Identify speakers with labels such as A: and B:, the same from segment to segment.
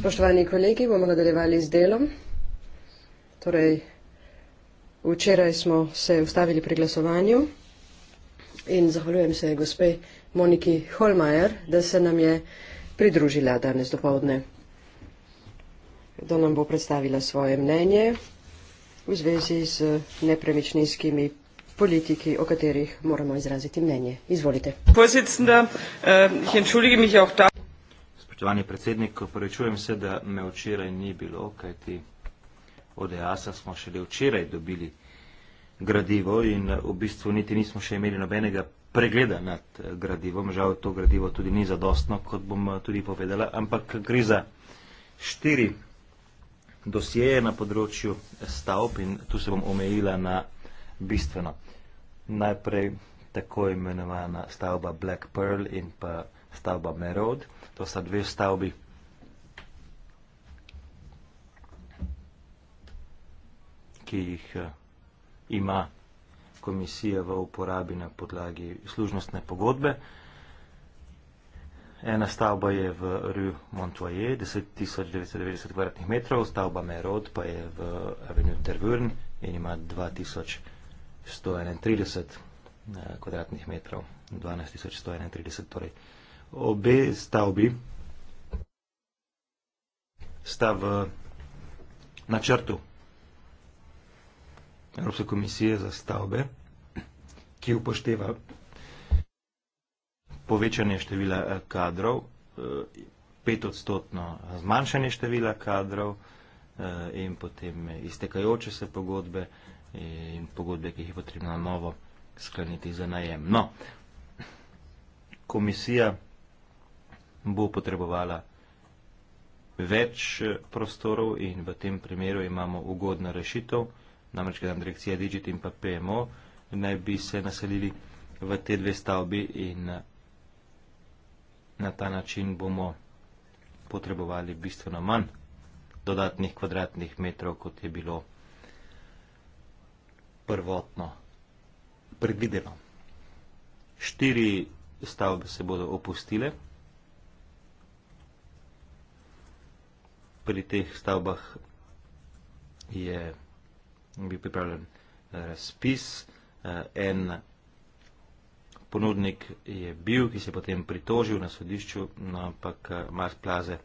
A: Spoštovani kolegi, bomo nadaljevali z delom. Torej, včeraj smo se ustavili pri glasovanju in zahvaljujem se gospe Moniki Holmajer, da se nam je pridružila danes dopovdne, da nam bo predstavila svoje mnenje v zvezi z nepremičninskimi politiki, o katerih moramo izraziti mnenje. Izvolite.
B: Spoštovani predsednik, oprečujem se, da me včeraj ni bilo, kajti od EASA smo šele včeraj dobili gradivo in eh, v bistvu niti nismo še imeli nobenega pregleda nad eh, gradivom. Žal to gradivo tudi ni zadostno, kot bom eh, tudi povedala, ampak gre za štiri dosjeje na področju stavb in tu se bom omejila na bistveno. Najprej tako imenovana stavba Black Pearl in pa stavba Merode. To sa dve stavby. Ki jih eh, ima komisija v uporabi na podlagi služnostne pogodbe. Ena stavba je v Rue Montoyer, 10.990 kvadratnih metrov, stavba Merod pa je v Avenue Tervurn in ima 2.131 eh, kvadratnih metrov, 12.131, torej obe stavbi sta v načrtu Evropske komisije za stavbe, ki upošteva povečanje števila eh, kadrov, eh, petodstotno zmanjšanje števila kadrov eh, in potem iztekajoče se pogodbe in pogodbe, ki jih je potrebno na novo skleniti za najem. No, komisija bo potrebovala več eh, prostorov in v tem primeru imamo ugodno rešitev, namreč kada direkcija Digit in pa PMO naj bi se naselili v te dve stavbi in eh, na ta način bomo potrebovali bistveno manj dodatnih kvadratnih metrov, kot je bilo prvotno predvideno. Štiri stavbe se bodo opustile, pri teh stavbah je bil pripravljen eh, razpis. Eh, en ponudnik je bil, ki se je potem pritožil na sodišču, no, ampak eh, Mars Plaze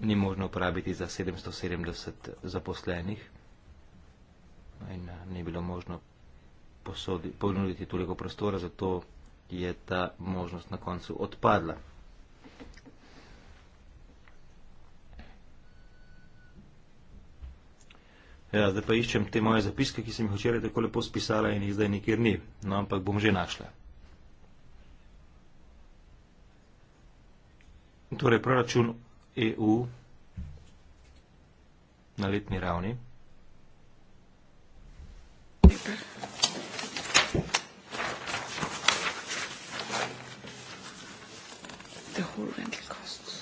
B: ni možno uporabiti za 770 zaposlenih in ni bilo možno posodi, ponuditi toliko prostora, zato je ta možnost na koncu odpadla. Ja, zdaj pa iščem te moje zapiske, ki sem jih včeraj tako lepo spisala in jih zdaj nikjer ni. No, ampak bom že našla. Torej, proračun EU na letni ravni.
C: The whole rental costs.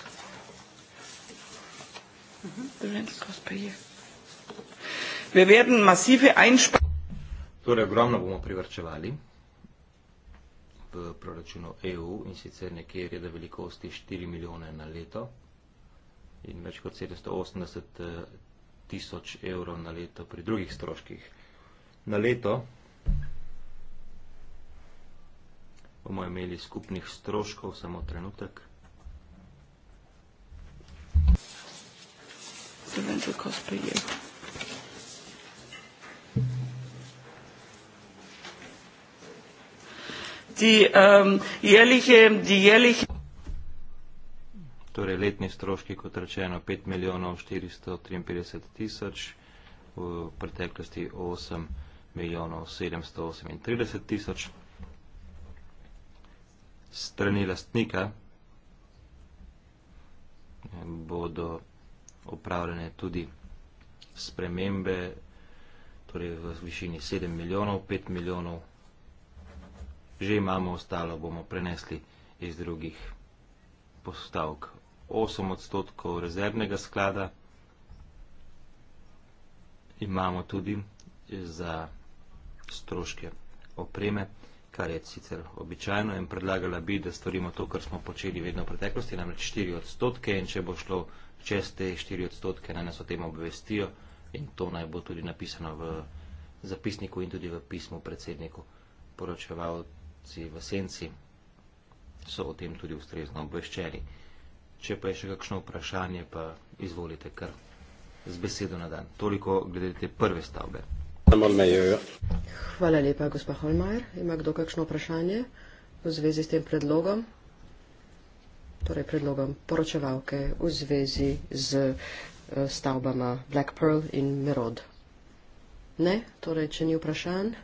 C: Mm -hmm. The rental cost per year. Wir werden massive
B: torej, ogromno bomo privrčevali v proračunu EU in sicer nekje reda velikosti 4 milijone na leto in več kot 780 eh, tisoč evrov na leto pri drugih stroških. Na leto bomo imeli skupnih stroškov samo trenutek.
C: Eventual cost per year. Die, um, jährliche, die jährliche
B: torej letni stroški, kot rečeno, 5 milijonov 453 tisoč, v preteklosti 8 milijonov 738 tisoč. Strani lastnika bodo upravljene tudi spremembe torej v višini 7 milijonov, 5 milijonov že imamo ostalo, bomo prenesli iz drugih postavk. 8 odstotkov rezervnega sklada imamo tudi za stroške opreme, kar je sicer običajno in predlagala bi, da storimo to, kar smo počeli vedno v preteklosti, namreč 4 odstotke in če bo šlo čez te 4 odstotke, naj nas o tem obvestijo in to naj bo tudi napisano v zapisniku in tudi v pismu predsedniku poročeval delavci v senci, so o tem tudi ustrezno obveščeni. Če pa je še kakšno vprašanje, pa izvolite kar z besedo na dan. Toliko glede te prve stavbe. Hvala
A: lepa, gospa Holmajer. Ima kdo kakšno vprašanje v zvezi s tem predlogom? Torej predlogom poročevalke v zvezi z eh, stavbama Black Pearl in Merod. Ne, torej, če ni vprašanj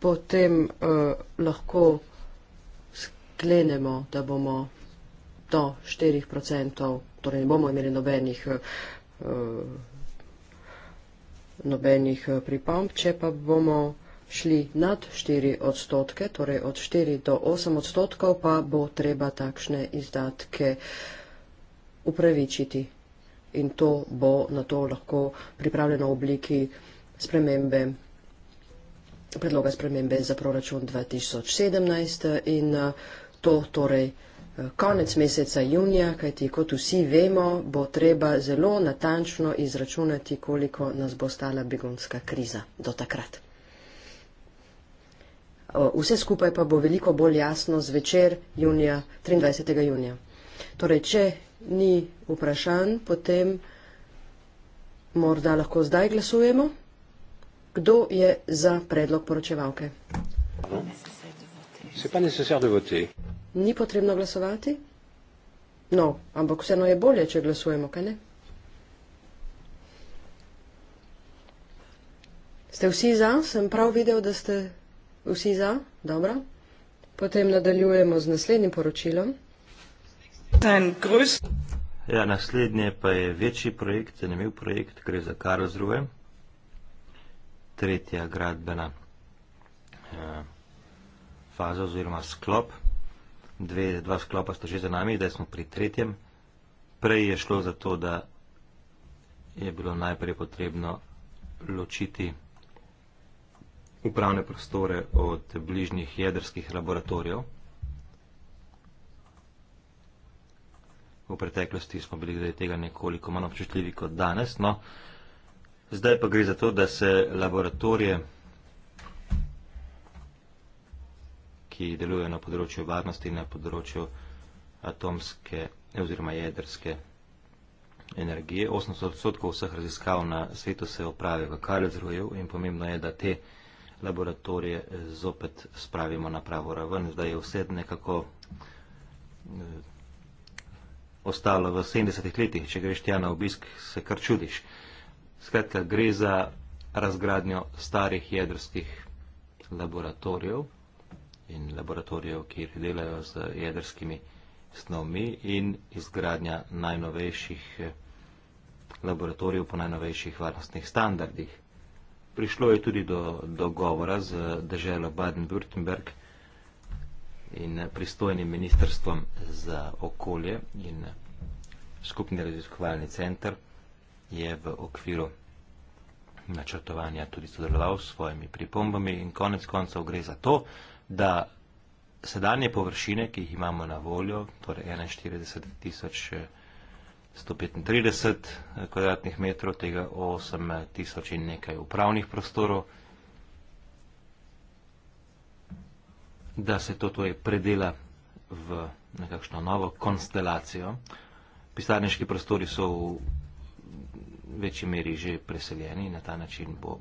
A: potem uh, lahko sklenemo, da bomo do 4%, torej ne bomo imeli nobenih, uh, nobenih pripomb, če pa bomo šli nad 4 odstotke, torej od 4 do 8 odstotkov, pa bo treba takšne izdatke upravičiti. In to bo na to lahko pripravljeno v obliki spremembe predloga spremembe za proračun 2017 in eh, to torej eh, konec meseca junija, kajti kot vsi vemo, bo treba zelo natančno izračunati, koliko nas bo stala begunska kriza do takrat. Vse skupaj pa bo veliko bolj jasno zvečer junija, 23. junija. Torej, če ni vprašan, potem morda lahko zdaj glasujemo. Kdo je za predlog poročevalke? Ni potrebno glasovati? No, ampak vseeno je bolje, če glasujemo, kaj ne? Ste vsi za? Sem prav videl, da ste vsi za? Dobro. Potem nadaljujemo z naslednjim poročilom.
B: Ja, naslednje pa je večji projekt, zanimiv projekt, gre za Karlsruhe tretja gradbena eh, faza oziroma sklop. Dve, dva sklopa sta že za nami, zdaj smo pri tretjem. Prej je šlo za to, da je bilo najprej potrebno ločiti upravne prostore od bližnjih jedrskih laboratorijev. V preteklosti smo bili glede tega nekoliko manj občutljivi kot danes, no, eh, Zdaj pa gre za to, da se laboratorije, ki delujejo na področju varnosti in na področju atomske oziroma jedrske energije, 80 odstotkov vseh raziskav na svetu se opravijo v Karlsruheju in pomembno je, da te laboratorije zopet spravimo na pravo raven. Zdaj je vse nekako eh, ostalo v 70 letih, če greš tja na obisk, se kar čudiš. Skratka, gre za razgradnjo starih jedrskih laboratorijev in laboratorijev, ki delajo z jedrskimi snovmi in izgradnja najnovejših eh, laboratorijev po najnovejših varnostnih standardih. Prišlo je tudi do dogovora z državo Baden-Württemberg in eh, pristojnim ministrstvom za okolje in eh, skupni raziskovalni center je v okviru načrtovanja tudi sodeloval s svojimi pripombami in konec koncev gre za to, da sedanje površine, ki jih imamo na voljo, torej 41 tisoč 135 eh, kvadratnih metrov, tega 8 eh, tisoč in nekaj upravnih prostorov, da se to torej predela v nekakšno novo konstelacijo. Pisarniški prostori so v večji meri že preseljeni in na ta način bo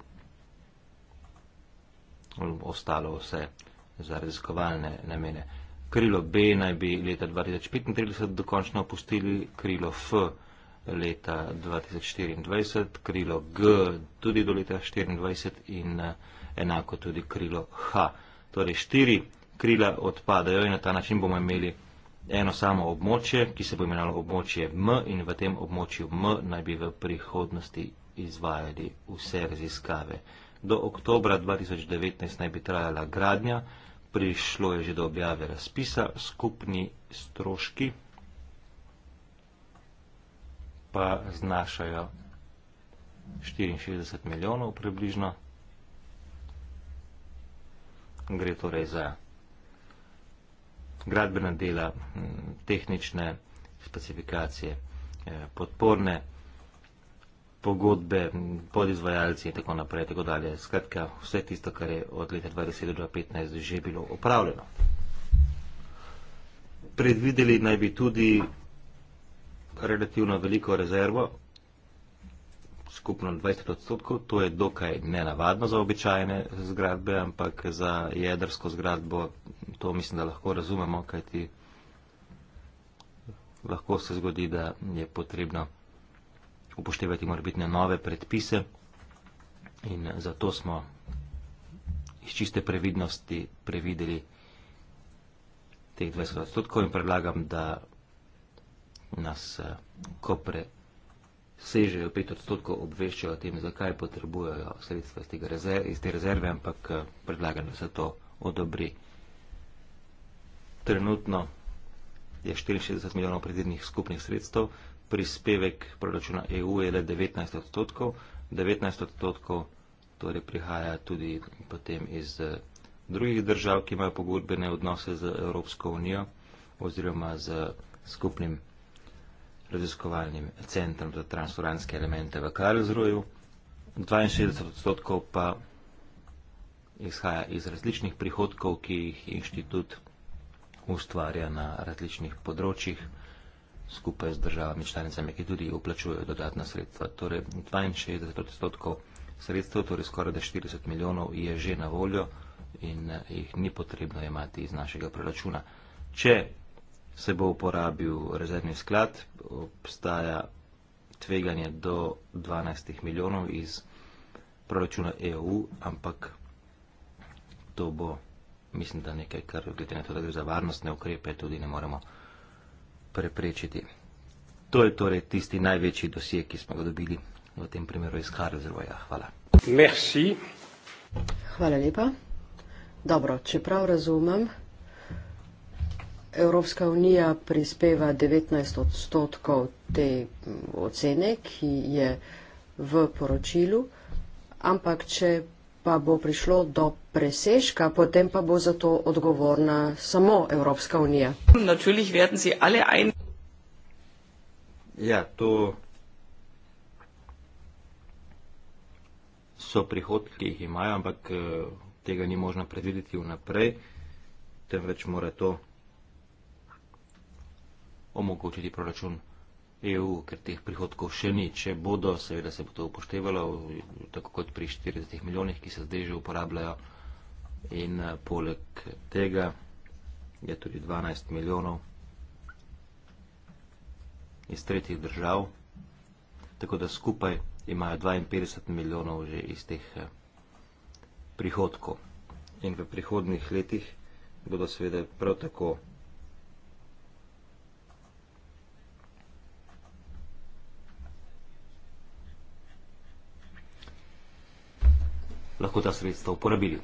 B: ostalo vse za raziskovalne namene. Krilo B naj bi leta 2035 dokončno opustili, krilo F leta 2024, krilo G tudi do leta 2024 in eh, enako tudi krilo H. Torej štiri krila odpadajo in na ta način bomo imeli eno samo območje, ki se bo imenalo območje M in v tem območju M naj bi v prihodnosti izvajali vse raziskave. Do oktobra 2019 naj bi trajala gradnja, prišlo je že do objave razpisa, skupni stroški pa znašajo 64 milijonov približno. Gre torej za gradbena dela, tehnične specifikacije, eh, podporne pogodbe, podizvajalci in tako naprej, tako dalje. Skratka, vse tisto, kar je od leta 2010 do 2015 že bilo opravljeno. Predvideli naj bi tudi relativno veliko rezervo skupno 20 odstotkov. To je dokaj nenavadno za običajne zgradbe, ampak za jedrsko zgradbo to mislim, da lahko razumemo, kajti lahko se zgodi, da je potrebno upoštevati morbitne nove predpise in zato smo iz čiste previdnosti prevideli teh 20 odstotkov in predlagam, da nas eh, kopre sežejo 5 odstotkov, obveščajo o tem, zakaj potrebujejo sredstva iz, rezerv, iz te rezerve, ampak eh, predlagam, da se to odobri. Trenutno je 64 milijonov predvidenih skupnih sredstev, prispevek proračuna EU je le 19 odstotkov, 19 odstotkov torej prihaja tudi potem iz eh, drugih držav, ki imajo pogodbene odnose z Evropsko unijo oziroma z skupnim raziskovalnim centrom za transuranske elemente v Karlsruju, 62 odstotkov pa izhaja iz različnih prihodkov, ki jih inštitut ustvarja na različnih področjih, skupaj z državami članicami, ki tudi uplačujejo dodatna sredstva. Torej, 62 odstotkov sredstev, torej skoraj da 40 milijonov, je že na voljo in eh, jih ni potrebno imati iz našega proračuna. Če se bo uporabil rezervni sklad, obstaja tveganje do 12 milijonov iz proračuna EU, ampak to bo, mislim, da nekaj, kar glede na to, da gre za varnostne ukrepe, tudi ne moremo preprečiti. To je torej tisti največji dosje, ki smo ga dobili v tem primeru iz Karlsruja. Hvala.
D: Merci.
A: Hvala lepa. Dobro, če prav razumem, Evropska unija prispeva 19 odstotkov te ocene, ki je v poročilu, ampak če pa bo prišlo do presežka, potem pa bo za to odgovorna samo Evropska unija.
B: Ja, to so prihodki, ki jih imajo, ampak eh, tega ni možno predvideti vnaprej, temveč mora to omogočiti proračun EU, ker teh prihodkov še ni. Če bodo, seveda se bo to upoštevalo, tako kot pri 40 milijonih, ki se zdaj že uporabljajo. In eh, poleg tega je tudi 12 milijonov iz tretjih držav, tako da skupaj imajo 52 milijonov že iz teh eh, prihodkov. In v prihodnih letih bodo seveda prav tako lahko ta sredstva uporabili.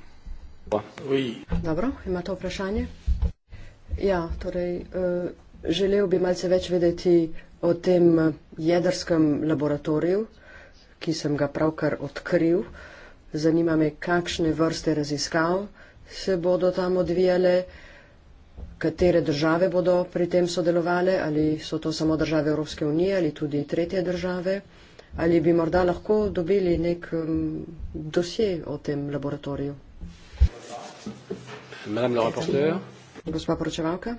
A: Dobro, imate vprašanje? Ja, torej, eh, želel bi malce več vedeti o tem eh, jedrskem laboratoriju, ki sem ga pravkar odkril. Zanima me, kakšne vrste raziskav se bodo tam odvijale, katere države bodo pri tem sodelovale, ali so to samo države Evropske unije ali tudi tretje države. Ali bi morda lahko dobili nek um, dosje o tem laboratoriju?
D: Madame la rapporteur.
A: Gospa poročevalka.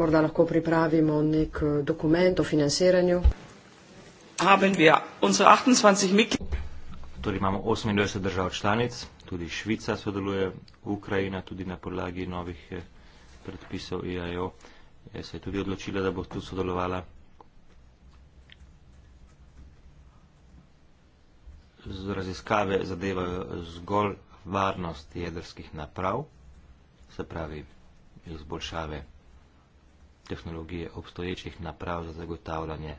A: Morda lahko pripravimo nek uh, dokument o financiranju.
B: Torej imamo 28 držav članic, tudi Švica sodeluje, Ukrajina tudi na podlagi novih eh, predpisov e IAO eh, se je tudi odločila, da bo tu sodelovala. raziskave zadevajo zgolj varnost jedrskih naprav, se pravi izboljšave tehnologije obstoječih naprav za zagotavljanje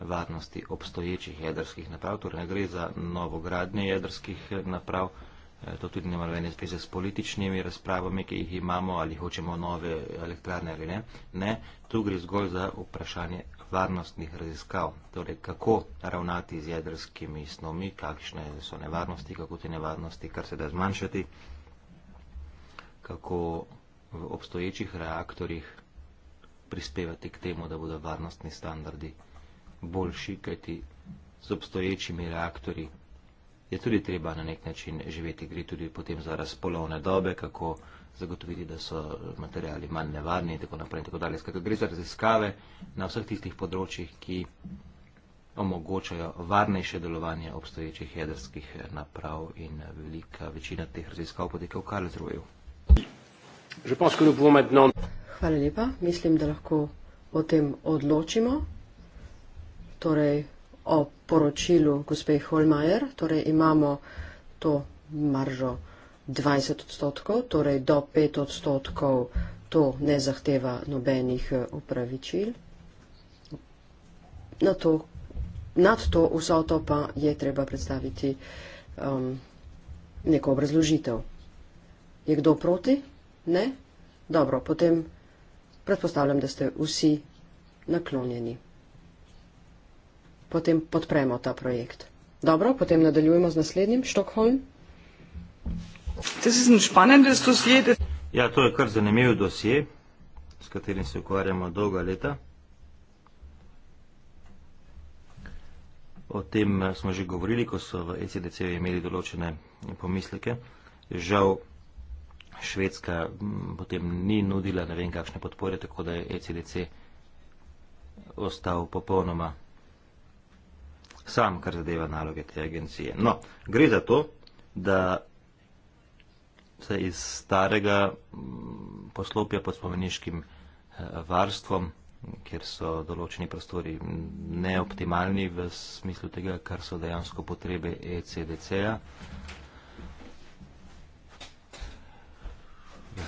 B: varnosti obstoječih jedrskih naprav, torej ne gre za novogradnje jedrskih eh, naprav, eh, to tudi ne more veze s političnimi razpravami, ki jih imamo, ali hočemo nove elektrarne ali ne. Ne, tu gre zgolj za vprašanje varnostnih raziskav, torej kako ravnati z jedrskimi snovmi, kakšne so nevarnosti, kako te nevarnosti kar se da zmanjšati, kako v obstoječih reaktorjih prispevati k temu, da bodo varnostni standardi boljši, kajti z obstoječimi reaktorji je tudi treba na nek način živeti, gre tudi potem za razpolovne dobe, kako zagotoviti, da so materijali manj nevarni in tako naprej in tako dalje. Skratka, gre za raziskave na vseh tistih področjih, ki omogočajo varnejše delovanje obstoječih jedrskih naprav in velika večina teh raziskav poteka v Karlsruheju.
A: Hvala lepa. Mislim, da lahko o tem odločimo. Torej, o poročilu gospe Holmajer, torej imamo to maržo. 20 odstotkov, torej do 5 odstotkov to ne zahteva nobenih upravičil. Eh, Na to, nad to vso to pa je treba predstaviti um, neko obrazložitev. Je kdo proti? Ne? Dobro, potem predpostavljam, da ste vsi naklonjeni. Potem podpremo ta projekt. Dobro, potem nadaljujemo z naslednjim, Štokholm.
B: Ja, to je kar zanimiv dosje, s katerim se ukvarjamo dolga leta. O tem eh, smo že govorili, ko so v ECDC imeli določene pomisleke. Žal Švedska mm, potem ni nudila ne vem kakšne podpore, tako da je ECDC ostal popolnoma sam, kar zadeva naloge te agencije. No, gre za to, da iz starega mm, poslopja pod spomeniškim eh, varstvom, kjer so določeni prostori neoptimalni v smislu tega, kar so dejansko potrebe ECDC-ja.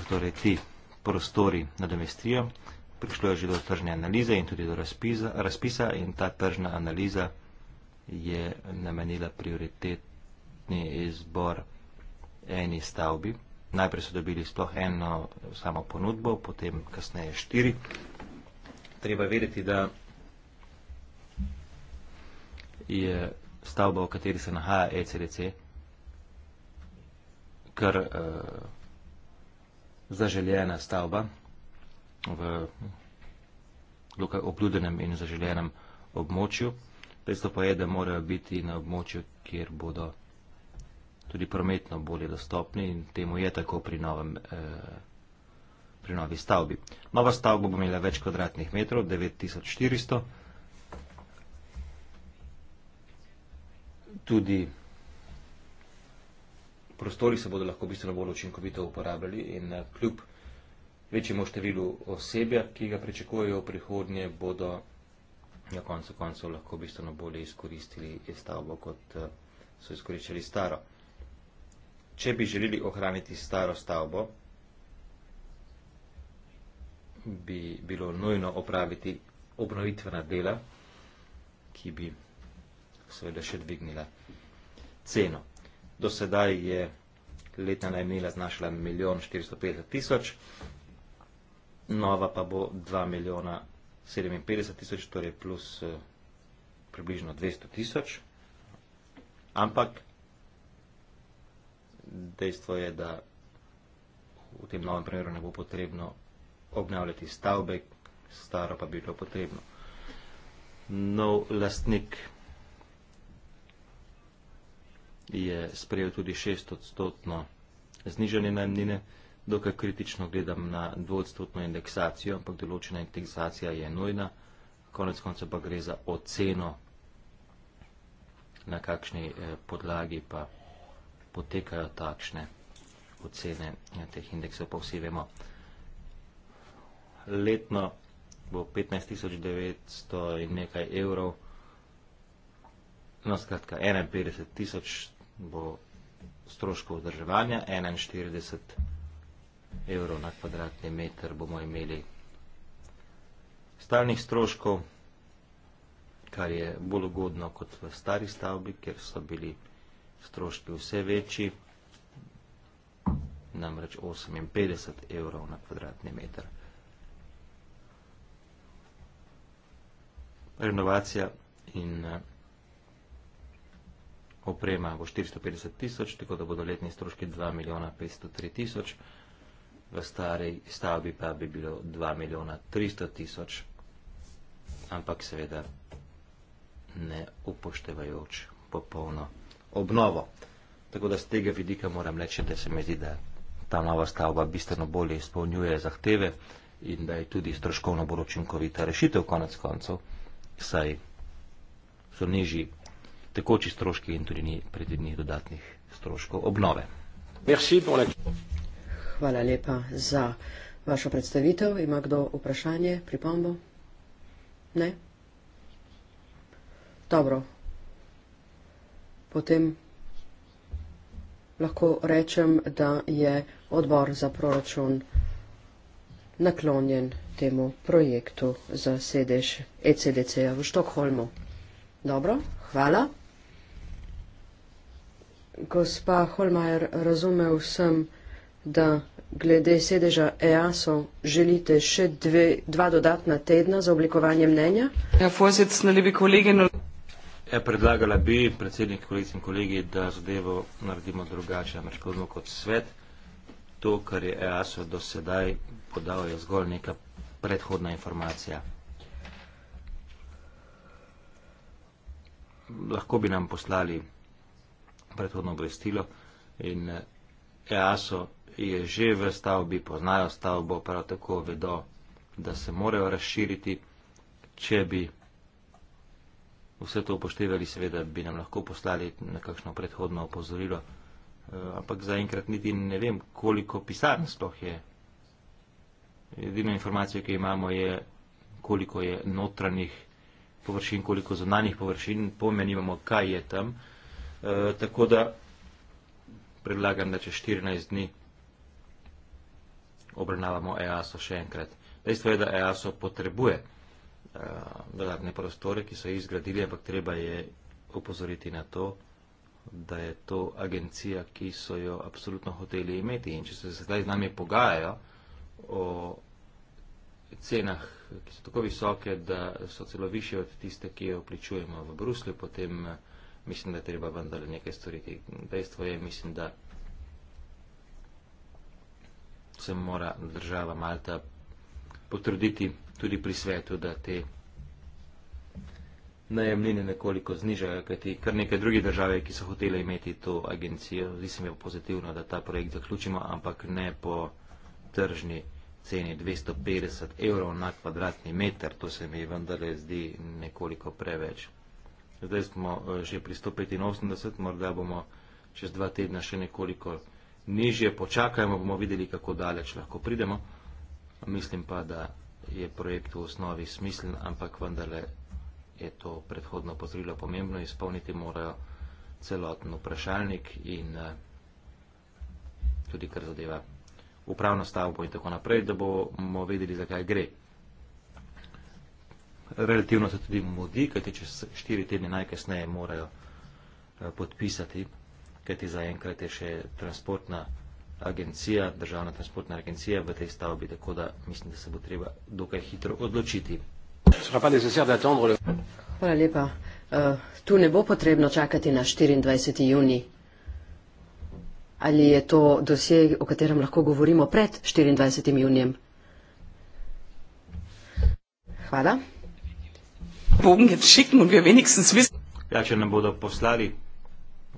B: Torej ti prostori nadomestijo. Prišlo je že do tržne analize in tudi do razpisa, razpisa in ta tržna analiza je namenila prioritetni izbor eni stavbi. Najprej so dobili sploh eno samo ponudbo, potem kasneje štiri. Treba vedeti, da je stavba, v kateri se nahaja ECDC, kar uh, zaželjena stavba v obljudenem in zaželjenem območju. Predstav pa je, da morajo biti na območju, kjer bodo tudi prometno bolje dostopni in temu je tako pri, novem, eh, pri novi stavbi. Nova stavba bo imela več kvadratnih metrov, 9400. Tudi prostori se bodo lahko bistveno bolj učinkovito uporabljali in eh, kljub večjemu številu osebja, ki ga pričakujejo v prihodnje, bodo na koncu koncev lahko bistveno bolje izkoristili stavbo, kot eh, so izkoriščali staro če bi želeli ohraniti staro stavbo, bi bilo nujno opraviti obnovitvena dela, ki bi seveda še dvignila ceno. Do sedaj je letna najemnina znašala 1 milijon 450 tisoč, nova pa bo 2 milijona 57 tisoč, torej plus eh, približno 200 tisoč. Ampak dejstvo je, da v tem novem primeru ne bo potrebno obnavljati stavbe, staro pa bi bilo potrebno. Nov lastnik je sprejel tudi šest odstotno znižanje najemnine, dokaj kritično gledam na dvodstotno indeksacijo, ampak določena indeksacija je nujna, konec konca pa gre za oceno, na kakšni eh, podlagi pa potekajo takšne ocene ja, teh indeksov, pa vsi vemo. Letno bo 15.900 in nekaj evrov, no skratka 51.000 bo stroško vdrževanja, 41 evrov na kvadratni meter bomo imeli stalnih stroškov, kar je bolj ugodno kot v stari stavbi, kjer so bili vsega stroški vse večji, namreč 58 evrov na kvadratni meter. Renovacija in eh, oprema bo 450 tisoč, tako da bodo letni stroški 2 milijona 503 tisoč, v starej stavbi pa bi bilo 2 milijona 300 tisoč, ampak seveda ne upoštevajoč popolno obnovo. Tako da z tega vidika moram reči, da se mi zdi, da ta nova stavba bistveno bolje izpolnjuje zahteve in da je tudi stroškovno bolj učinkovita rešitev konec koncev, saj so nižji tekoči stroški in tudi ni predvidnih dodatnih stroškov obnove.
A: Hvala lepa za vašo predstavitev. Ima kdo vprašanje, pripombo? Ne? Dobro, potem lahko rečem, da je odbor za proračun naklonjen temu projektu za sedež ECDC-ja v Štokholmu. Dobro, hvala. Gospa Holmajer, razumev sem, da glede sedeža EASO želite še dve, dva dodatna tedna za oblikovanje mnenja? Ja, forsetno, lebi kolegi, no...
B: Ja, predlagala bi, predsednik, kolegice in kolegi, da zadevo naredimo drugače, namreč kot svet. To, kar je EASO do sedaj podal, je zgolj neka predhodna informacija. Lahko bi nam poslali predhodno obvestilo in eh, EASO je že v stavbi, poznajo stavbo, prav tako vedo, da se morajo razširiti, če bi vse to upoštevali, seveda bi nam lahko poslali nekakšno predhodno opozorilo, eh, ampak zaenkrat niti ne vem, koliko pisarn sploh je. Edina informacija, ki imamo, je, koliko je notranjih površin, koliko zunanjih površin, pomenimo, kaj je tam. E, tako da predlagam, da čez 14 dni obravnavamo EASO še enkrat. Dejstvo je, da EASO potrebuje Eh, dodatne prostore, ki so jih zgradili, ampak treba je opozoriti na to, da je to agencija, ki so jo absolutno hoteli imeti. In če se zdaj z nami pogajajo o cenah, ki so tako visoke, da so celo više od tiste, ki jo pričujemo v Bruslju, potem eh, mislim, da je treba vendar nekaj storiti. Dejstvo je, mislim, da se mora država Malta potruditi tudi pri svetu, da te najemnine nekoliko znižajo, kajti kar nekaj drugih držav, ki so hotele imeti to agencijo, zdi se mi pozitivno, da ta projekt zaključimo, ampak ne po tržni ceni 250 evrov na kvadratni meter, to se mi vendarle zdi nekoliko preveč. Zdaj smo e, že pri 185, morda bomo čez dva tedna še nekoliko nižje, počakajmo, bomo videli, kako daleč lahko pridemo. Mislim pa, da je projekt v osnovi smislen, ampak vendarle je to predhodno potrilo pomembno, izpolniti morajo celoten vprašalnik in eh, tudi kar zadeva upravno stavbo in tako naprej, da bomo vedeli, zakaj gre. Relativno se tudi mudi, kajti čez štiri tedne najkasneje morajo eh, podpisati, kajti zaenkrat je še transportna agencija, državna transportna agencija v tej stavbi, tako da mislim, da se bo treba dokaj hitro odločiti.
A: Hvala lepa. Uh, tu ne bo potrebno čakati na 24. juni. Ali je to dosje, o katerem lahko govorimo pred 24. junijem? Hvala.
B: Ja, če nam bodo poslali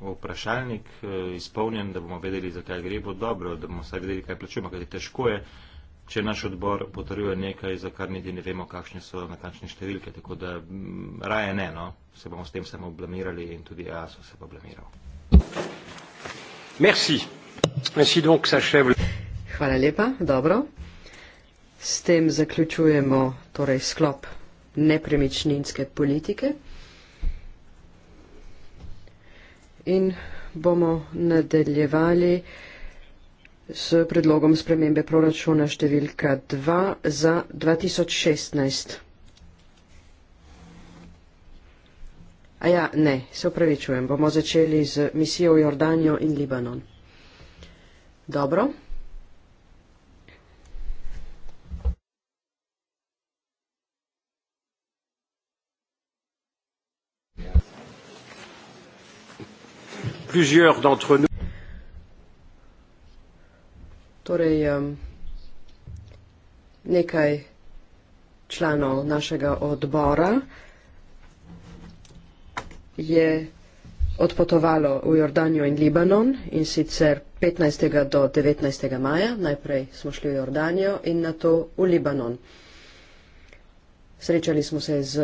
B: vprašalnik eh, izpolnjen, da bomo vedeli, zakaj gre, bo dobro, da bomo vsaj vedeli, kaj plačujemo, kaj je težko je, če naš odbor potrjuje nekaj, za kar niti ne vemo, kakšne so nakančne številke, tako da mm, raje ne, no, se bomo s tem samo blamirali in tudi ASO se bo blamiral.
D: Merci. Merci donc,
A: Hvala lepa, dobro. S tem zaključujemo torej sklop nepremičninske politike. in bomo nadaljevali s predlogom spremembe proračuna številka 2 za 2016. A ja, ne, se upravičujem, bomo začeli z misijo v Jordanijo in Libanon. Dobro.
D: plusieurs d'entre nous.
A: Torej, um, nekaj članov našega odbora je odpotovalo v Jordanijo in Libanon in sicer 15. do 19. maja. Najprej smo šli v Jordanijo in nato v Libanon. Srečali smo se z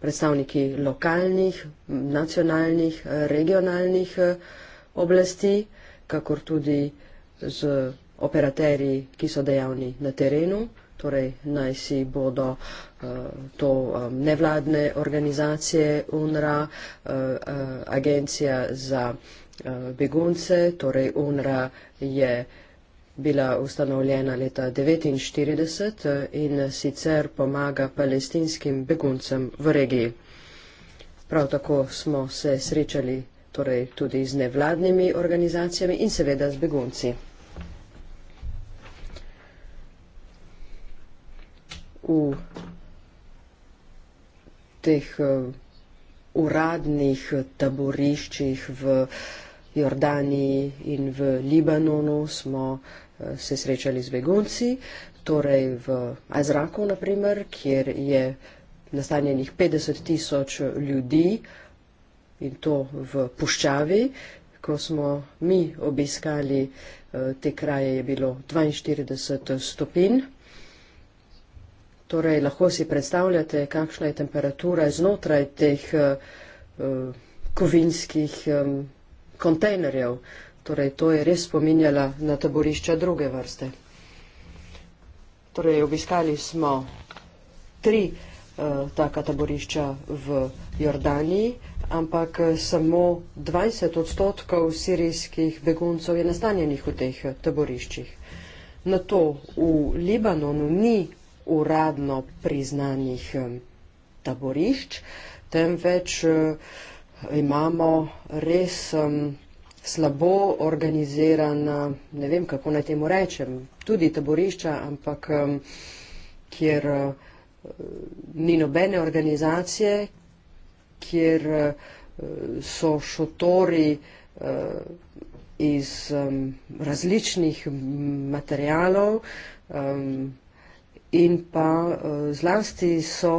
A: predstavniki lokalnih, nacionalnih, regionalnih eh, oblasti, kakor tudi z operaterji, ki so dejavni na terenu, torej naj si bodo eh, to eh, nevladne organizacije UNRA, agencija za begunce, torej UNRA je vsega, bila ustanovljena leta 1949 eh, in sicer pomaga palestinskim beguncem v regiji. Prav tako smo se srečali torej, tudi z nevladnimi organizacijami in seveda z begunci. V teh eh, uradnih taboriščih v Jordaniji in v Libanonu smo Eh, se srečali z begunci, torej v Azraku, naprimer, kjer je nastanjenih 50 tisoč ljudi in to v puščavi. Ko smo mi obiskali eh, te kraje, je bilo 42 stopinj. Torej, lahko si predstavljate, kakšna je temperatura znotraj teh uh, kovinskih um, kontejnerjev. Uh, Torej, to je res spominjala na taborišča druge vrste. Torej, obiskali smo tri uh, taka taborišča v Jordaniji, ampak eh, samo 20 odstotkov sirijskih beguncov je nastanjenih v teh eh, taboriščih. Na to v Libanonu ni uradno priznanih taborišč, temveč uh, imamo res um, slabo organizirana, ne vem kako naj temu rečem, tudi taborišča, ampak kjer eh, ni nobene organizacije, kjer eh, so šotori eh, iz različnih materialov in pa zlasti so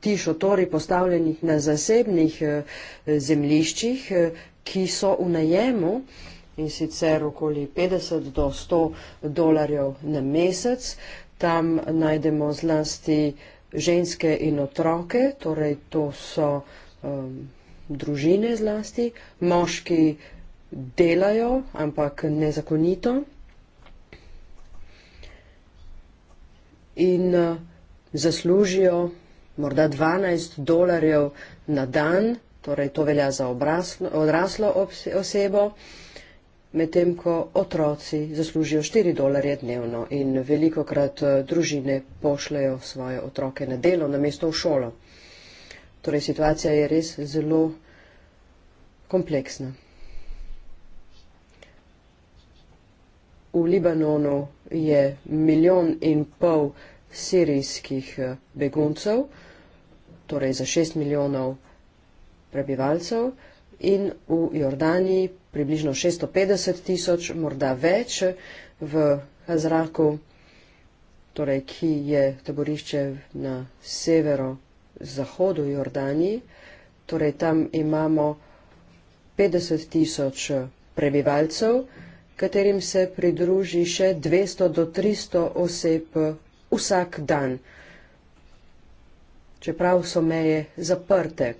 A: ti šotori postavljeni na zasebnih zemliščih, ki so v najemu in sicer okoli 50 do 100 dolarjev na mesec. Tam najdemo zlasti ženske in otroke, torej to so um, družine zlasti. Moški delajo, ampak nezakonito. In uh, zaslužijo morda 12 dolarjev na dan torej to velja za obraslo, odraslo osebo, medtem ko otroci zaslužijo 4 dolarje dnevno in veliko krat eh, družine pošljajo svoje otroke na delo, na mesto v šolo. Torej situacija je res zelo kompleksna. V Libanonu je milijon in pol sirijskih eh, beguncev, torej za 6 milijonov prebivalcev in v Jordaniji približno 650 tisoč, morda več v Hazraku, torej ki je taborišče na severo-zahodu Jordaniji. Torej tam imamo 50 tisoč prebivalcev, katerim se pridruži še 200 do 300 oseb vsak dan, čeprav so meje zaprte.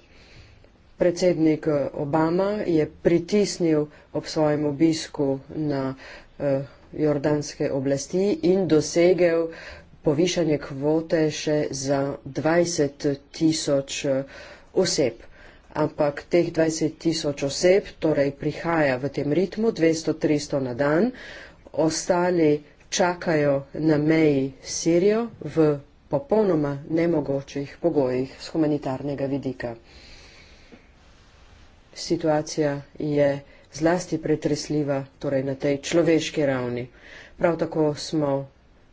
A: Predsednik Obama je pritisnil ob svojem obisku na eh, jordanske oblasti in dosegel povišanje kvote še za 20 tisoč eh, oseb. Ampak teh 20 tisoč oseb torej prihaja v tem ritmu 200-300 na dan, ostali čakajo na meji Sirijo v popolnoma nemogočih pogojih z humanitarnega vidika situacija je zlasti pretresljiva, torej na tej človeški ravni. Prav tako smo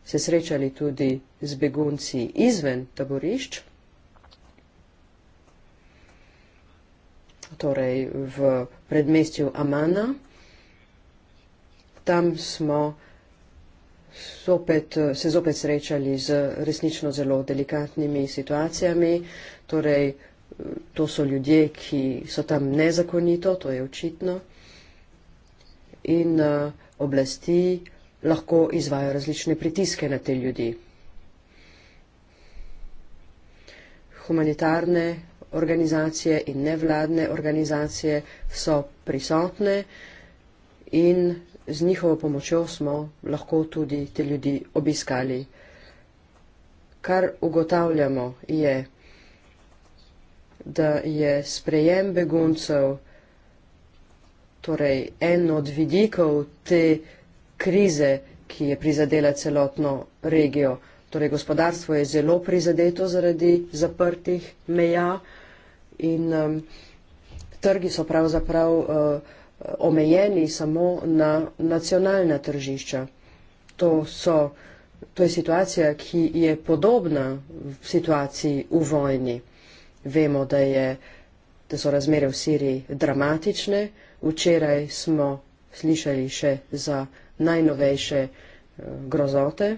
A: se srečali tudi z begunci izven taborišč, torej v predmestju Amana. Tam smo zopet, se zopet srečali z resnično zelo delikatnimi situacijami, torej to so ljudje, ki so tam nezakonito, to je očitno. In uh, oblasti lahko izvajo različne pritiske na te ljudi. Humanitarne organizacije in nevladne organizacije so prisotne in z njihovo pomočjo smo lahko tudi te ljudi obiskali. Kar ugotavljamo je, da je sprejem beguncev torej en od vidikov te krize, ki je prizadela celotno regijo. Torej, gospodarstvo je zelo prizadeto zaradi zaprtih meja in um, trgi so pravzaprav uh, omejeni samo na nacionalna tržišča. To, so, to je situacija, ki je podobna situaciji v vojni. Vemo, da, je, da so razmere v Siriji dramatične. Včeraj smo slišali še za najnovejše eh, grozote.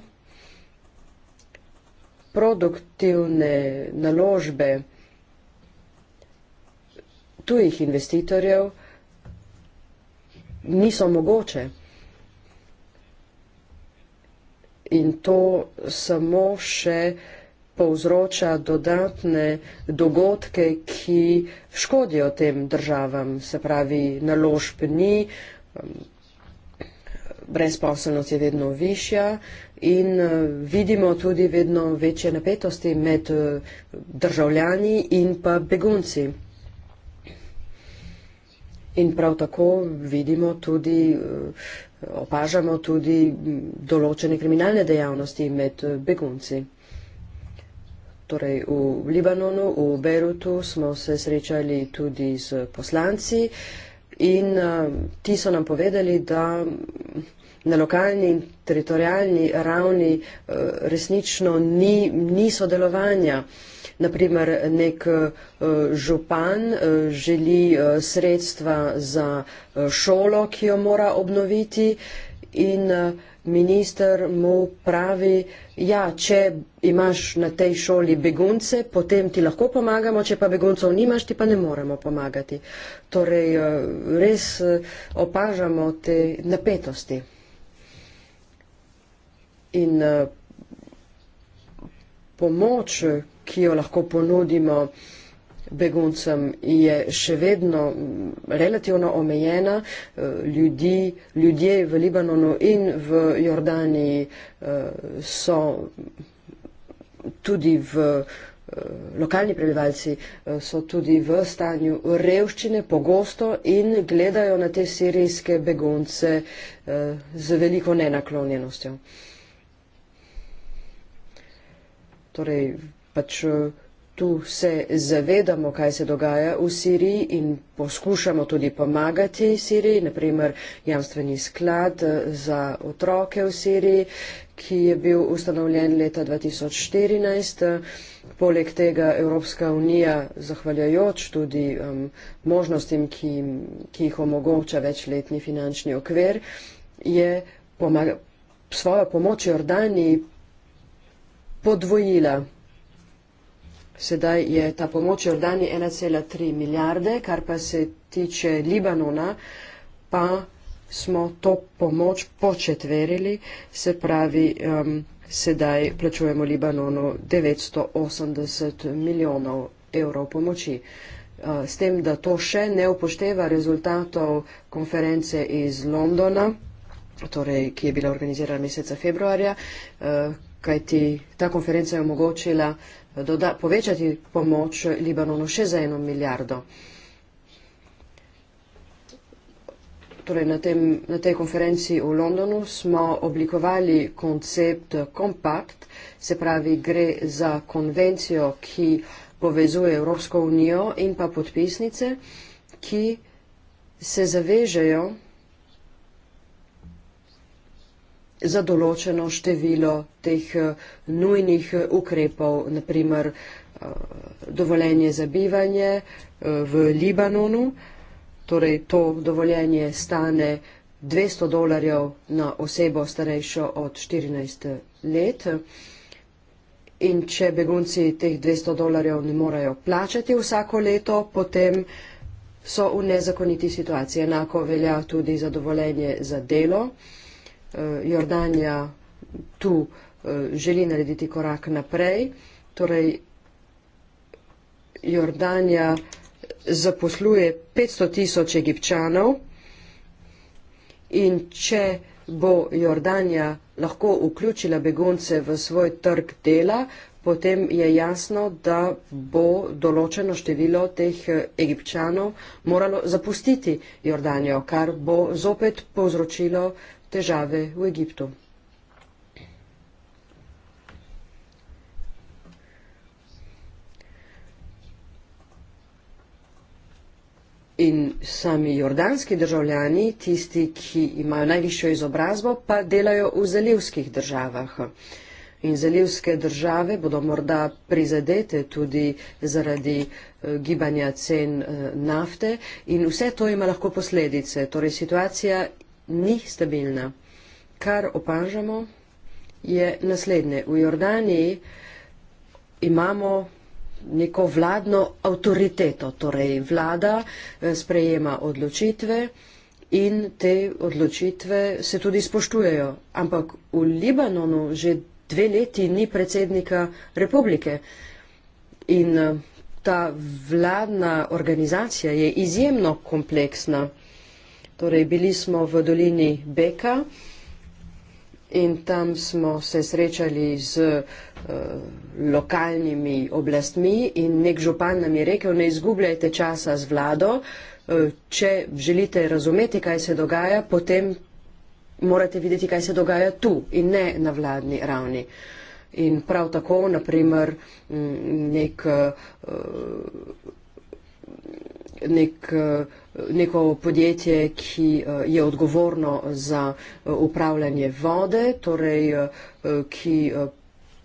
A: Produktivne naložbe tujih investitorjev niso mogoče. In to samo še povzroča dodatne dogodke, ki škodijo tem državam, se pravi naložb ni, um, brezposelnost je vedno višja in uh, vidimo tudi vedno večje napetosti med uh, državljani in pa begunci. In prav tako vidimo tudi, uh, opažamo tudi določene kriminalne dejavnosti med begunci torej v Libanonu, v Berutu, smo se srečali tudi z poslanci in uh, ti so nam povedali, da na lokalni in teritorijalni ravni uh, resnično ni, ni sodelovanja. Naprimer, nek eh, župan želi sredstva za šolo, ki jo mora obnoviti in minister mu pravi, ja, če imaš na tej šoli begunce, potem ti lahko pomagamo, če pa beguncev nimaš, ti pa ne moremo pomagati. Torej, eh, res eh, opažamo te napetosti. In eh, pomoč, ki jo lahko ponudimo, beguncem je še vedno relativno omejena. Eh, ljudi, ljudje v Libanonu in v Jordaniji eh, so tudi v eh, lokalni prebivalci so tudi v stanju revščine pogosto in gledajo na te sirijske begunce z veliko nenaklonjenostjo. Torej, pač Tu se zavedamo, kaj se dogaja v Siriji in poskušamo tudi pomagati Siriji, naprimer jamstveni sklad eh, za otroke v Siriji, ki je bil ustanovljen leta 2014. Poleg tega Evropska unija, zahvaljajoč tudi um, možnostim, ki, ki jih omogoča večletni finančni okvir, je pomaga, svojo pomoč Jordani podvojila. Sedaj je ta pomoč Jordani 1,3 milijarde, kar pa se tiče Libanona, pa smo to pomoč početverili, se pravi, um, sedaj plačujemo Libanonu 980 milijonov evrov pomoči. Eh, s tem, da to še ne upošteva rezultatov konference iz Londona, torej, ki je bila organizirana meseca februarja, eh, kajti ta konferenca je omogočila doda, povečati pomoč Libanonu še za eno milijardo. Torej, na, tem, na tej konferenci v Londonu smo oblikovali koncept kompakt, se pravi gre za konvencijo, ki povezuje Evropsko unijo in pa podpisnice, ki se zavežejo za določeno število teh eh, nujnih eh, ukrepov, naprimer eh, dovoljenje za bivanje v Libanonu, torej to dovoljenje stane 200 dolarjev na osebo starejšo od 14 let. In če begunci teh 200 dolarjev ne morejo plačati vsako leto, potem so v nezakoniti situaciji. Enako velja tudi za dovoljenje za delo. Eh, Jordanija tu eh, želi narediti korak naprej. Torej, Jordanija zaposluje 500 tisoč egipčanov in če bo Jordanija lahko vključila begunce v svoj trg dela, potem je jasno, da bo določeno število teh eh, egipčanov moralo zapustiti Jordanijo, kar bo zopet povzročilo uh, težave v Egiptu. In sami jordanski državljani, tisti, ki imajo najvišjo izobrazbo, pa delajo v zalivskih državah. In zalivske države bodo morda prizadete tudi zaradi eh, gibanja cen eh, nafte in vse to ima lahko posledice. Torej, situacija ni stabilna. Kar opažamo, je naslednje. V Jordaniji imamo neko vladno avtoriteto, torej vlada eh, sprejema odločitve in te odločitve se tudi spoštujejo. Ampak v Libanonu že dve leti ni predsednika republike in eh, ta vladna organizacija je izjemno kompleksna. Torej, bili smo v dolini Beka in tam smo se srečali z uh, lokalnimi oblastmi in nek župan nam je rekel, ne izgubljajte časa z vlado, uh, če želite razumeti, kaj se dogaja, potem morate videti, kaj se dogaja tu in ne na vladni ravni. In prav tako, naprimer, mm, nek, eh, nek neko podjetje, ki eh, je odgovorno za eh, upravljanje vode, torej eh, ki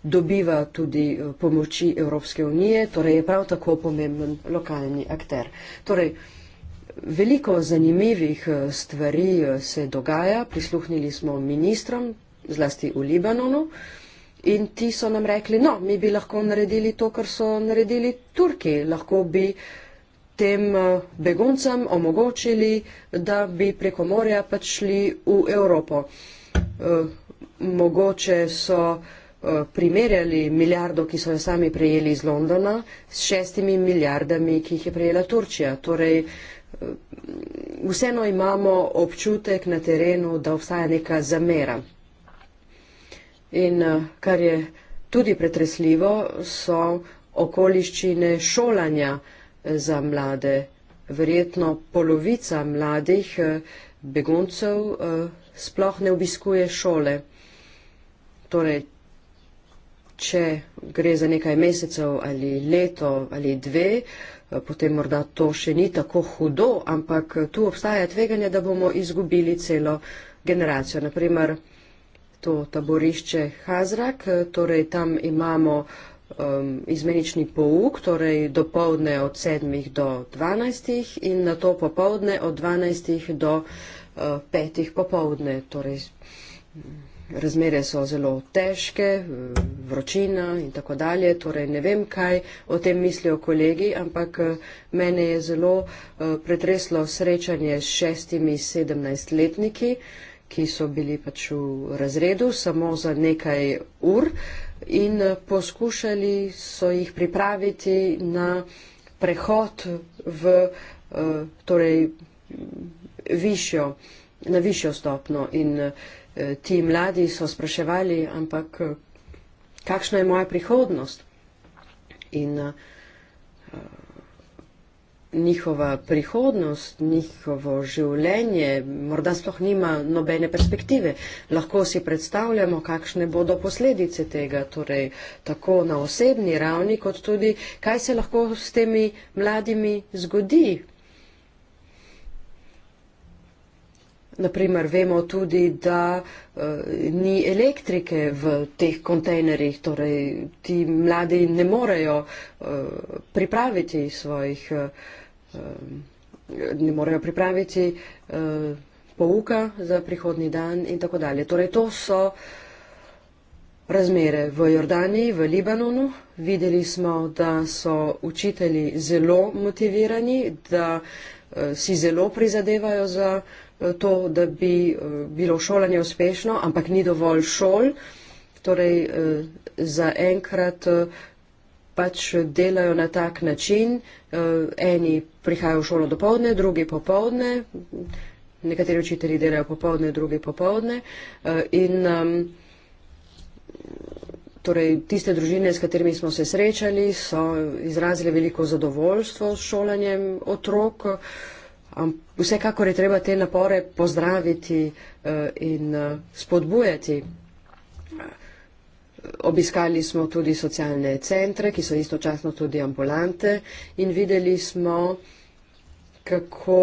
A: dobiva tudi pomoči Evropske unije, torej je prav tako pomemben lokalni akter. Torej, veliko zanimivih stvari se dogaja, prisluhnili smo ministrom, zlasti v Libanonu, in ti so nam rekli, no, mi bi lahko naredili to, kar so naredili Turki, lahko bi uh, tem eh, beguncem omogočili, da bi preko morja pač šli v Evropo. Eh, mogoče so eh, primerjali milijardo, ki so jo sami prejeli iz Londona, s šestimi milijardami, ki jih je prejela Turčija. Torej, vseeno imamo občutek na terenu, da obstaja neka zamera. In kar je tudi pretresljivo, so okoliščine šolanja uh, za mlade. Verjetno polovica mladih eh, beguncev eh, sploh ne obiskuje šole. Torej, če gre za nekaj mesecev ali leto ali dve, eh, potem morda to še ni tako hudo, ampak tu obstaja tveganje, da bomo izgubili celo generacijo. Naprimer, to taborišče Hazrak, torej tam imamo um, izmenični pouk, torej do povdne od 7 do 12 in na to popovdne od 12 do uh, 5 popovdne. Torej, Razmere so zelo težke, uh, vročina in tako dalje, torej ne vem, kaj o tem mislijo kolegi, ampak uh, mene je zelo uh, pretreslo srečanje s šestimi sedemnajstletniki, ki so bili pač v razredu samo za nekaj ur. Uh, in eh, poskušali so jih pripraviti na prehod v eh, torej, višjo, na višjo stopno. In eh, ti mladi so spraševali, ampak kakšna je moja prihodnost? In, njihova prihodnost, njihovo življenje, morda sploh nima nobene perspektive. Lahko si predstavljamo, kakšne bodo posledice tega, torej tako na osebni ravni, kot tudi, kaj se lahko s temi mladimi zgodi, Naprimer, vemo tudi, da uh, ni elektrike v teh kontejnerjih, torej ti mladi ne morejo uh, pripraviti svojih, uh, ne morejo pripraviti uh, pouka za prihodni dan in tako dalje. Torej, to so razmere v Jordaniji, v Libanonu. Videli smo, da so učitelji zelo motivirani, da uh, si zelo prizadevajo za. Uh, to, da bi eh, bilo šolanje uspešno, ampak ni dovolj šol. Torej, eh, zaenkrat eh, pač delajo na tak način. Eni prihajajo v šolo dopoledne, drugi popoldne. Nekateri učitelji delajo popoldne, drugi popoldne. In torej, tiste družine, s katerimi smo se srečali, so izrazile veliko zadovoljstvo s šolanjem otrok vsekakor je treba te napore pozdraviti eh, in eh, spodbujati. Eh, obiskali smo tudi socialne centre, ki so istočasno tudi ambulante in videli smo, kako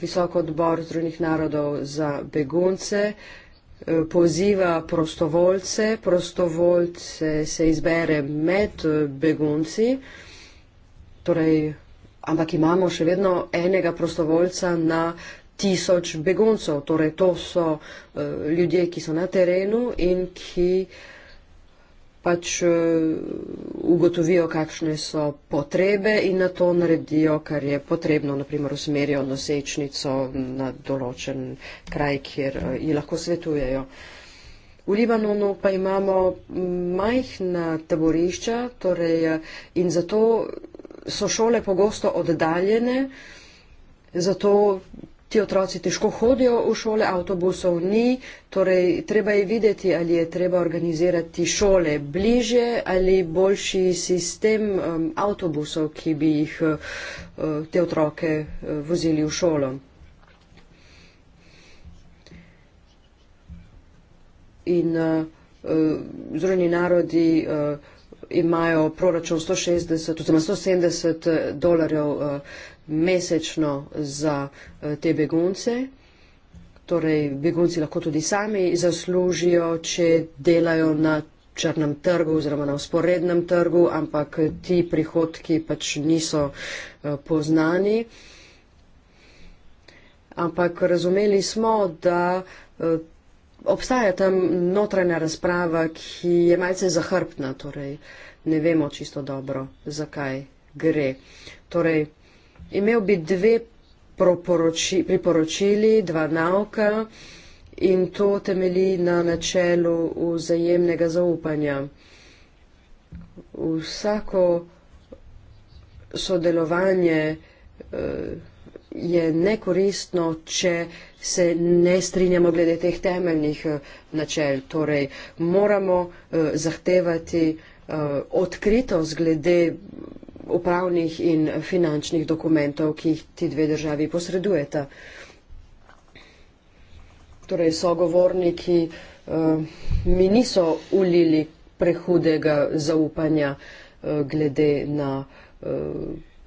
A: visoko odbor Združenih narodov za begunce poziva prostovoljce. Prostovoljce se izbere med begunci, torej ampak imamo še vedno enega prostovoljca na tisoč begoncev. Torej, to so uh, ljudje, ki so na terenu in ki pač uh, ugotovijo, kakšne so potrebe in na to naredijo, kar je potrebno, naprimer usmerijo nosečnico na določen kraj, kjer uh, ji lahko svetujejo. V Libanonu pa imamo mm, majhna taborišča torej, in zato so šole pogosto oddaljene, zato ti otroci težko hodijo v šole, avtobusov ni, torej treba je videti, ali je treba organizirati šole bliže ali boljši sistem um, avtobusov, ki bi jih uh, te otroke uh, vozili v šolo. In uh, uh, zrni narodi. Uh, imajo proračun 160 oziroma 170 dolarjev eh, mesečno za eh, te begunce. Torej, begunci lahko tudi sami zaslužijo, če delajo na črnem trgu oziroma na usporednem trgu, ampak ti prihodki pač niso eh, poznani. Ampak razumeli smo, da obstaja tam notranja razprava, ki je malce zahrbtna, torej ne vemo čisto dobro, zakaj gre. Torej, imel bi dve priporočili, dva nauka in to temelji na načelu vzajemnega zaupanja. Vsako sodelovanje eh, je nekoristno, če se ne strinjamo glede teh temeljnih eh, načel. Torej, moramo eh, zahtevati eh, odkritost glede upravnih in finančnih dokumentov, ki jih ti dve državi posredujeta. Torej, sogovorniki eh, mi niso ulili prehudega zaupanja eh, glede na eh,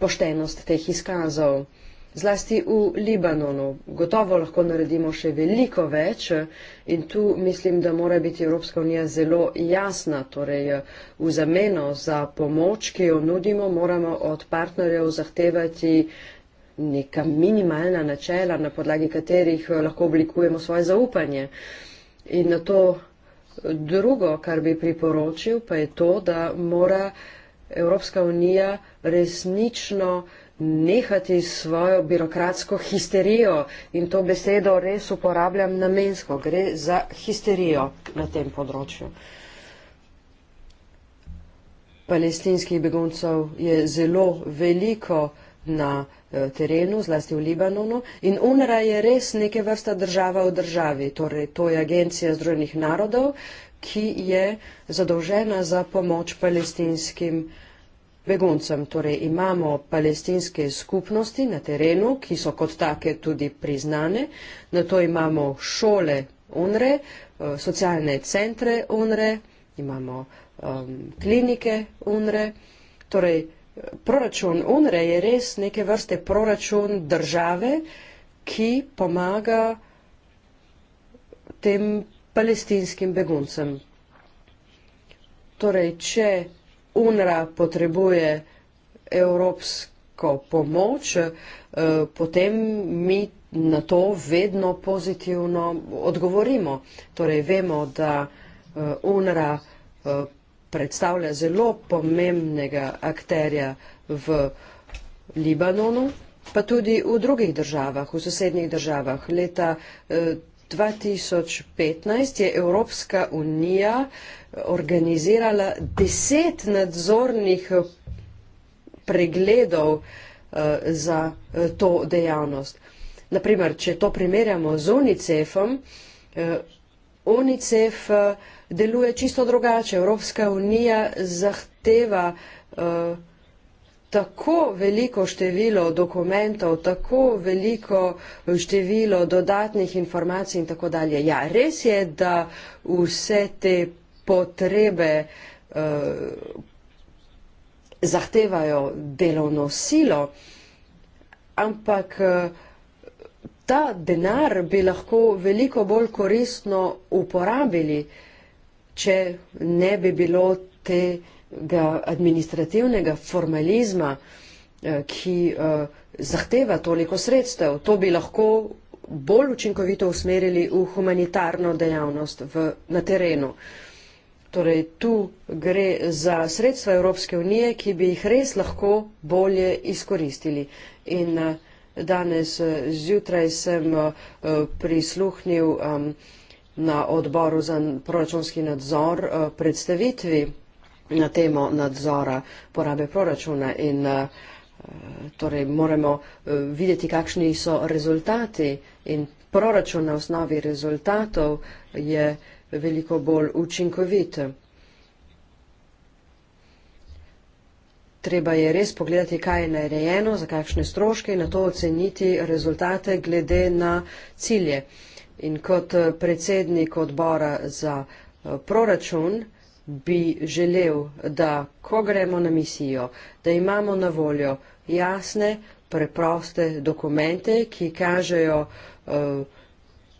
A: poštenost teh izkazov zlasti v Libanonu. Gotovo lahko naredimo še veliko več in tu mislim, da mora biti Evropska unija zelo jasna. Torej, v zameno za pomoč, ki jo nudimo, moramo od partnerjev zahtevati neka minimalna načela, na podlagi katerih lahko oblikujemo svoje zaupanje. In na to drugo, kar bi priporočil, pa je to, da mora Evropska unija resnično nehati svojo birokratsko histerijo in to besedo res uporabljam namensko, gre za histerijo na tem področju. Palestinskih beguncev je zelo veliko na eh, terenu, zlasti v Libanonu. In UNRA je res neke vrsta država v državi, torej to je agencija Združenih narodov, ki je zadolžena za pomoč palestinskim beguncem Beguncem, torej imamo palestinske skupnosti na terenu, ki so kot take tudi priznane, na to imamo šole UNRE, eh, socialne centre UNRE, imamo um, klinike UNRE. Torej, proračun UNRE je res neke vrste proračun države, ki pomaga tem palestinskim beguncem. Torej, če UNRA potrebuje evropsko pomoč, eh, potem mi na to vedno pozitivno odgovorimo. Torej vemo, da eh, UNRA eh, predstavlja zelo pomembnega akterja v Libanonu, pa tudi v drugih državah, v sosednjih državah. Leta 2015 je Evropska unija organizirala deset nadzornih pregledov eh, za eh, to dejavnost. Naprimer, če to primerjamo z UNICEF-om, eh, UNICEF deluje čisto drugače. Evropska unija zahteva uh, tako veliko število dokumentov, tako veliko število dodatnih informacij in tako dalje. Ja, res je, da vse te potrebe eh, zahtevajo delovno silo, ampak eh, ta denar bi lahko veliko bolj koristno uporabili, če ne bi bilo te administrativnega formalizma, eh, ki eh, zahteva toliko sredstev. To bi lahko bolj učinkovito usmerili v humanitarno dejavnost v, na terenu. Torej, tu gre za sredstva Evropske unije, ki bi jih res lahko bolje izkoristili. In eh, danes zjutraj sem prisluhnil na odboru za proračunski nadzor predstavitvi na temo nadzora porabe proračuna in eh, torej moramo eh, videti, kakšni so rezultati in proračun na osnovi rezultatov je veliko bolj učinkovit. Treba je res pogledati, kaj je narejeno, za kakšne stroške in na to oceniti rezultate glede na cilje. In kot eh, predsednik odbora za proračun, bi želel, da ko gremo na misijo, da imamo na voljo jasne, preproste dokumente, ki kažejo uh,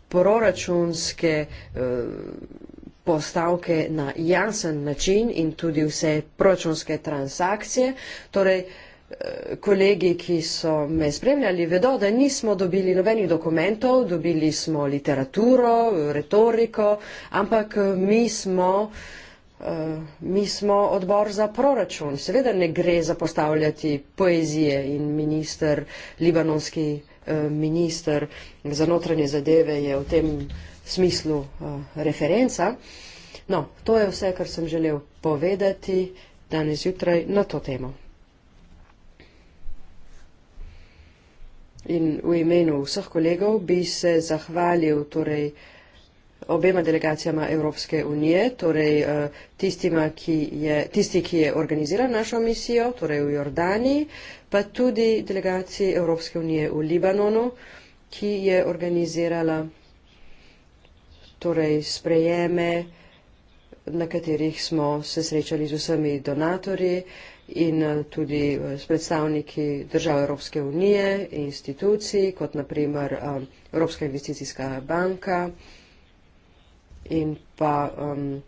A: proračunske uh, postavke na jasen način in tudi vse proračunske transakcije. Torej, eh, kolegi, ki so me spremljali, vedo, da nismo dobili nobenih dokumentov, dobili smo literaturo, retoriko, ampak mi smo uh, Eh, mi smo odbor za proračun. Seveda ne gre zapostavljati poezije in minister, libanonski eh, minister za notranje zadeve je v tem smislu eh, referenca. No, to je vse, kar sem želel povedati danes jutraj na to temo. In v imenu vseh kolegov bi se zahvalil torej, uh, obema delegacijama Evropske unije, torej eh, tistima, ki je, tisti, ki je organiziral našo misijo, torej v Jordaniji, pa tudi delegaciji Evropske unije v Libanonu, ki je organizirala torej, sprejeme, na katerih smo se srečali z vsemi donatorji in eh, tudi eh, s predstavniki držav Evropske unije, institucij, kot naprimer Evropska investicijska banka, in pa um,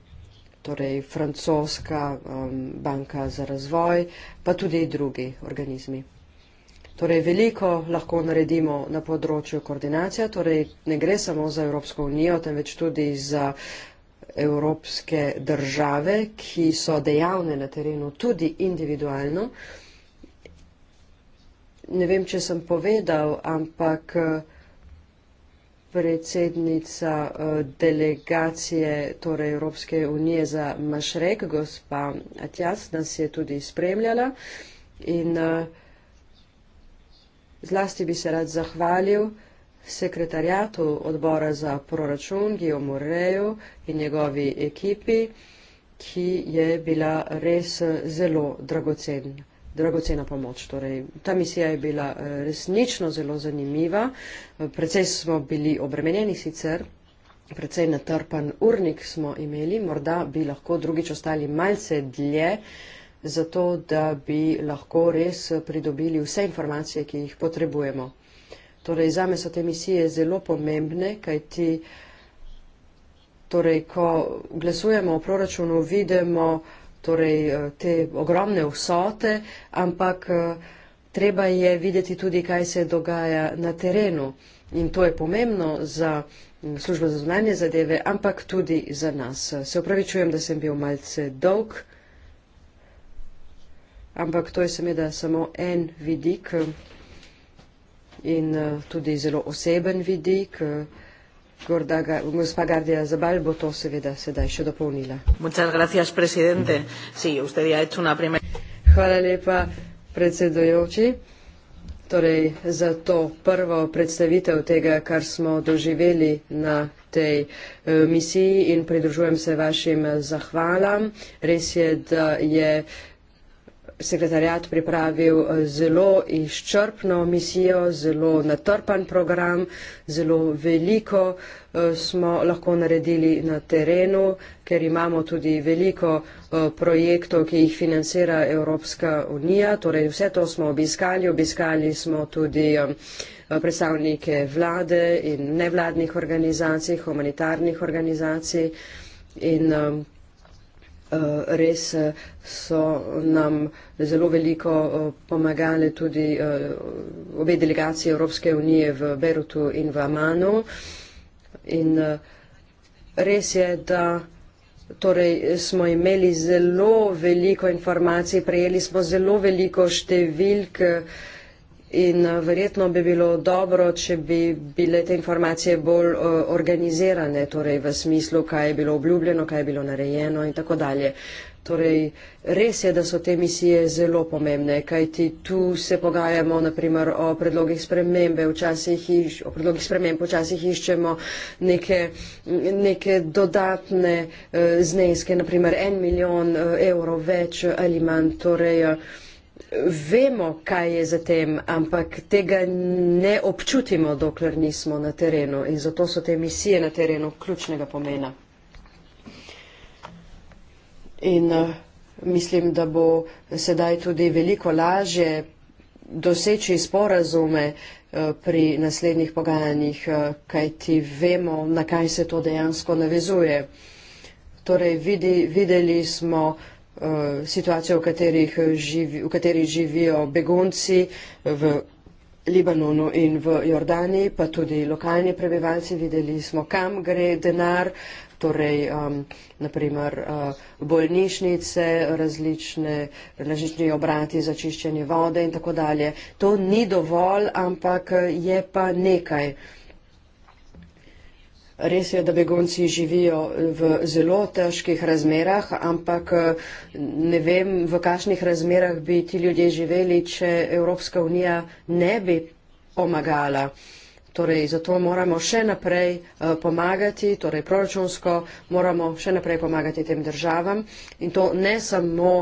A: torej francoska um, banka za razvoj, pa tudi drugi organizmi. Torej, veliko lahko naredimo na področju koordinacije, torej ne gre samo za Evropsko unijo, temveč tudi za evropske države, ki so dejavne na terenu tudi individualno. Ne vem, če sem povedal, ampak. Uh, predsednica eh, delegacije torej Evropske unije za Mašrek, gospa Atjas, nas je tudi spremljala in eh, zlasti bi se rad zahvalil sekretarjatu odbora za proračun Gio Moreju in njegovi ekipi, ki je bila res eh, zelo dragocena dragocena pomoč. Torej, ta misija je bila eh, resnično zelo zanimiva, eh, precej smo bili obremenjeni sicer, precej natrpan urnik smo imeli, morda bi lahko drugič ostali malce dlje, zato da bi lahko res pridobili vse informacije, ki jih potrebujemo. Torej, zame so te misije zelo pomembne, kajti torej, ko glasujemo o proračunu, vidimo, torej eh, te ogromne vsote, ampak eh, treba je videti tudi, kaj se dogaja na terenu. In to je pomembno za mm, službo za zunanje zadeve, ampak tudi za nas. Se upravičujem, da sem bil malce dolg, ampak to je seveda samo en vidik eh, in tudi zelo oseben vidik. Gorda, gospa Gardia Zabal bo to seveda sedaj še dopolnila. Hvala lepa, predsedujoči. Torej, za to prvo predstavitev tega, kar smo doživeli na tej eh, misiji in pridružujem se vašim zahvalam. Res je, da je sekretarjat pripravil eh, zelo izčrpno misijo, zelo natrpan program, zelo veliko eh, smo lahko naredili na terenu, ker imamo tudi veliko eh, projektov, ki jih financira Evropska unija. Torej vse to smo obiskali, obiskali smo tudi predstavnike vlade in nevladnih organizacij, humanitarnih organizacij. In, um, Eh, res eh, so nam zelo veliko eh, pomagale tudi obe delegacije Evropske unije v Berutu in v Amanu. In res je, da torej, smo imeli zelo veliko informacij, prejeli smo zelo veliko številk, in eh, verjetno bi bilo dobro, če bi bile te informacije bolj eh, organizirane, torej v smislu, kaj je bilo obljubljeno, kaj je bilo narejeno in tako dalje. Torej, res je, da so te misije zelo pomembne, kajti tu se pogajamo naprimer o predlogih spremembe, včasih iš, o predlogih sprememb, včasih iščemo neke, neke dodatne uh, zneske, naprimer en milijon uh, evrov več ali manj. Torej, uh, Vemo, kaj je za tem, ampak tega ne občutimo, dokler nismo na terenu in zato so te misije na terenu ključnega pomena. In uh, mislim, da bo sedaj tudi veliko lažje doseči sporazume uh, pri naslednjih pogajanjih, uh, eh, kaj ti vemo, na kaj se to dejansko navezuje. Torej, vidi, videli smo, uh, Eh, situacijo, v, eh, živi, v kateri živijo begunci v Libanonu in v Jordaniji, pa tudi lokalni prebivalci. Videli smo, kam gre denar, torej um, naprimer uh, eh, bolnišnice, različne, različni obrati za čiščenje vode in tako dalje. To ni dovolj, ampak je pa nekaj. Uh, Res je, da begunci živijo eh, v zelo težkih razmerah, ampak eh, ne vem, v kakšnih razmerah bi ti ljudje živeli, če Evropska unija ne bi pomagala. Torej, zato moramo še naprej eh, pomagati, torej proračunsko moramo še naprej pomagati tem državam in to ne samo.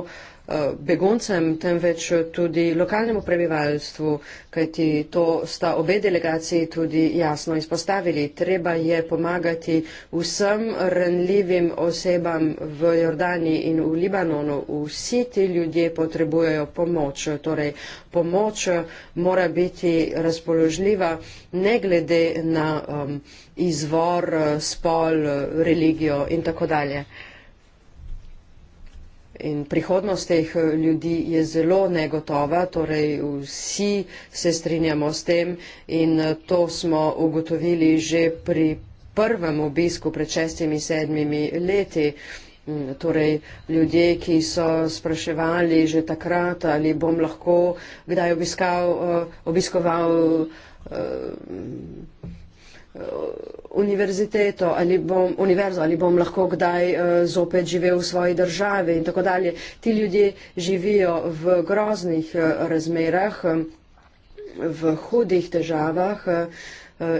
A: Eh, beguncem, temveč tudi lokalnemu prebivalstvu, kajti to sta obe delegaciji tudi jasno izpostavili. Treba je pomagati vsem renljivim osebam v Jordani in v Libanonu. Vsi ti ljudje potrebujejo pomoč, torej pomoč mora biti razpoložljiva ne glede na um, izvor, spol, religijo in tako dalje in prihodnost teh eh, ljudi je zelo negotova, torej vsi se strinjamo s tem in eh, to smo ugotovili že pri prvem obisku pred šestimi sedmimi leti. Mm, torej, ljudje, ki so spraševali že takrat, ali bom lahko kdaj obiskal, eh, obiskoval Eh, univerziteto ali bom, univerzo ali bom lahko kdaj uh, zopet živel v svoji državi in tako dalje. Ti ljudje živijo v groznih uh, razmerah, v hudih težavah uh,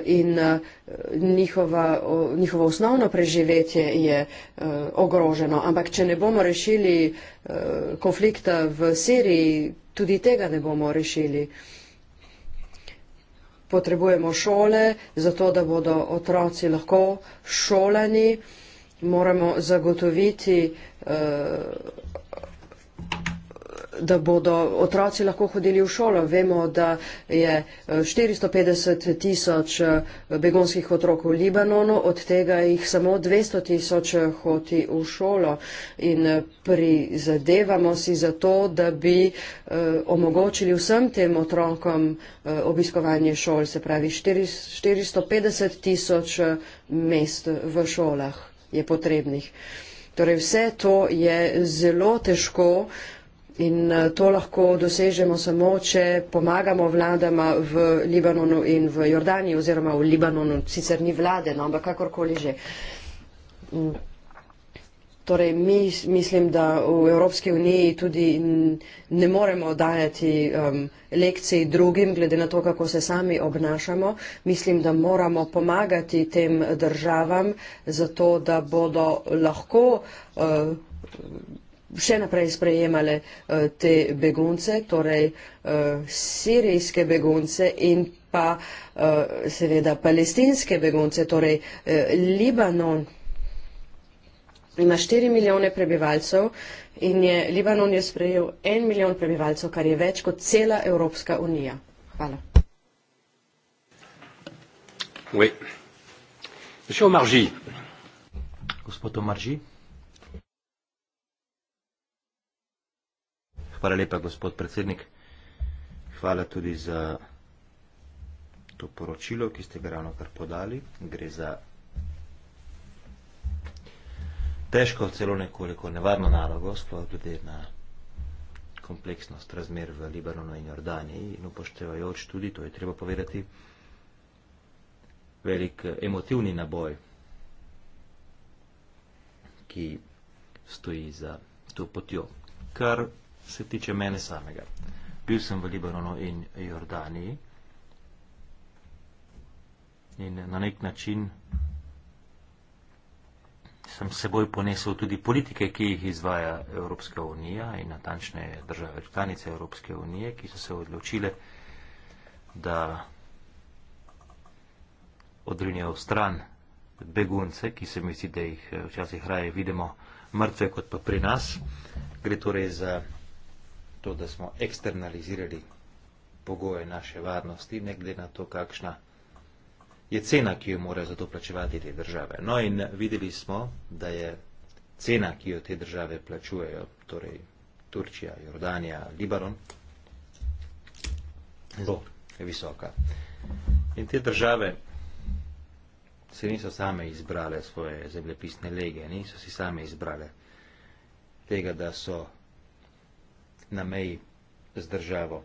A: in uh, njihova, uh, njihovo osnovno preživetje je uh, ogroženo. Ampak, če ne bomo rešili uh, konflikta v Siriji, tudi tega ne bomo rešili. Uh, potrebujemo šole, zato da bodo otroci lahko šolani, moramo zagotoviti uh, da bodo otroci lahko hodili v šolo. Vemo, da je 450 eh, tisoč eh, begonskih otrok v Libanonu, od tega jih samo 200 tisoč eh, hodi v šolo. In prizadevamo si za to, da bi omogočili vsem tem otrokom obiskovanje šol, se pravi 450 tisoč mest v šolah je potrebnih. Torej vse to je zelo težko, uh, In eh, to lahko dosežemo samo, če pomagamo vladama v Libanonu in v Jordaniji oziroma v Libanonu. Sicer ni vlade, no, ampak kakorkoli že. Mm. Torej, mi mislim, da v Evropski uniji tudi ne moremo dajati um, lekcij drugim, glede na to, kako se sami obnašamo. Mislim, da moramo pomagati tem državam, zato da bodo lahko. Uh, še naprej sprejemale uh, te begunce, torej uh, sirijske begunce in pa uh, seveda palestinske begunce, torej uh, Libanon ima 4 milijone prebivalcev in je, Libanon je sprejel 1 milijon prebivalcev, kar je več kot cela Evropska unija. Hvala.
B: Oui. Monsieur Omarji. Gospod Omarji. Hvala lepa, gospod predsednik. Hvala tudi za to poročilo, ki ste ga ravno kar podali. Gre za težko, celo nekoliko nevarno nalogo, sploh glede na kompleksnost razmer v Libanonu in Jordaniji in upoštevajoč tudi, to je treba povedati, velik eh, emotivni naboj, ki stoji za to potjo. Kar se tiče mene samega. Bil sem v Libanonu in Jordaniji in na nek način sem seboj ponesel tudi politike, ki jih izvaja Evropska unija in natančne države članice Evropske unije, ki so se odločile, da odrinjajo stran begunce, ki se misli, da jih eh, včasih raje vidimo mrtve kot pa pri nas. Gre torej za to, da smo eksternalizirali pogoje naše varnosti, ne glede na to, kakšna je cena, ki jo morajo za to plačevati te države. No in videli smo, da je cena, ki jo te države plačujejo, torej Turčija, Jordanija, Libanon, zelo visoka. In te države se niso same izbrale svoje zemljepisne lege, niso si same izbrale tega, da so na meji z državo,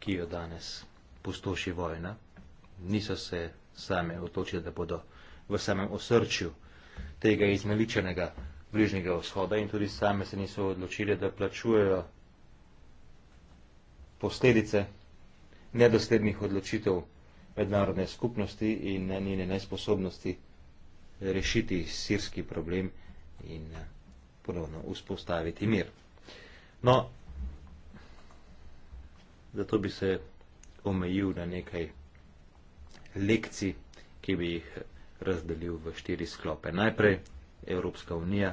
B: ki jo danes pustoši vojna. Niso se same otočili, da bodo v samem osrčju tega izmeličenega bližnjega vzhoda in tudi same se niso odločili, da plačujejo posledice nedoslednih odločitev mednarodne skupnosti in njene nesposobnosti rešiti sirski problem in ponovno vzpostaviti mir. No, zato bi se omejil na nekaj lekcij, ki bi jih razdelil v štiri sklope. Najprej Evropska unija,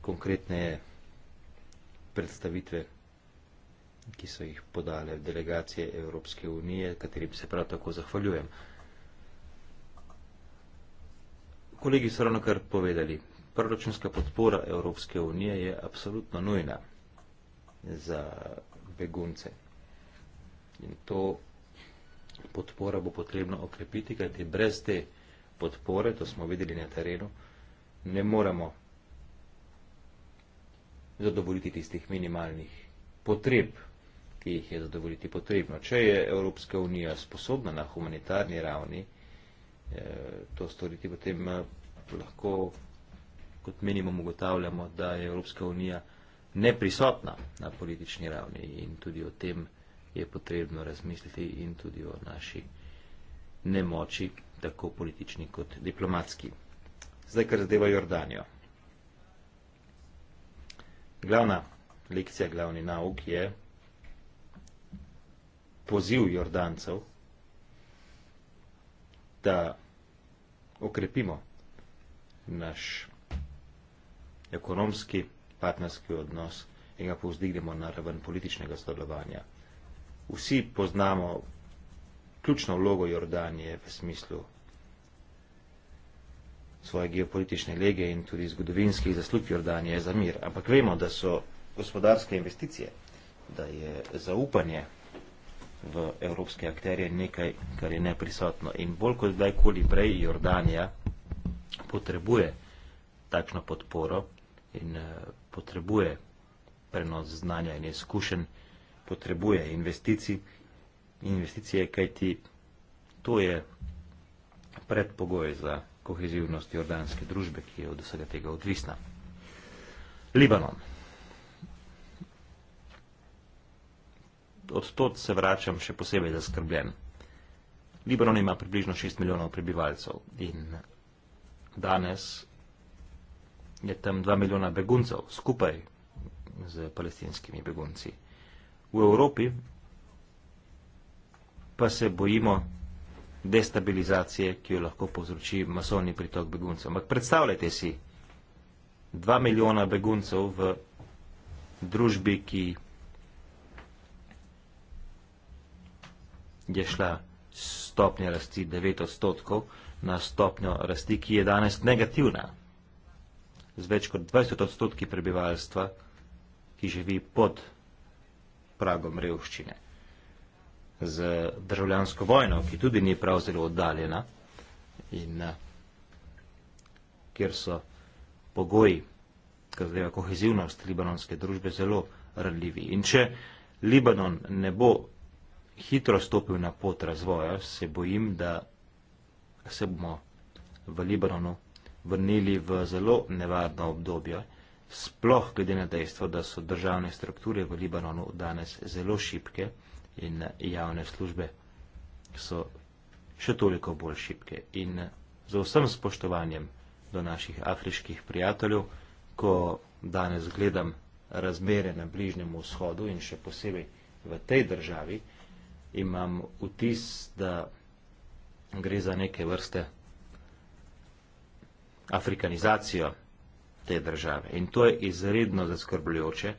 B: konkretneje predstavitve, ki so jih podale delegacije Evropske unije, katerim se prav tako zahvaljujem. Kolegi so ravno kar povedali, proračunska podpora Evropske unije je absolutno nujna za begunce. In to podporo bo potrebno okrepiti, kajti brez te podpore, to smo videli na terenu, ne moremo zadovoljiti tistih minimalnih potreb, ki jih je zadovoljiti potrebno. Če je Evropska unija sposobna na humanitarni ravni eh, to storiti, potem eh, lahko kot minimum ugotavljamo, da je Evropska unija neprisotna na politični ravni in tudi o tem je potrebno razmisliti in tudi o naši nemoči, tako politični kot diplomatski. Zdaj, kar zadeva Jordanijo. Glavna lekcija, glavni nauk je poziv Jordancev, da okrepimo naš ekonomski, partnerski odnos in ga povzdignemo na raven političnega sodelovanja. Vsi poznamo ključno vlogo Jordanije v smislu svoje geopolitične lege in tudi zgodovinskih zaslug Jordanije za mir. Ampak vemo, da so gospodarske investicije, da je zaupanje v evropske akterje nekaj, kar je neprisotno. In bolj kot kdajkoli prej Jordanija potrebuje takšno podporo in uh, potrebuje prenos znanja in izkušenj, potrebuje investicij, investicije, kajti to je predpogoj za kohezivnost jordanske družbe, ki je od vsega tega odvisna. Libanon. Od tod se vračam še posebej zaskrbljen. Libanon ima približno 6 milijonov prebivalcev in danes je tam dva milijona beguncev skupaj z palestinskimi begunci. V Evropi pa se bojimo destabilizacije, ki jo lahko povzroči masovni pritok beguncev. Ampak predstavljajte si dva milijona beguncev v družbi, ki je šla stopnja rasti 9 odstotkov na stopnjo rasti, ki je danes negativna z več kot 20 odstotki prebivalstva, ki živi pod pragom revščine. Z državljansko vojno, ki tudi ni prav zelo oddaljena in eh, kjer so pogoji, kar zadeva kohezivnost libanonske družbe, zelo rnljivi. In če Libanon ne bo hitro stopil na pot razvoja, se bojim, da se bomo v Libanonu vrnili v zelo nevarno obdobje, sploh glede na dejstvo, da so državne strukture v Libanonu danes zelo šipke in javne službe so še toliko bolj šipke. In z vsem spoštovanjem do naših afriških prijateljev, ko danes gledam razmere na Bližnjem vzhodu in še posebej v tej državi, imam vtis, da gre za neke vrste afrikanizacijo te države. In to je izredno zaskrbljujoče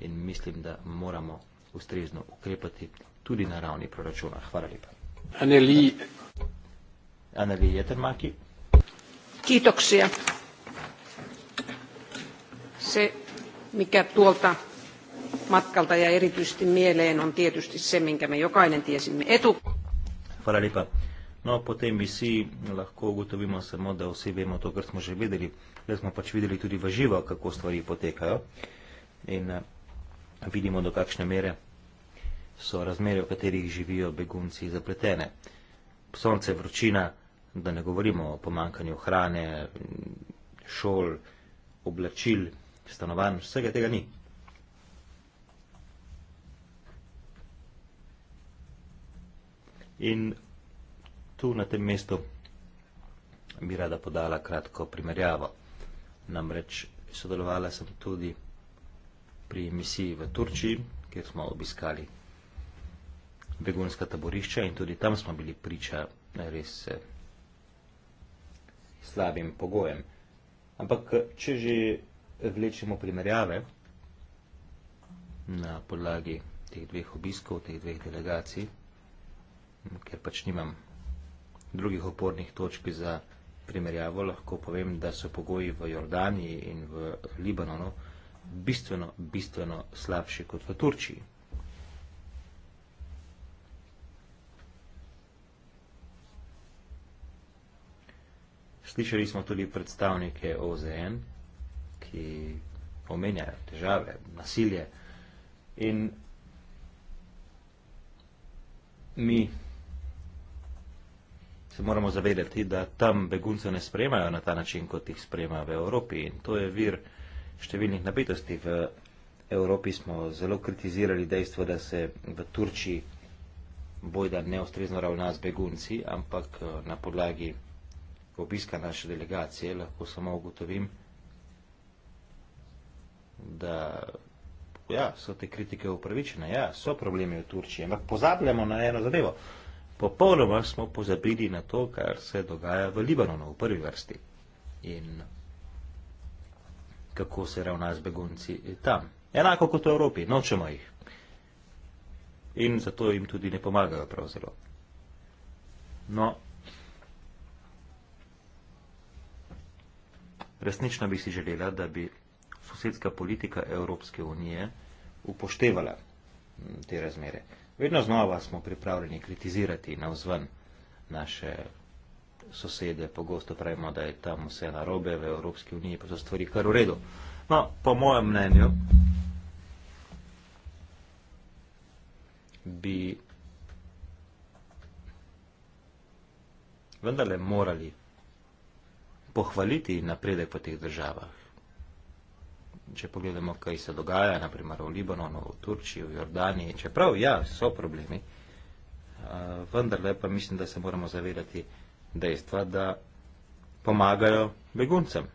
B: in mislim, da moramo ustrezno ukrepati tudi na ravni proračuna. Hvala lepa. Aneli. Aneli Jetermaki.
C: Kiitoksia.
A: Se, mikä tuolta matkalta ja erityisesti mieleen on tietysti se, minkä me jokainen tiesimme etu.
B: Hvala lepa. No, po tej misiji lahko ugotovimo samo, da vsi vemo to, kar smo že videli, da smo pač videli tudi v živo, kako stvari potekajo in eh, vidimo, do kakšne mere so razmere, v katerih živijo begunci zapletene. Sonce, vročina, da ne govorimo o pomankanju hrane, šol, oblačil, stanovanj, vsega tega ni. In tu na tem mestu bi rada podala kratko primerjavo. Namreč sodelovala sem tudi pri misiji v Turčiji, kjer smo obiskali begunska taborišča in tudi tam smo bili priča res eh, slabim pogojem. Ampak, če že vlečemo primerjave na podlagi teh dveh obiskov, teh dveh delegacij, ker pač nimam drugih opornih točk za primerjavo, lahko povem, da so pogoji v Jordaniji in v Libanonu bistveno, bistveno slabši kot v Turčiji. Slišali smo tudi predstavnike OZN, ki omenjajo težave, nasilje in mi se moramo zavedati, da tam begunce ne sprejemajo na ta način, kot jih sprejemajo v Evropi. In to je vir številnih napetosti. V Evropi smo zelo kritizirali dejstvo, da se v Turčiji bojda neustrezno ravna z begunci, ampak eh, na podlagi obiska naše delegacije lahko samo ugotovim, da ja, so te kritike upravičene. Ja, so problemi v Turčiji, ampak pozabljamo na eno zadevo. Popolnoma smo pozabili na to, kar se dogaja v Libanonu v prvi vrsti in kako se ravna z begunci tam. Enako kot v Evropi, nočemo jih. In zato jim tudi ne pomagajo prav zelo. No, resnično bi si želela, da bi sosedska politika Evropske unije upoštevala te razmere. Vedno znova smo pripravljeni kritizirati na vzven naše sosede, pogosto pravimo, da je tam vse narobe, v Evropski uniji pa so stvari kar v redu. No, po mojem mnenju bi vendarle morali pohvaliti napredek po teh državah če pogledamo, kaj se dogaja, naprimer v Libanonu, v Turčiji, v Jordaniji, čeprav ja, so problemi, eh, vendar lepa mislim, da se moramo zavedati dejstva, da pomagajo beguncem.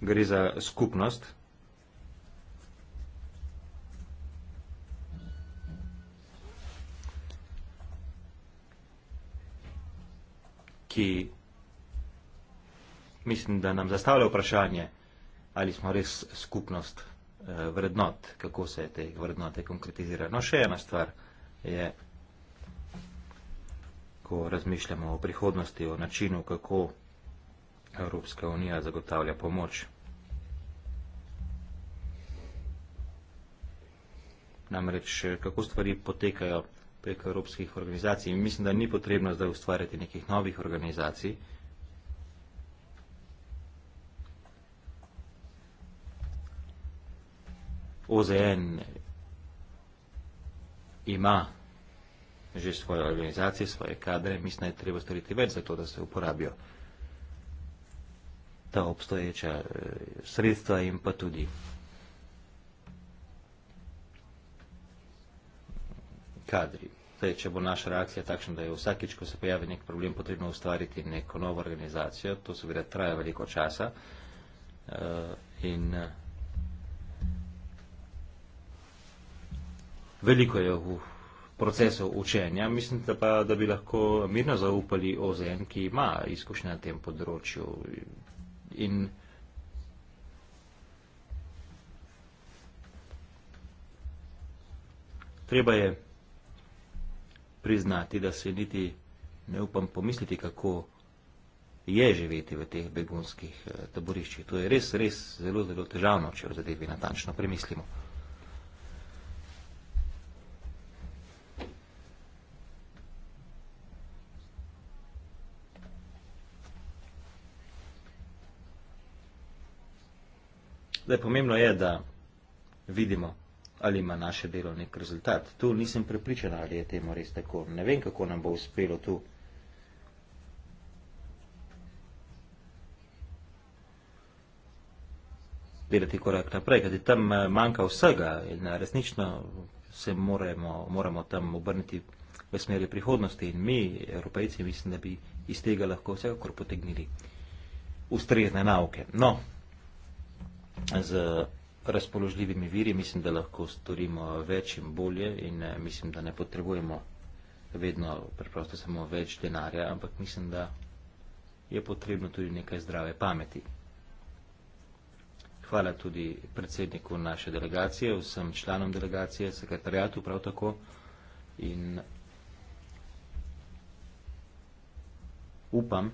B: Gre za skupnost, ki mislim, da nam zastavlja vprašanje, ali smo res skupnost eh, vrednot, kako se te vrednote konkretizirajo. No, še ena stvar je, ko razmišljamo o prihodnosti, o načinu, kako Evropska unija zagotavlja pomoč. Namreč, eh, kako stvari potekajo preko evropskih organizacij. Mislim, da ni potrebno zdaj ustvarjati nekih novih organizacij, OZN ima že svoje organizacije, svoje kadre, mislim, da je treba storiti več za to, da se uporabijo ta obstoječa eh, sredstva in pa tudi kadri. Zdaj, če bo naša reakcija takšna, da je vsakič, ko se pojavi nek problem, potrebno ustvariti neko novo organizacijo, to seveda traja veliko časa uh, in uh, veliko je v procesu učenja, mislim pa, da bi lahko mirno zaupali OZN, ki ima izkušnje na tem področju. In treba je priznati, da se niti ne upam pomisliti, kako je živeti v teh begunskih eh, taboriščih. To je res, res zelo, zelo težavno, če v zadevi natančno premislimo. Zdaj, pomembno je, da vidimo, ali ima naše delo nek rezultat. Tu nisem prepričana, ali je temu res tako. Ne vem, kako nam bo uspelo tu. Delati korak naprej, kajti tam eh, manjka vsega in eh, resnično se moramo, moramo tam obrniti v smeri prihodnosti in mi, evropejci, mislim, da bi iz tega lahko vsekakor potegnili ustrezne nauke. No, z razpoložljivimi viri, mislim, da lahko storimo več in bolje in eh, mislim, da ne potrebujemo vedno preprosto samo več denarja, ampak mislim, da je potrebno tudi nekaj zdrave pameti. Hvala tudi predsedniku naše delegacije, vsem članom delegacije, sekretarjatu prav tako in upam,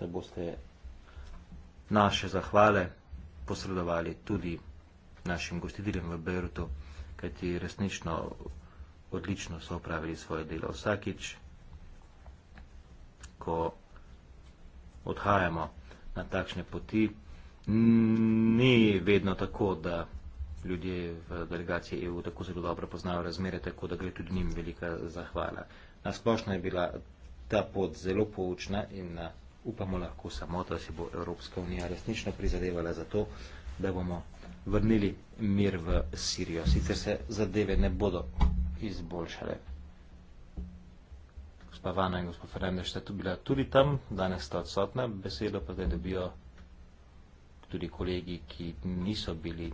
B: da boste naše zahvale posredovali tudi našim gostiteljem v Beirutu, kajti resnično odlično so opravili svoje delo. Vsakič, ko odhajamo na takšne poti, ni vedno tako, da ljudje v delegaciji EU tako zelo dobro poznajo razmere, tako da gre tudi njim velika zahvala. Nasplošno je bila ta pot zelo poučna in na upamo lahko samo, da se bo Evropska unija resnično prizadevala za to, da bomo vrnili mir v Sirijo. Sicer se zadeve ne bodo izboljšale. Gospa Vana in gospod Fernandez sta tu bila tudi tam, danes sta odsotna, besedo pa zdaj dobijo tudi kolegi, ki niso bili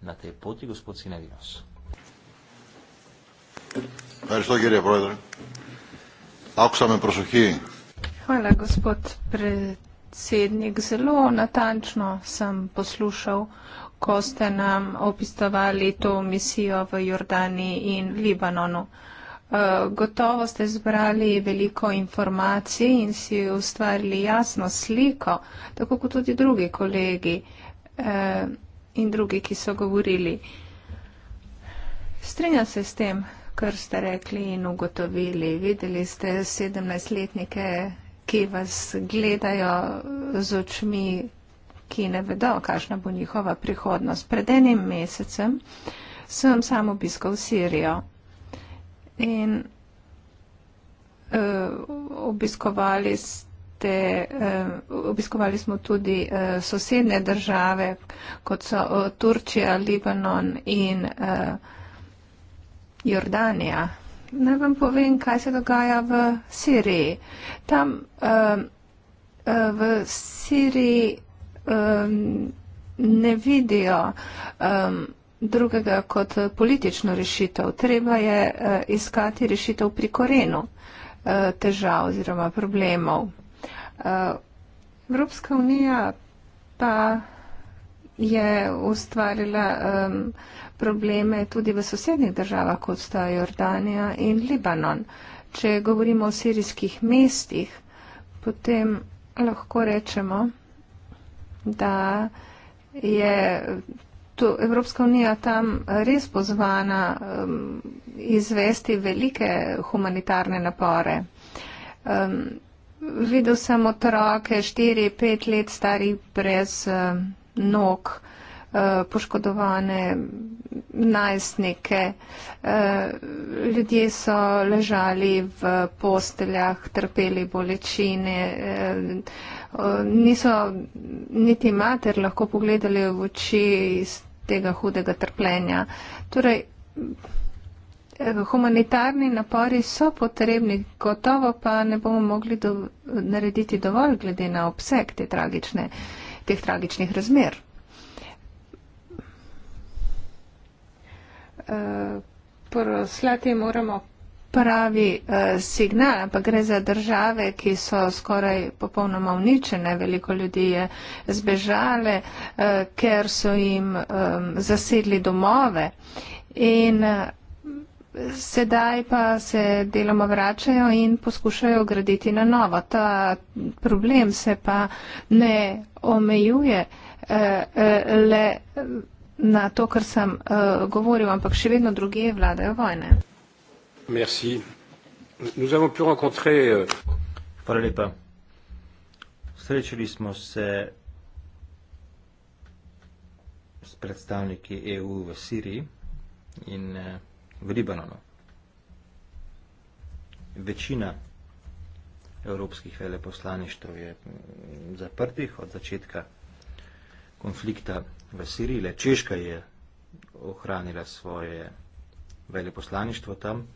B: na tej poti, gospod Sinedinos. Hvala što, gerija brojder. Ako sam me prosuhi,
C: Hvala, gospod predsednik. Zelo natančno sem poslušal, ko ste nam opistovali to misijo v Jordani in Libanonu. Eh, gotovo ste zbrali veliko informacij in si ustvarili jasno sliko, tako kot tudi drugi kolegi eh, in drugi, ki so govorili. Strinjam se s tem, kar ste rekli in ugotovili. Videli ste 17-letnike ki vas gledajo z očmi, ki ne vedo, kakšna bo njihova prihodnost. Pred enim mesecem sem sam obiskal Sirijo in uh, obiskovali ste. Te, eh, obiskovali smo tudi eh, sosedne države, kot so eh, Turčija, Libanon in eh, Jordanija. Naj vam povem, kaj se dogaja v Siriji. Tam uh, uh, v Siriji um, ne vidijo um, drugega kot politično rešitev. Treba je uh, iskati rešitev pri korenu uh, težav oziroma problemov. Uh, Evropska unija pa je ustvarila um, probleme tudi v sosednjih državah, kot sta Jordanija in Libanon. Če govorimo o sirijskih mestih, potem lahko rečemo, da je to, Evropska unija tam res pozvana um, izvesti velike humanitarne napore. Um, videl sem otroke, 4-5 let starih brez um, nog. Eh, poškodovane najstnike. Eh, ljudje so ležali v posteljah, trpeli bolečine, eh, niso niti mater lahko pogledali v oči iz tega hudega trpljenja. Torej, humanitarni napori so potrebni, gotovo pa ne bomo mogli do, narediti dovolj glede na obseg te tragične, teh tragičnih razmer. Eh, poslati moramo pravi eh, signal, pa gre za države, ki so skoraj popolnoma uničene, veliko ljudi je zbežale, eh, ker so jim zasedli domove. In sedaj pa se deloma vračajo in poskušajo graditi na novo. Ta problem se pa ne omejuje le na to, kar sem uh, govoril, ampak še vedno druge vladajo vojne.
B: Merci. Nous avons pu rencontrer... Euh, Hvala lepa. Srečali smo se s predstavniki EU v Siriji in eh, v Libanonu. Večina evropskih veleposlaništv je mm, zaprtih od začetka konflikta v Sirile. Češka je ohranila svoje veleposlaništvo tam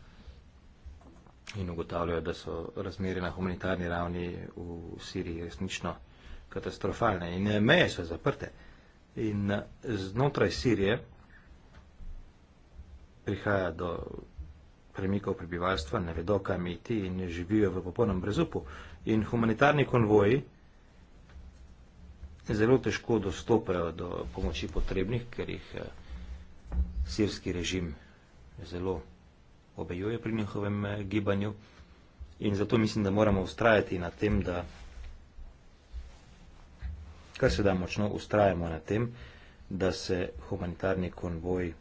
B: in ugotavljajo, da so razmere na humanitarni ravni v Siriji resnično katastrofalne. In eh, meje so zaprte. In eh, znotraj Sirije prihaja do premikov prebivalstva, ne vedo, kam iti in živijo v popolnem brezupu. In humanitarni konvoji, zelo težko dostopajo do pomoči potrebnih, ker jih eh, sirski režim zelo obejuje pri njihovem eh, gibanju. In zato mislim, da moramo ustrajati na tem, da kar se da močno ustrajamo na tem, da se humanitarni konvoj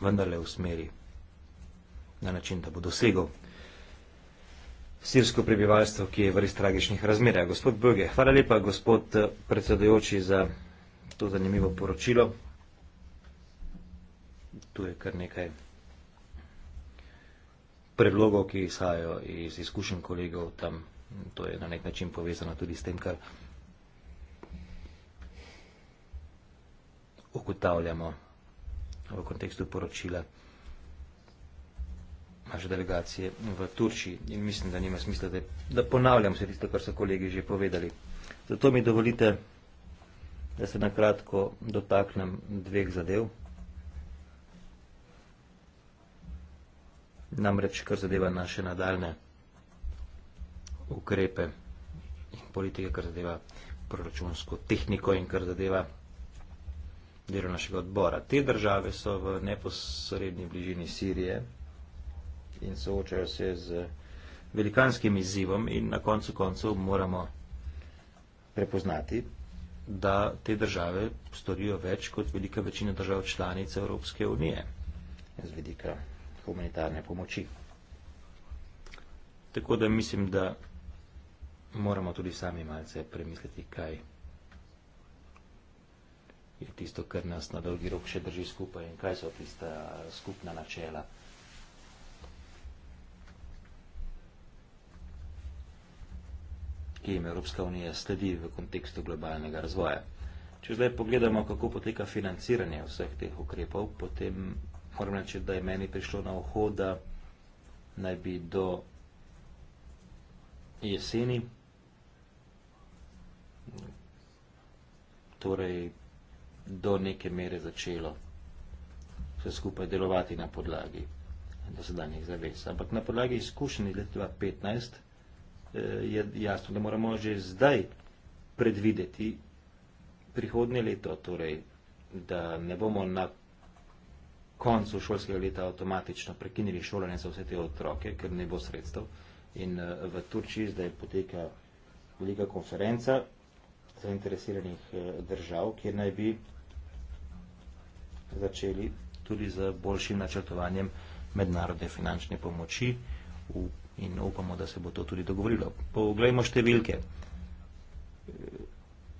B: vendarle usmeri na način, da bo dosegel sirsko prebivalstvo, ki je v res tragičnih razmerah. Gospod Böge, hvala lepa, gospod eh, predsedujoči, za to zanimivo poročilo. Tu je kar nekaj predlogov, ki izhajajo iz izkušenj kolegov tam. To je na nek način povezano tudi s tem, kar ugotavljamo v kontekstu poročila naše delegacije v Turčiji in mislim, da nima smisla, da, da ponavljam se tisto, kar so kolegi že povedali. Zato mi dovolite, da se nakratko dotaknem dveh zadev. Namreč, kar zadeva naše nadaljne ukrepe in politike, kar zadeva proračunsko tehniko in kar zadeva delo našega odbora. Te države so v neposredni bližini Sirije, in soočajo se z velikanskim izzivom in na koncu koncu moramo prepoznati, da te države storijo več kot velika večina držav članic Evropske unije z vidika humanitarne pomoči. Tako da mislim, da moramo tudi sami malce premisliti, kaj je tisto, kar nas na dolgi rok še drži skupaj in kaj so tista skupna načela. ki jim Evropska unija sledi v kontekstu globalnega razvoja. Če zdaj pogledamo, kako poteka financiranje vseh teh ukrepov, potem moram reči, da je meni prišlo na oho, da naj bi do jeseni, torej do neke mere začelo vse skupaj delovati na podlagi dosedanjih zavez. Ampak na podlagi izkušenj iz leta 2015 Eh, je jasno, da moramo že zdaj predvideti prihodnje leto, torej, da ne bomo na koncu šolskega leta avtomatično prekinili šolanje za vse te otroke, ker ne bo sredstev. In eh, v Turčiji zdaj poteka velika konferenca zainteresiranih eh, držav, kjer naj bi začeli tudi z boljšim načrtovanjem mednarodne finančne pomoči v in upamo, da se bo to tudi dogovorilo. Poglejmo številke.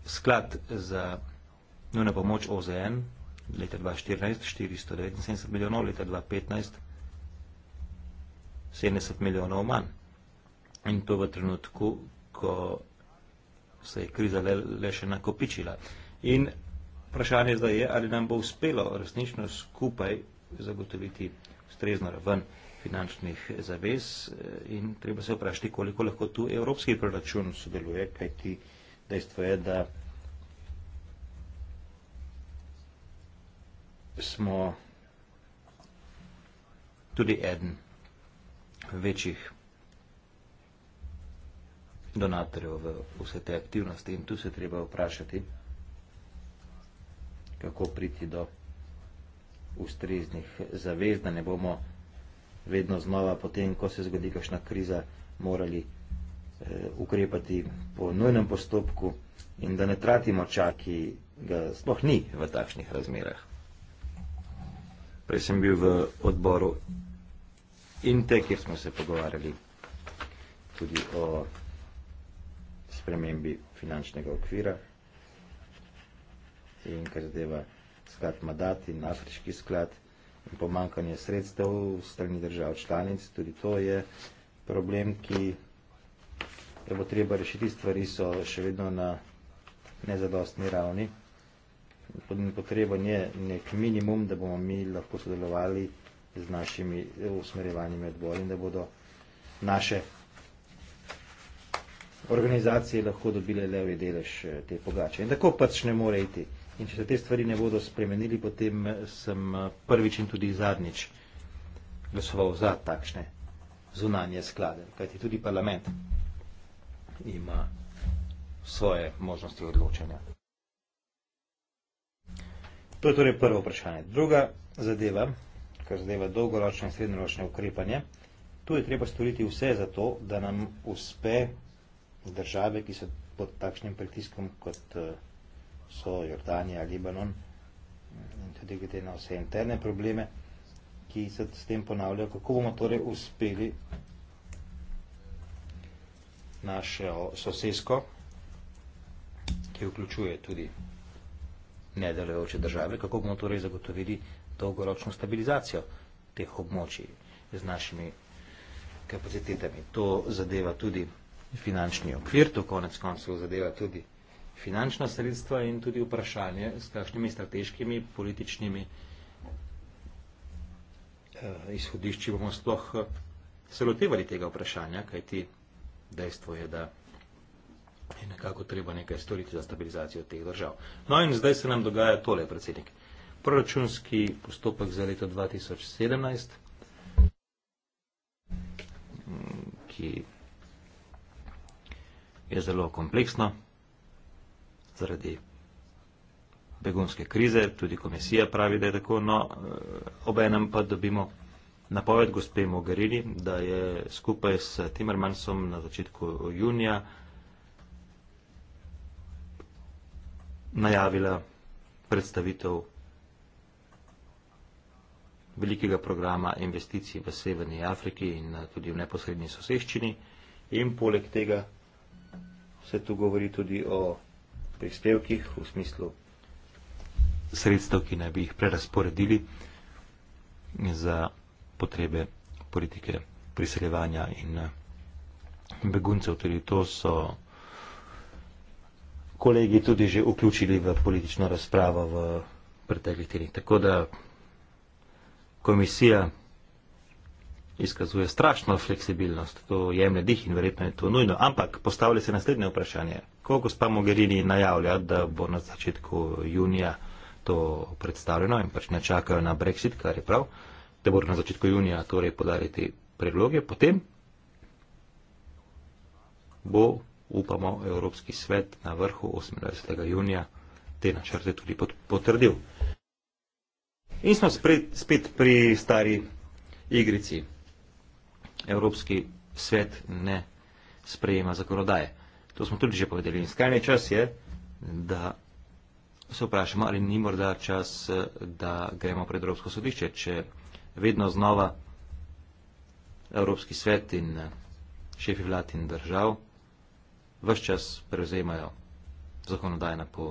B: Sklad za nujno pomoč OZN leta 2014 479 milijonov, leta 2015 70 milijonov manj. In to v trenutku, ko se je kriza le, le še nakopičila. In vprašanje zdaj je, ali nam bo uspelo resnično skupaj zagotoviti strezno raven finančnih zavez eh, in treba se vprašati, koliko lahko tu evropski proračun sodeluje, kajti dejstvo je, da smo tudi eden večjih donatorjev v vse te aktivnosti in tu se treba vprašati, kako priti do ustreznih zavez, da ne bomo vprašati, vedno znova, potem, ko se zgodi kakšna kriza, morali eh, ukrepati po nujnem postopku in da ne tratimo čaki, ga sploh ni v takšnih razmerah. Prej sem bil v odboru INTE, kjer smo se pogovarjali tudi o spremembi finančnega okvira in kar zadeva sklad Madati in afriški sklad pomankanje sredstev v strani držav članic. Tudi to je problem, ki je bo treba rešiti. Stvari so še vedno na nezadostni ravni. Potreben je nek minimum, da bomo mi lahko sodelovali z našimi usmerjevanjimi odbori in da bodo naše organizacije lahko dobile levi delež eh, te pogače. In tako pač ne more iti. In če se te stvari ne bodo spremenili, potem sem eh, prvič in tudi zadnjič glasoval za takšne zunanje sklade. Kajti tudi parlament ima svoje možnosti odločanja. To je torej prvo vprašanje. Druga zadeva, kar zadeva dolgoročne in srednjeročne ukrepanje, tu je treba storiti vse za to, da nam uspe države, ki so pod takšnim pritiskom kot uh, so Jordanija, Libanon in tudi glede na vse interne probleme, ki se s tem ponavljajo, kako bomo torej uspeli naše sosesko, ki vključuje tudi nedelajoče države, kako bomo torej zagotovili dolgoročno stabilizacijo teh območij z našimi kapacitetami. To zadeva tudi finančni okvir, to konec koncev zadeva tudi finančna sredstva in tudi vprašanje, s kakšnimi strateškimi, političnimi eh, izhodišči bomo sploh eh, se lotevali tega vprašanja, kajti dejstvo je, da je nekako treba nekaj storiti za stabilizacijo teh držav. No in zdaj se nam dogaja tole, predsednik. Proračunski postopek za leto 2017, ki je zelo kompleksno zaradi begunske krize, tudi komisija pravi, da je tako, no eh, obenem pa dobimo napoved gospe Mogherini, da je skupaj s Timmermansom na začetku junija najavila predstavitev velikega programa investicij v Severni Afriki in eh, tudi v neposrednji soseščini in poleg tega se tu govori tudi o prispevkih v smislu sredstev, ki naj bi jih prerasporedili za potrebe politike priseljevanja in eh, beguncev. Tudi to so kolegi tudi že vključili v politično razpravo v preteklih tednih. Tako da komisija izkazuje strašno fleksibilnost, to jemlje dih in verjetno je to nujno. Ampak postavlja se naslednje vprašanje tako gospa Mogherini najavlja, da bo na začetku junija to predstavljeno in pač ne čakajo na brexit, kar je prav, da bodo na začetku junija torej podariti predloge, potem bo, upamo, Evropski svet na vrhu 28. junija te načrte tudi potrdil. In smo spet pri stari igrici. Evropski svet ne sprejema zakonodaje to smo tudi že povedali. In skrajni čas je, da se vprašamo, ali ni morda čas, da gremo pred Evropsko sodišče, če vedno znova Evropski svet in eh, šefi vlad in držav vse čas prevzemajo po,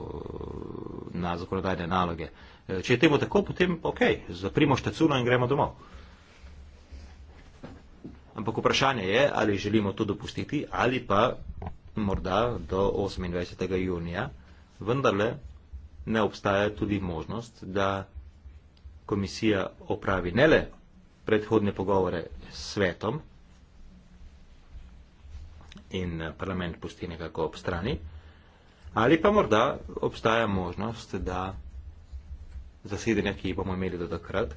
B: na zakonodajne naloge. Eh, če je temu tako, potem ok, zaprimo štacuno in gremo domov. Ampak vprašanje je, ali želimo to dopustiti ali pa morda do 28. junija, vendarle ne obstaja tudi možnost, da komisija opravi ne le predhodne pogovore s svetom in parlament pusti nekako ob strani, ali pa morda obstaja možnost, da zasedanja, ki jih bomo imeli do takrat,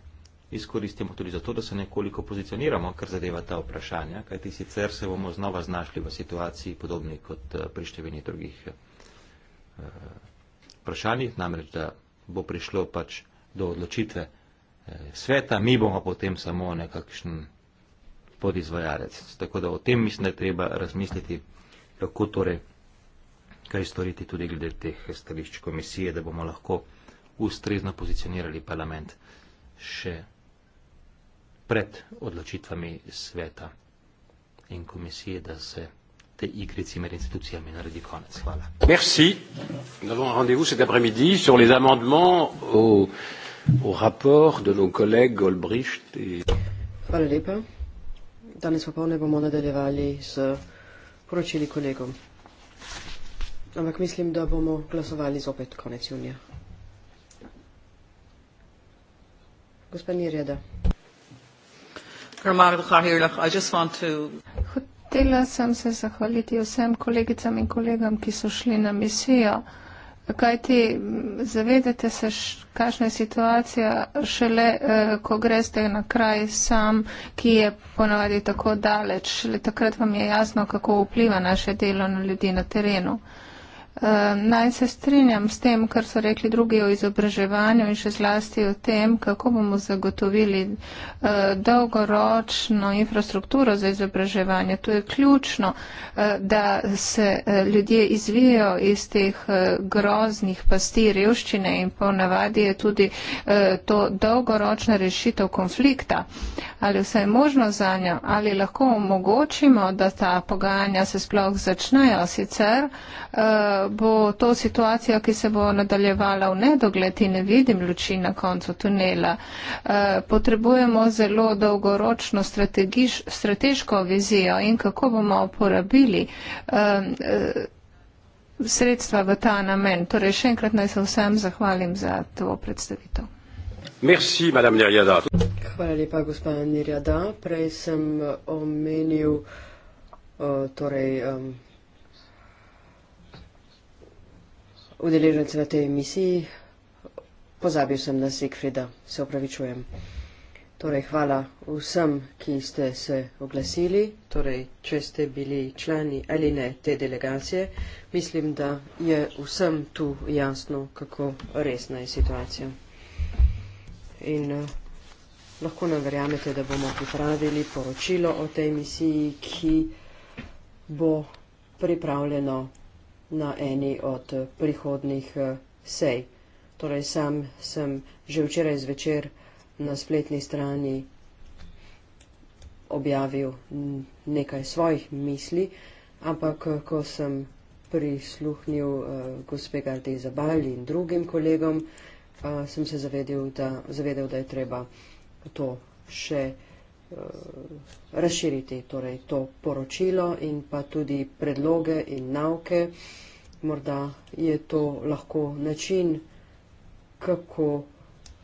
B: izkoristimo tudi zato, da se nekoliko pozicioniramo, kar zadeva ta vprašanja, kajti sicer se bomo znova znašli v situaciji podobni kot eh, pri številni drugih eh, vprašanjih, namreč da bo prišlo pač do odločitve eh, sveta, mi bomo potem samo nekakšen podizvajalec. Tako da o tem mislim, da je treba razmisliti, kako torej kaj storiti tudi glede teh stališč komisije, da bomo lahko ustrezno pozicionirali parlament še pred odločitvami sveta in komisije, da se te igrici med institucijami naredi konec. Hvala.
D: Merci. Nous rendez-vous cet après-midi sur les amendements au, au rapport de nos collègues Olbricht et...
A: Hvala lepa. Danes popolne bomo nadaljevali z poročili kolegom. Ampak mislim, da bomo glasovali zopet konec junija. Gospa Nirjada. Hotela
C: sem se zahvaliti vsem kolegicam in kolegam, ki so šli na misijo, kajti zavedate se, kakšna je situacija šele, eh, ko greste na kraj sam, ki je ponavadi tako daleč. Šele takrat vam je jasno, kako vpliva naše delo na ljudi na terenu. Eh, naj se strinjam s tem, kar so rekli drugi o izobraževanju in še zlasti o tem, kako bomo zagotovili eh, dolgoročno infrastrukturo za izobraževanje. To je ključno, eh, da se ljudje izvijajo iz teh groznih pasti revščine in ponavadi je tudi to dolgoročna rešitev konflikta. Ali vse je možno za njo, ali lahko omogočimo, da ta pogajanja se sploh začnejo. Sicer, bo to situacija, ki se bo nadaljevala v nedogled in ne vidim luči na koncu tunela. Eh, potrebujemo zelo dolgoročno strateško vizijo in kako bomo uporabili ehm, eh, sredstva v ta namen. Torej, še enkrat naj se vsem zahvalim za to predstavitev.
D: Merci,
A: Hvala lepa, gospod Nirjada. Prej sem eh, omenil uh, torej, um, udeležence na tej emisiji. Pozabil sem na Sigfrida, se opravičujem. Torej, hvala vsem, ki ste se oglasili. Torej, če ste bili člani ali ne te delegacije, mislim, da je vsem tu jasno, kako resna je situacija. In eh, lahko nam verjamete, da bomo pripravili poročilo o tej misiji, ki bo pripravljeno na eni od eh, prihodnih eh, sej. Torej, sam sem že včeraj zvečer na spletni strani objavil nekaj svojih misli, ampak eh, ko sem prisluhnil uh, gospe Gardi Zabali in drugim kolegom, uh, sem se zavedel da, zavedel, da je treba to še uh, razširiti, torej to poročilo in pa tudi predloge in nauke. Uh, morda je to lahko način, kako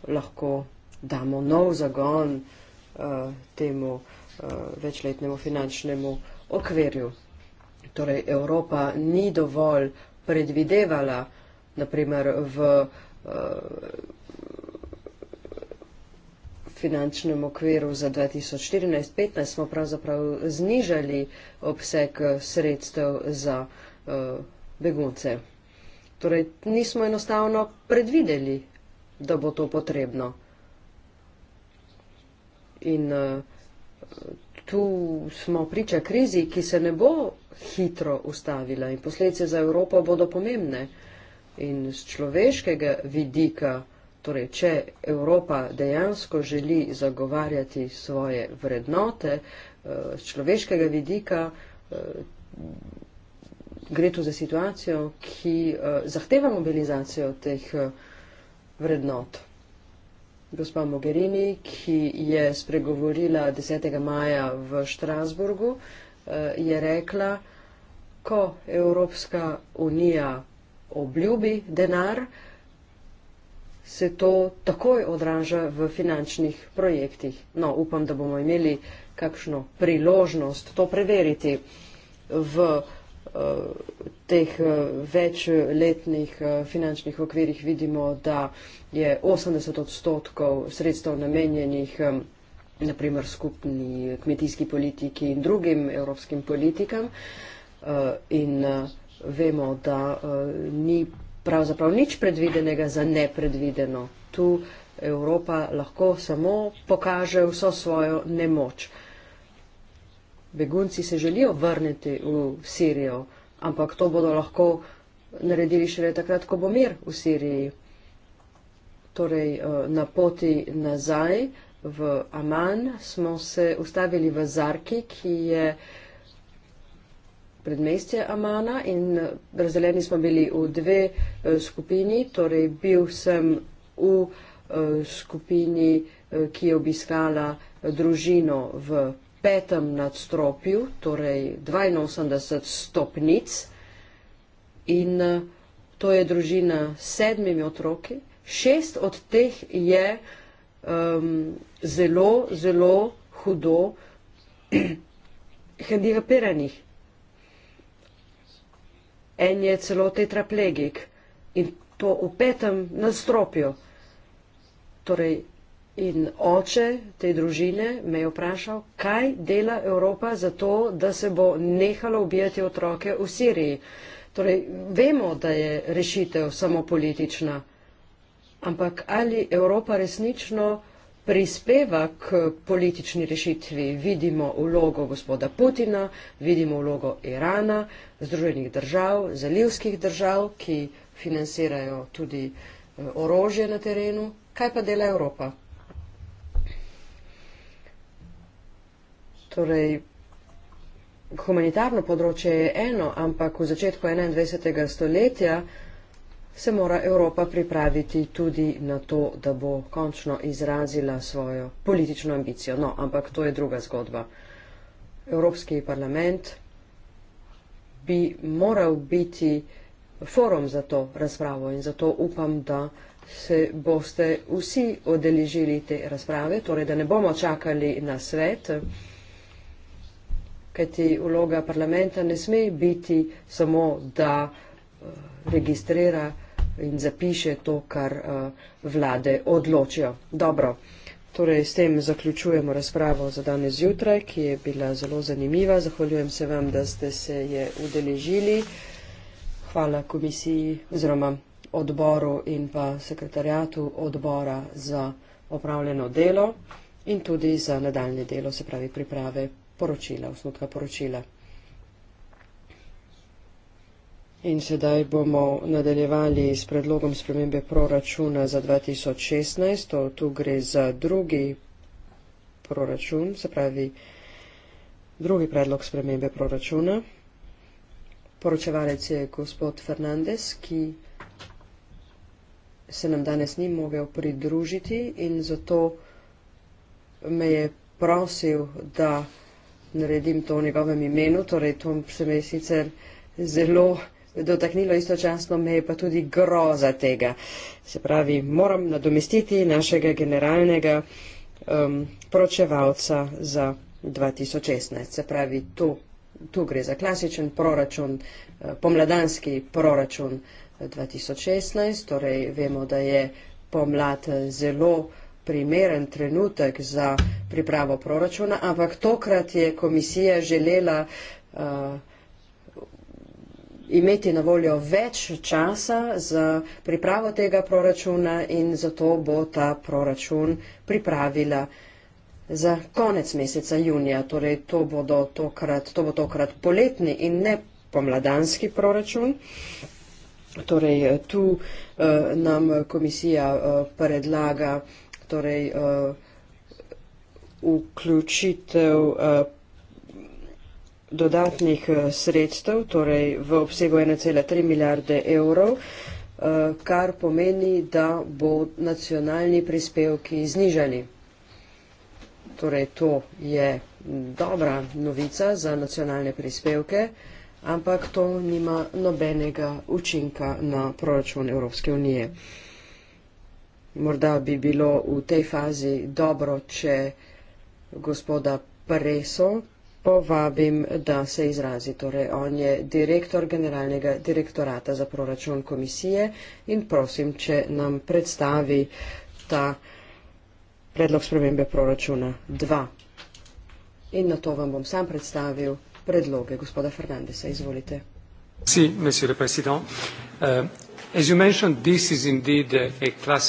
A: lahko damo nov zagon uh, temu uh, večletnemu finančnemu okvirju. Torej, Evropa ni dovolj predvidevala, naprimer v uh, finančnem okviru za 2014-2015 smo pravzaprav znižali obseg sredstev za uh, begunce. Torej, nismo enostavno predvideli, da bo to potrebno. In uh, tu smo priča krizi, ki se ne bo hitro ustavila in posledice za Evropo bodo pomembne. In z človeškega vidika, torej, če Evropa dejansko želi zagovarjati svoje vrednote, uh, eh, z človeškega vidika. Uh, gre tu za situacijo, ki uh, zahteva mobilizacijo teh uh, vrednot. Gospa Mogherini, ki je spregovorila 10. maja v Štrasburgu, uh, je rekla, ko Evropska unija obljubi denar, se to takoj odraža v finančnih projektih. No, upam, da bomo imeli kakšno priložnost to preveriti. V uh, Eh, teh eh, večletnih eh, finančnih okvirih vidimo, da je 80 odstotkov sredstev namenjenih naprimer skupni kmetijski politiki in drugim evropskim politikam in vemo, da ni pravzaprav nič predvidenega za nepredvideno. Tu Evropa lahko samo pokaže vso svojo nemoč begunci se želijo vrniti v Sirijo, ampak to bodo lahko naredili šele takrat, ko bo mir v Siriji. Torej, eh, na poti nazaj v Aman smo se ustavili v Zarki, ki je predmestje Amana in razdeljeni smo bili v dve eh, skupini, torej bil sem v eh, skupini, ki je obiskala družino v petem nadstropju, torej 82 stopnic. In eh, to je družina s sedmimi otroki. Šest od teh je um, zelo, zelo hudo hendikapiranih. En je celo tetraplegik in to v petem nadstropju. Torej, In oče te družine me je vprašal, kaj dela Evropa za to, da se bo nehalo ubijati otroke v Siriji. Torej, vemo, da je rešitev samo politična, ampak ali Evropa resnično prispeva k politični rešitvi? Vidimo vlogo gospoda Putina, vidimo vlogo Irana, Združenih držav, zalivskih držav, ki financirajo tudi eh, orožje na terenu. Kaj pa dela Evropa? Torej, humanitarno področje je eno, ampak v začetku 21. stoletja se mora Evropa pripraviti tudi na to, da bo končno izrazila svojo politično ambicijo. No, ampak to je druga zgodba. Evropski parlament bi moral biti forum za to razpravo in zato upam, da se boste vsi odeležili te razprave, torej da ne bomo čakali na svet kajti vloga parlamenta ne sme biti samo, da eh, registrira in zapiše to, kar eh, vlade odločijo. Dobro, torej s tem zaključujemo razpravo za danes zjutraj, ki je bila zelo zanimiva. Zahvaljujem se vam, da ste se je udeležili. Hvala komisiji oziroma odboru in pa sekretarjatu odbora za opravljeno delo in tudi za nadaljne delo, se pravi priprave poročila, osnutka poročila. In sedaj bomo nadaljevali s predlogom spremembe proračuna za 2016. To, tu gre za drugi proračun, se pravi drugi predlog spremembe proračuna. Poročevalec je gospod Fernandez, ki se nam danes ni mogel pridružiti in zato me je prosil, da naredim to v njegovem imenu, torej to se me sicer zelo dotaknilo, istočasno me je pa tudi groza tega. Se pravi, moram nadomestiti našega generalnega um, pročevalca za 2016. Se pravi, tu, tu gre za klasičen proračun, eh, pomladanski proračun 2016, eh, torej vemo, da je pomlad eh, zelo primeren trenutek za pripravo proračuna, ampak tokrat je komisija želela uh, imeti na voljo več časa za pripravo tega proračuna in zato bo ta proračun pripravila za konec meseca junija. Torej, to, tokrat, to bo tokrat poletni in ne pomladanski proračun. Torej, tu uh, nam komisija uh, predlaga uh, torej uh, vključitev uh, dodatnih eh, sredstev, torej v obsegu 1,3 milijarde evrov, uh, kar pomeni, da bo nacionalni prispevki znižani. Torej, to je dobra novica za nacionalne prispevke, ampak to nima nobenega učinka na proračun Evropske unije. Uh, Morda bi bilo v tej fazi dobro, če gospoda Preso povabim, da se izrazi. Torej, on je direktor generalnega direktorata za proračun komisije in prosim, če nam predstavi ta predlog spremembe proračuna 2. In na to vam bom sam predstavil predloge
C: gospoda Fernandesa. Izvolite.
A: Si, monsieur le Président. Euh,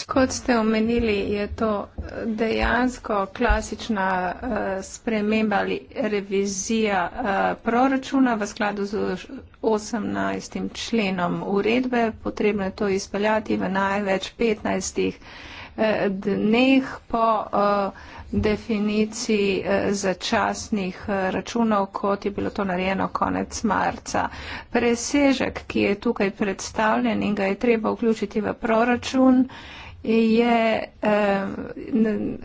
C: Kot ste omenili, je to dejansko klasična uh, sprememba ali revizija uh, proračuna v skladu z 18. členom uredbe. Potrebno je to izpeljati v največ 15 uh, eh, dneh po. Uh, definiciji eh, začasnih eh, računov, kot je bilo to narejeno konec marca. Presežek, ki je tukaj predstavljen in ga je treba vključiti v proračun, je eh,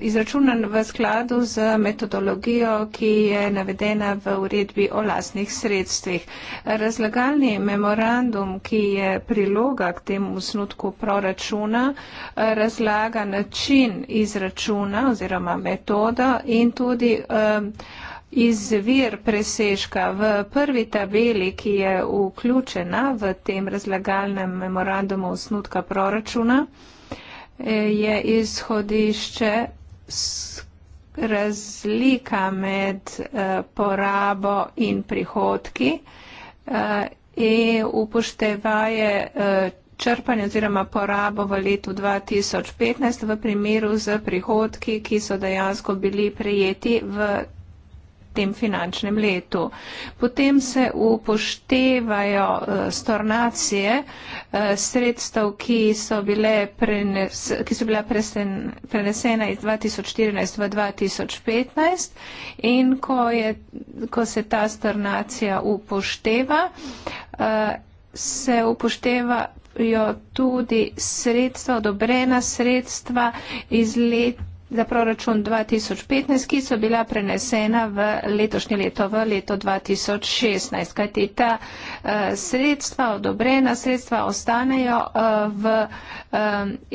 C: izračunan v skladu z metodologijo, ki je navedena v uredbi o lasnih sredstvih. Razlagalni memorandum, ki je priloga k temu snutku proračuna, eh, razlaga način izračuna oziroma metodo in tudi eh, izvir presežka v prvi tabeli, ki je vključena v tem razlagalnem memorandumu snutka proračuna je izhodišče razlika med eh, porabo in prihodki in eh, e upoštevaje eh, črpanje oziroma porabo v letu 2015 v primeru z prihodki, ki so dejansko bili prijeti v tem finančnem letu. Potem se upoštevajo eh, stornacije eh, sredstev, ki so, bile prenes, ki so bila presen, prenesena iz 2014 v 2015 in ko, je, ko se ta stornacija upošteva, eh, se upošteva jo tudi sredstva, odobrena sredstva iz leta za proračun 2015, ki so bila prenesena v letošnje leto, v leto 2016. Kaj ti ta eh, sredstva, odobrena sredstva, ostanejo eh, v eh,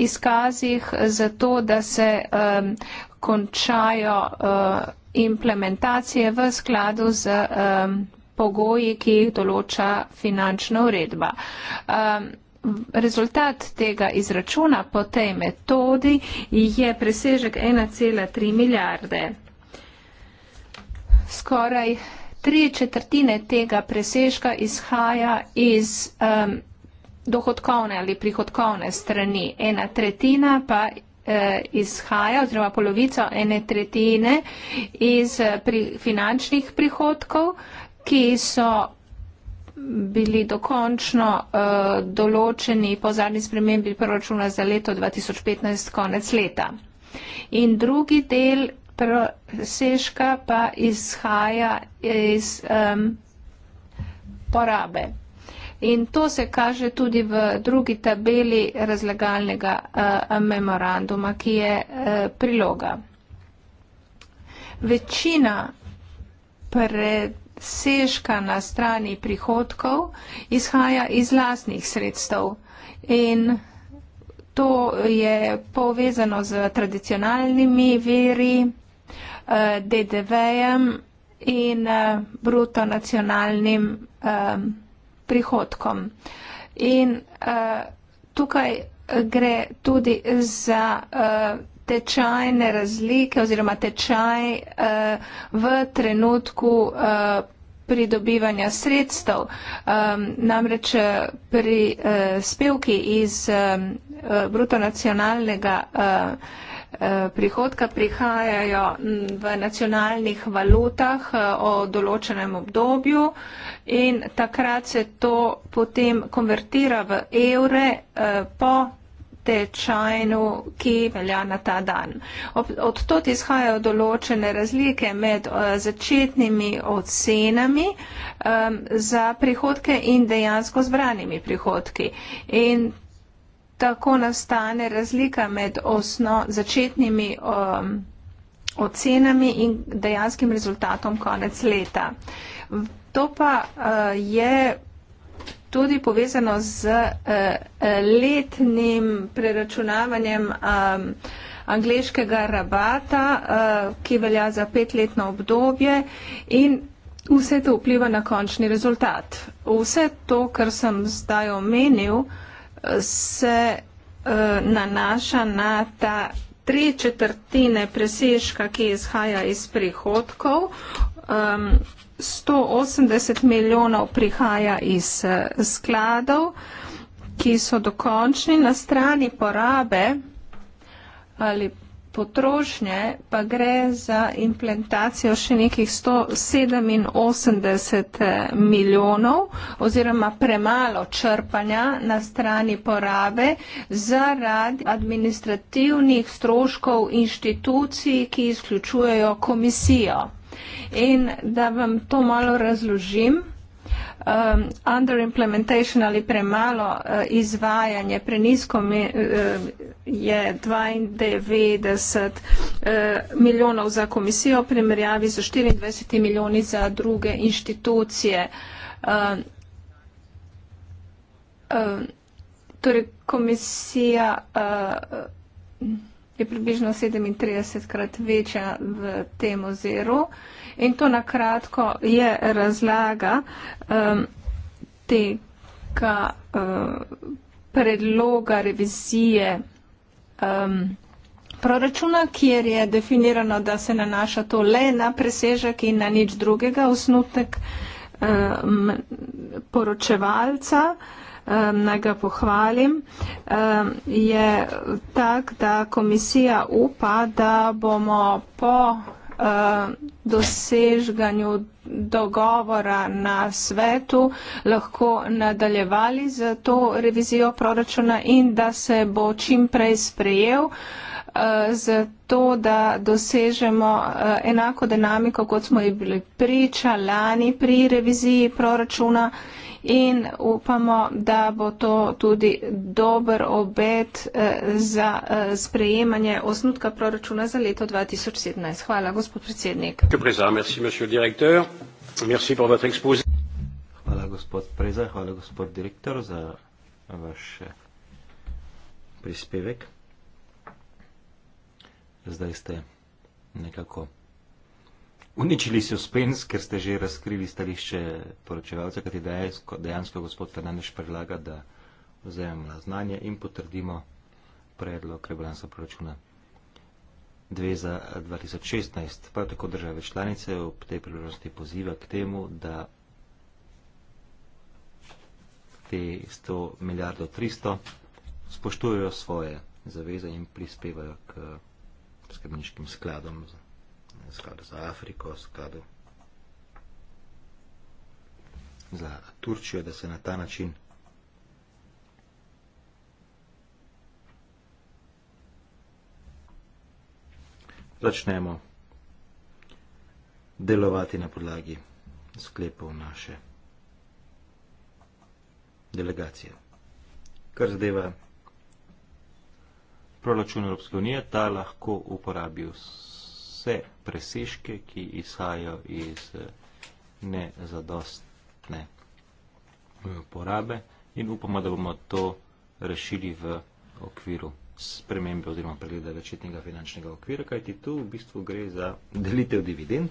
C: izkazih za to, da se končajo implementacije v skladu z pogoji, ki jih določa finančna uredba. Rezultat tega izračuna po tej metodi je presežek 1,3 milijarde. Skoraj tri četrtine tega presežka izhaja iz um, dohodkovne ali prihodkovne strani, ena tretjina pa eh, izhaja oziroma polovico ene tretjine iz eh, pri finančnih prihodkov, ki so bili dokončno uh, določeni po zadnji spremembi proračuna za leto 2015 konec leta. In drugi del presežka pa izhaja iz um, porabe. In to se kaže tudi v drugi tabeli razlagalnega uh, memoranduma, ki je uh, priloga. Večina pred presežka na strani prihodkov izhaja iz lastnih sredstev in to je povezano z tradicionalnimi veri, eh, DDV-jem in eh, brutonacionalnim eh, prihodkom. In tukaj gre tudi za tečajne razlike oziroma tečaj eh, v trenutku eh, pridobivanja sredstev. Ehm, namreč eh, pri spevki iz brutonacionalnega prihodka prihajajo hm, v nacionalnih valutah o določenem obdobju in takrat se to potem konvertira v evre po tečajnu, ki velja na ta dan. Od tot izhajajo določene razlike med eh, začetnimi ocenami ehm, za prihodke in dejansko zbranimi prihodki. In tako nastane razlika med osno, začetnimi ehm, ocenami in dejanskim rezultatom konec leta. To pa eh, je tudi povezano z eh, eh, letnim preračunavanjem um, angliškega rabata, eh, ki velja za petletno obdobje in vse to vpliva na končni rezultat. Vse to, kar sem zdaj omenil, se nanaša na ta tri četrtine presežka, ki izhaja iz prihodkov. Um, 180 milijonov prihaja iz eh, skladov, ki so dokončni na strani porabe ali potrošnje, pa gre za implementacijo še nekih 187 eh, milijonov oziroma premalo črpanja na strani porabe zaradi administrativnih stroškov inštitucij, ki izključujejo komisijo. In da vam to malo razložim, um, under implementation ali premalo uh, izvajanje, prenisko mi, uh, je 92 uh, milijonov za komisijo, primerjavi za 24 milijoni za druge inštitucije. Uh, uh, torej komisija uh, je približno 37 krat večja v tem oziru. In to na kratko je razlaga um, tega uh, predloga revizije um, proračuna, kjer je definirano, da se nanaša to le na presežek in na nič drugega, osnutek um, poročevalca. Uh, naj ga pohvalim, je tak, da komisija upa, da bomo po dosežganju dogovora na svetu lahko nadaljevali z to revizijo proračuna in da se bo čim prej sprejel eh, zato, da dosežemo eh, enako dinamiko, kot smo ji bili priča lani pri reviziji proračuna in upamo, da bo to tudi dober obet eh, za eh, sprejemanje osnutka proračuna za leto 2017. Hvala, gospod predsednik.
B: Hvala, gospod Preza, hvala, gospod direktor, za vaš eh, prispevek. Zdaj ste nekako uničili suspens, ker ste že razkrili stališče poročevalca, kateri dejansko, dejansko gospod Fernandez predlaga, da vzememo na znanje in potrdimo predlog rebalansa proračuna. Dve za 2016, prav tako države članice ob tej priložnosti poziva k temu, da te 100 milijardo 300 spoštujejo svoje zaveze in prispevajo k skrbniškim skladom za skladu za Afriko, skladu za Turčijo, da se na ta način začnemo delovati na podlagi sklepov naše delegacije. Kar zadeva proračun Evropske unije, ta lahko uporabijo s vse presežke, ki izhajajo iz eh, nezadostne eh, porabe in upamo, da bomo to rešili v okviru spremembe oziroma pregleda začetnega finančnega okvira, kajti tu v bistvu gre za delitev dividend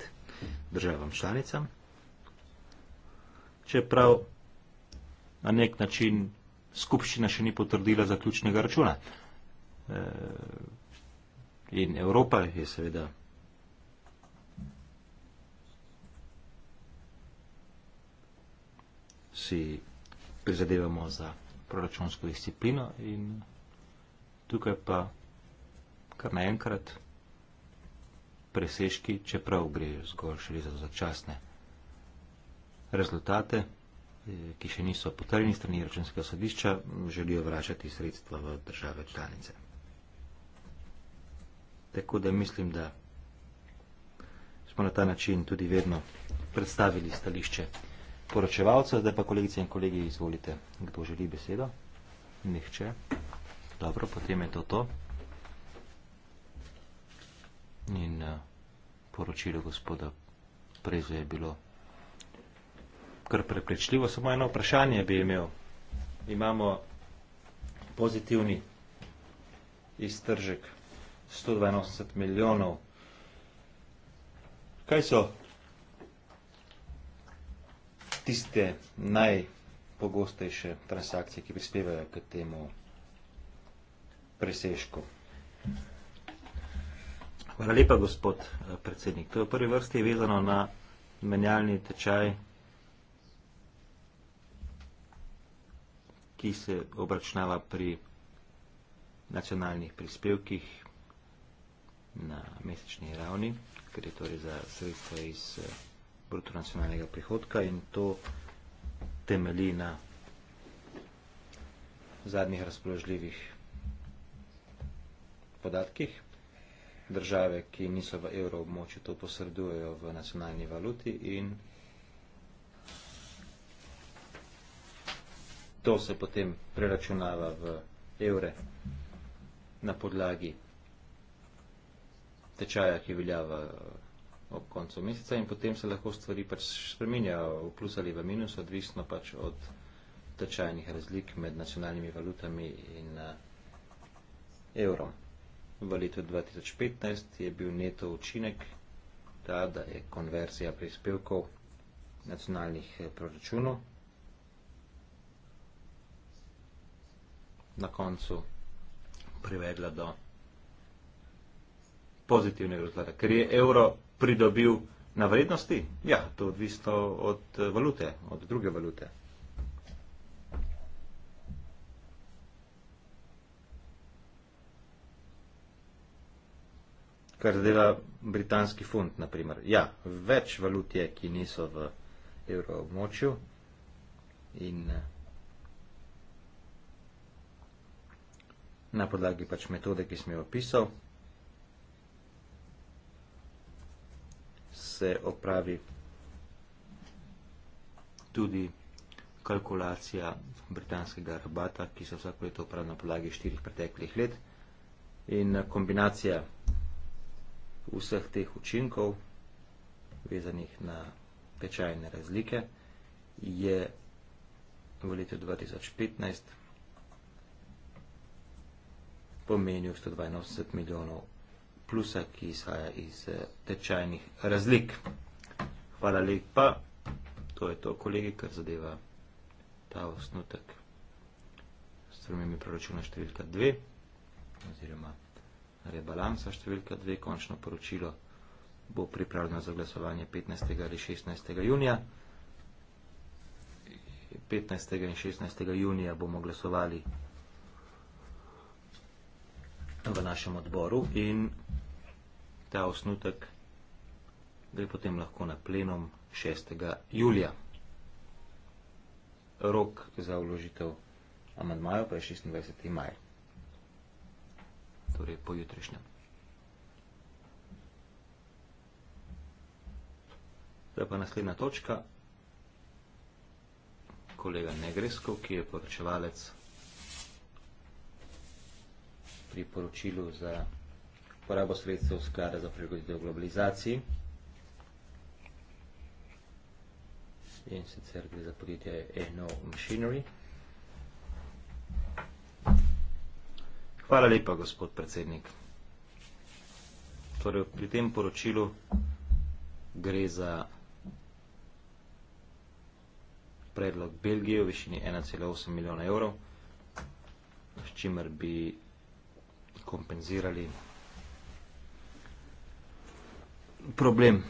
B: državam članicam. Čeprav na nek način skupščina še ni potrdila zaključnega računa. Eh, in Evropa je seveda si prizadevamo za proračunsko disciplino in tukaj pa kar naenkrat presežki, čeprav gre zgolj šele za začasne rezultate, eh, ki še niso potrjeni strani računskega sodišča, želijo vračati sredstva v države članice. Tako da mislim, da smo na ta način tudi vedno predstavili stališče poročevalca. Zdaj pa kolegice in kolegi, izvolite, kdo želi besedo. Nihče. Dobro, potem je to to. In uh, poročilo gospoda Prezo je bilo kar preprečljivo. Samo eno vprašanje bi imel. Imamo pozitivni iztržek 182 milijonov. Kaj so tiste najpogostejše transakcije, ki prispevajo k temu presežku. Hvala lepa, gospod eh, predsednik. To je v prvi vrsti vezano na menjalni tečaj, ki se obračnava pri nacionalnih prispevkih na mesečni ravni, ker je torej za sredstva iz eh, brutonacionalnega prihodka in to temelji na zadnjih razpoložljivih podatkih. Države, ki niso v evroobmočju, to posredujejo v nacionalni valuti in to se potem preračunava v evre na podlagi tečaja, ki velja v ob koncu meseca in potem se lahko stvari pač spremenjajo v plus ali v minus, odvisno pač od tečajnih razlik med nacionalnimi valutami in uh, evrom. V letu 2015 je bil neto učinek ta, da je konverzija prispevkov nacionalnih eh, proračunov na koncu privedla do pozitivnega rezultata, ker je evro pridobil na vrednosti? Ja, to je odvisno od eh, valute, od druge valute. Kar zadeva britanski funt, naprimer. Ja, več valut je, ki niso v evroobmočju in eh, na podlagi pač metode, ki sem jo opisal. se opravi tudi kalkulacija britanskega rabata, ki se vsako leto opravi na podlagi štirih preteklih let. In eh, kombinacija vseh teh učinkov, vezanih na tečajne razlike, je v letu 2015 pomenil 182 milijonov plusa, ki izhaja iz eh, tečajnih razlik. Hvala lepa, to je to, kolegi, kar zadeva ta osnutek s trmimi proračuna številka 2 oziroma rebalansa številka 2. Končno poročilo bo pripravljeno za glasovanje 15. ali 16. junija. 15. in 16. junija bomo glasovali v našem odboru in ta osnutek gre potem lahko na plenom 6. julija. Rok za vložitev amandmajev pa je 26. maj, torej pojutrišnjem. To je pa naslednja točka. Kolega Negreskov, ki je poročevalec pri poročilu za porabo sredstev sklada za prilagoditev globalizaciji. In sicer gre za podjetje Eno Machinery. Hvala lepa, gospod predsednik. Torej, pri tem poročilu gre za predlog Belgije v višini 1,8 milijona evrov, s čimer bi kompenzirali problem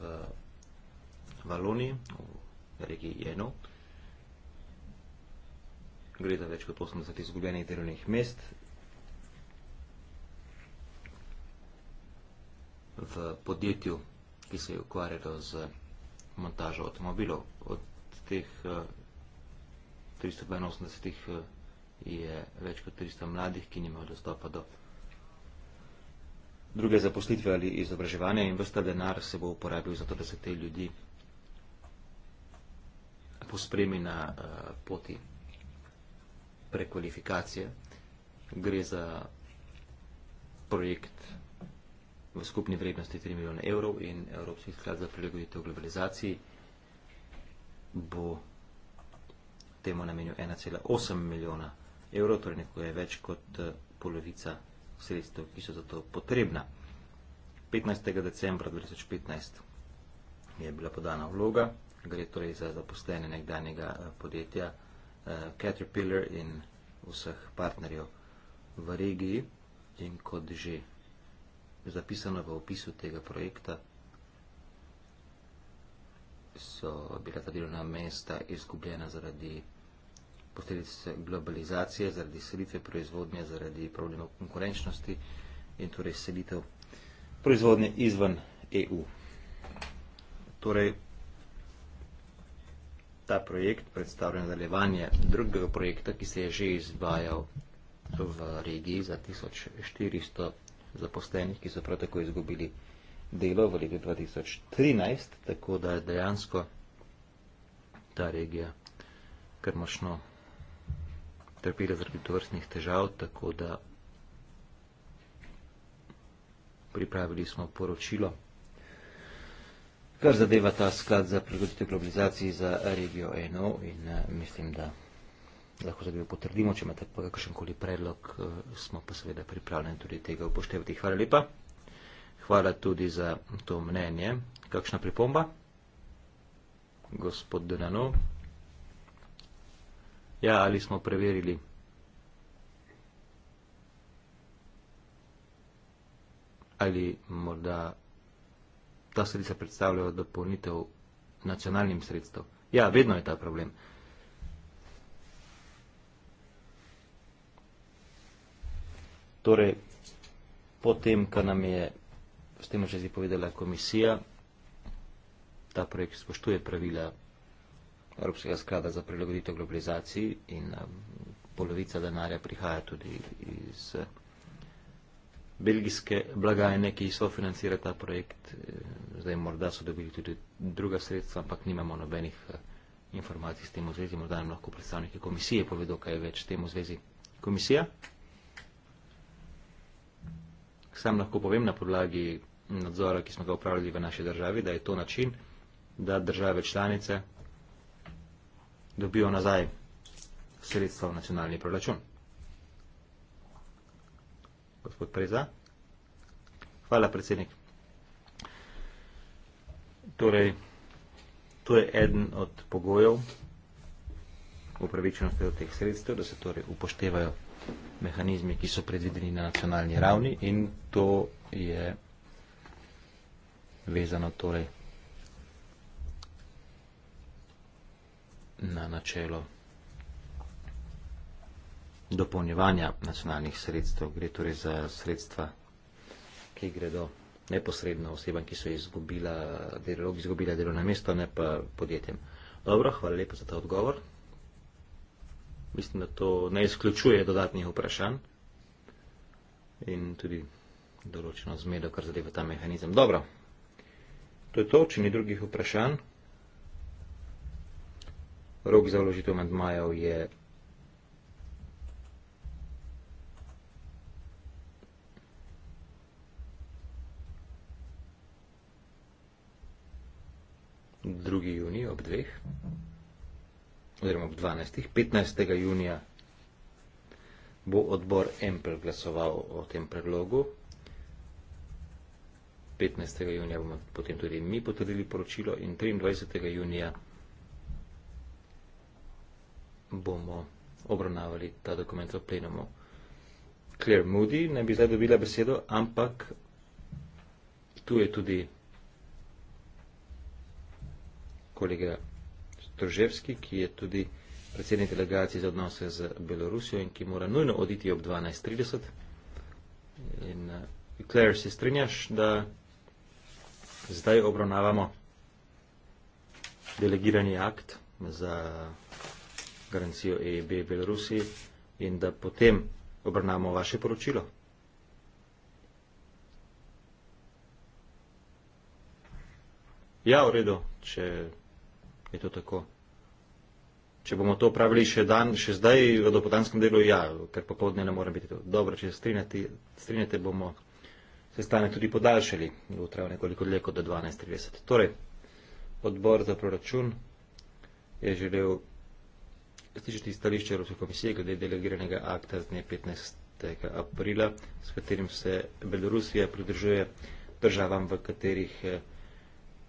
B: v Valoniji, v regiji Jeno. Gre za več kot 80 izgubljenih delovnih mest. V podjetju, ki se je ukvarjalo z montažo avtomobilov, od teh uh, 382 uh, je več kot 300 mladih, ki nimajo dostopa do druge zaposlitve ali izobraževanje in vsta denar se bo uporabil za to, da se te ljudi pospremi na uh, poti prekvalifikacije. Gre za projekt v skupni vrednosti 3 milijone evrov in Evropski sklad za prilagoditev globalizaciji bo temu namenil 1,8 milijona evrov, torej nekaj več kot eh, polovica sredstev, ki so za to potrebna. 15. decembra 2015 je bila podana vloga, gre torej za zaposlene nekdanjega eh, podjetja eh, Caterpillar in vseh partnerjev v regiji in kot že zapisano v opisu tega projekta, so bila ta delovna mesta izgubljena zaradi posledice globalizacije, zaradi selitve proizvodnje, zaradi problemov konkurenčnosti in torej selitev proizvodnje izven EU. Torej, ta projekt predstavlja nadaljevanje drugega projekta, ki se je že izvajal v regiji za 1400 zaposlenih, ki so prav tako izgubili delo v letu 2013, tako da je dejansko ta regija kar močno trpela zaradi tovrstnih težav, tako da pripravili smo poročilo, kar zadeva ta sklad za prilagoditev globalizaciji za regijo NO in eh, mislim, da lahko zadevo potrdimo, če imate pa kakršenkoli predlog, eh, smo pa seveda pripravljeni tudi tega upoštevati. Hvala lepa. Hvala tudi za to mnenje. Kakšna pripomba? Gospod Denanov. Ja, ali smo preverili? Ali morda ta sredstva predstavljajo dopolnitev nacionalnim sredstvom? Ja, vedno je ta problem. Torej, potem, kar nam je s tem že zdi povedala komisija, ta projekt spoštuje pravila Evropskega sklada za prilagoditev globalizaciji in eh, polovica denarja prihaja tudi iz eh, belgijske blagajne, ki so financira ta projekt. Eh, zdaj morda so dobili tudi druga sredstva, ampak nimamo nobenih informacij s tem v zvezi. Morda nam lahko predstavniki komisije povedo, kaj je več s tem v zvezi. Komisija? Sam lahko povem na podlagi nadzora, ki smo ga upravljali v naši državi, da je to način, da države članice dobijo nazaj sredstva v nacionalni proračun. Gospod Preza. Hvala, predsednik. Torej, to je eden od pogojev upravičenosti do teh sredstev, da se torej upoštevajo mehanizmi, ki so predvideni na nacionalni ravni in to je vezano torej na načelo dopolnjevanja nacionalnih sredstev, gre torej za sredstva, ki gredo neposredno osebam, ki so izgubila, delog izgubila delovno mesto, ne pa podjetjem. Dobro, hvala lepa za ta odgovor. Mislim, da to ne izključuje dodatnih vprašanj in tudi določeno zmedo, kar zadeva ta mehanizem. Dobro, to je to, če ni drugih vprašanj rok za vložitev amendmajev je drugi juni ob dveh, oziroma ob dvanajstih, petnajstega junija bo odbor Empel glasoval o tem predlogu. 15. junija bomo potem tudi mi potrdili poročilo in 23. junija bomo obravnavali ta dokument v plenumu. Claire Moody ne bi zdaj dobila besedo, ampak tu je tudi kolega Stroževski, ki je tudi predsednik delegacije za odnose z Belorusijo in ki mora nujno oditi ob 12.30. In eh, Claire, se strinjaš, da zdaj obravnavamo delegirani akt za garancijo EIB Belorusiji in da potem obrnamo vaše poročilo. Ja, v redu, če je to tako. Če bomo to upravili še dan, še zdaj, v dopodanskem delu, ja, ker popovdne ne mora biti to. Dobro, če se strinjate, bomo se stane tudi podaljšali, bo trebalo nekoliko dlje kot do 12.30. Torej, odbor za proračun je želel slišati stališče Evropske komisije glede delegiranega akta z dne 15. aprila, s katerim se Belorusija pridržuje državam, v katerih eh,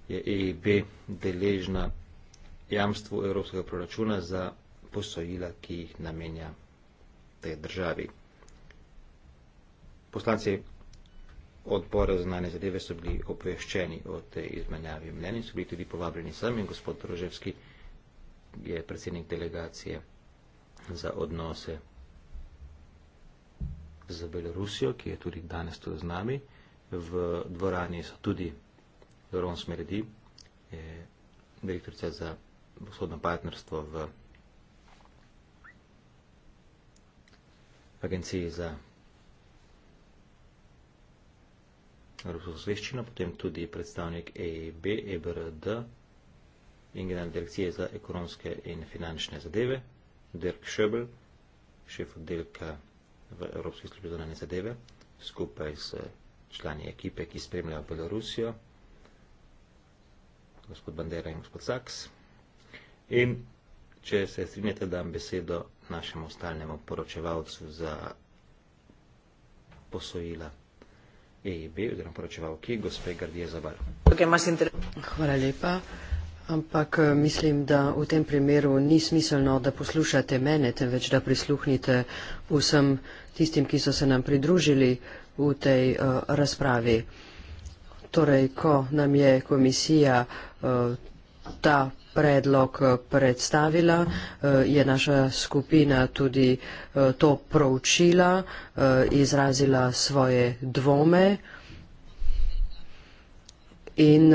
B: je EIB deležna jamstvu evropskega proračuna za posojila, ki jih namenja tej državi. Poslanci odbora za znanje zadeve so bili obveščeni o tej izmenjavi mnenja in so bili tudi povabljeni sami, gospod Roževski je predsednik delegacije za odnose z Belorusijo, ki je tudi danes tu z nami. V dvorani so tudi Doron Smeredi, direktorica za vzhodno partnerstvo v Agenciji za rusko sveščino, potem tudi predstavnik EIB, e EBRD, in general direkcije za ekonomske in finančne zadeve, Dirk Schöbel, šef oddelka v Evropski službi za zadeve, skupaj s člani ekipe, ki spremljajo Belorusijo, gospod Bandera in gospod Saks. In če se strinjate, dam besedo našemu stalnemu poročevalcu za posojila EIB, oziroma poročevalki, gospe Gardije Zabar.
A: Hvala lepa. Ampak eh, mislim, da v tem primeru ni smiselno, da poslušate mene, temveč da prisluhnite vsem tistim, ki so se nam pridružili v tej uh, razpravi. Torej, ko nam je komisija uh, ta predlog predstavila, je naša skupina tudi to proučila, izrazila svoje dvome in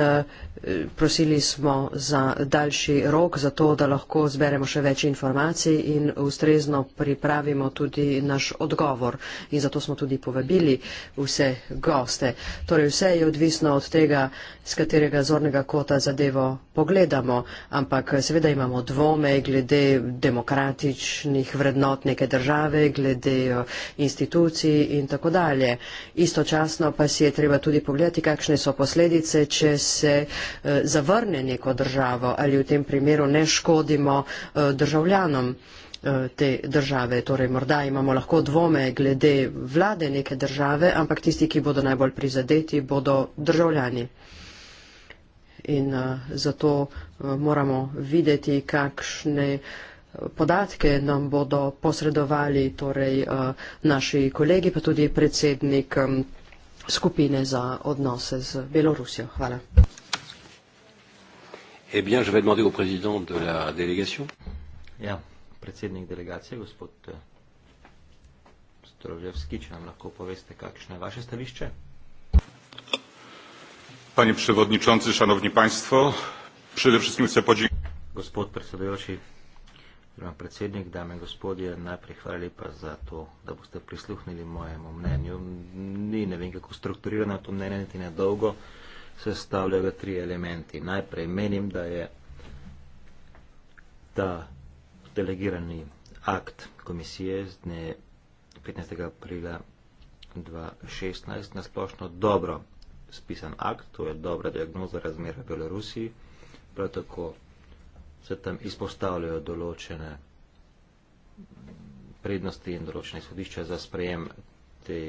A: Prosili smo za daljši rok, zato da lahko zberemo še več informacij in ustrezno pripravimo tudi naš odgovor. In zato smo tudi povabili vse goste. Torej, vse je odvisno od tega, z katerega zornega kota zadevo pogledamo, ampak seveda imamo dvome glede demokratičnih vrednot neke države, glede eh, institucij in tako dalje. Istočasno pa si je treba tudi pogledati, kakšne so posledice, če se Eh, zavrne neko državo ali v tem primeru ne škodimo eh, državljanom eh, te države. Torej, morda imamo lahko dvome glede vlade neke države, ampak tisti, ki bodo najbolj prizadeti, bodo državljani. In zato moramo videti, kakšne podatke nam bodo posredovali torej, naši kolegi, pa tudi predsednik skupine za odnose z Belorusijo. Hvala.
D: Eh bien, je vais demander au président de la
B: délégation. Ja, predsednik delegacije, gospod Strojevski, eh, če nam lahko poveste, kakšno je vaše stališče? Panie przewodniczący, szanowni państwo, przede wszystkim chcę podziękować. Gospod predsedujoči, oziroma predsednik, dame in gospodje, najprej hvala lepa za to, da boste prisluhnili mojemu mnenju. Ni ne vem, kako strukturirano to mnenje, niti ne dolgo sestavljajo ga tri elementi. Najprej menim, da je ta delegirani akt komisije z dne 15. aprila 2016 na splošno dobro spisan akt, to je dobra diagnoza razmer v Belorusiji, prav tako se tam izpostavljajo določene prednosti in določene izhodišča za sprejem te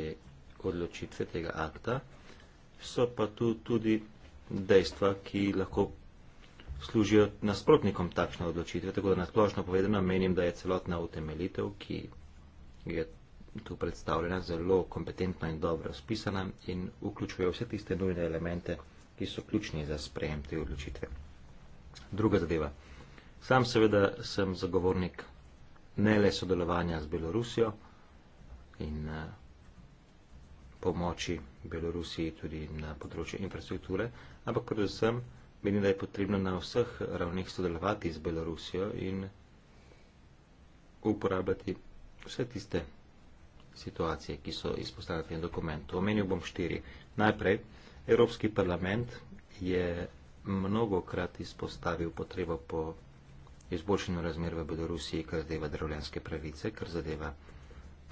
B: odločitve tega akta so pa tu tudi dejstva, ki lahko služijo nasprotnikom takšne odločitve. Tako da nasplošno povedano menim, da je celotna utemelitev, ki je tu predstavljena, zelo kompetentna in dobro spisana in vključuje vse tiste nujne elemente, ki so ključni za sprejem te odločitve. Druga zadeva. Sam seveda sem zagovornik ne le sodelovanja z Belorusijo in eh, pomoči Belorusiji, tudi na področju infrastrukture, ampak predvsem menim, da je potrebno na vseh ravneh sodelovati z Belorusijo in uporabljati vse tiste situacije, ki so izpostavljene v tem dokumentu. Omenil bom štiri. Najprej, Evropski parlament je mnogokrat izpostavil potrebo po izboljšanju razmer v Belorusiji, kar zadeva državljanske pravice, kar zadeva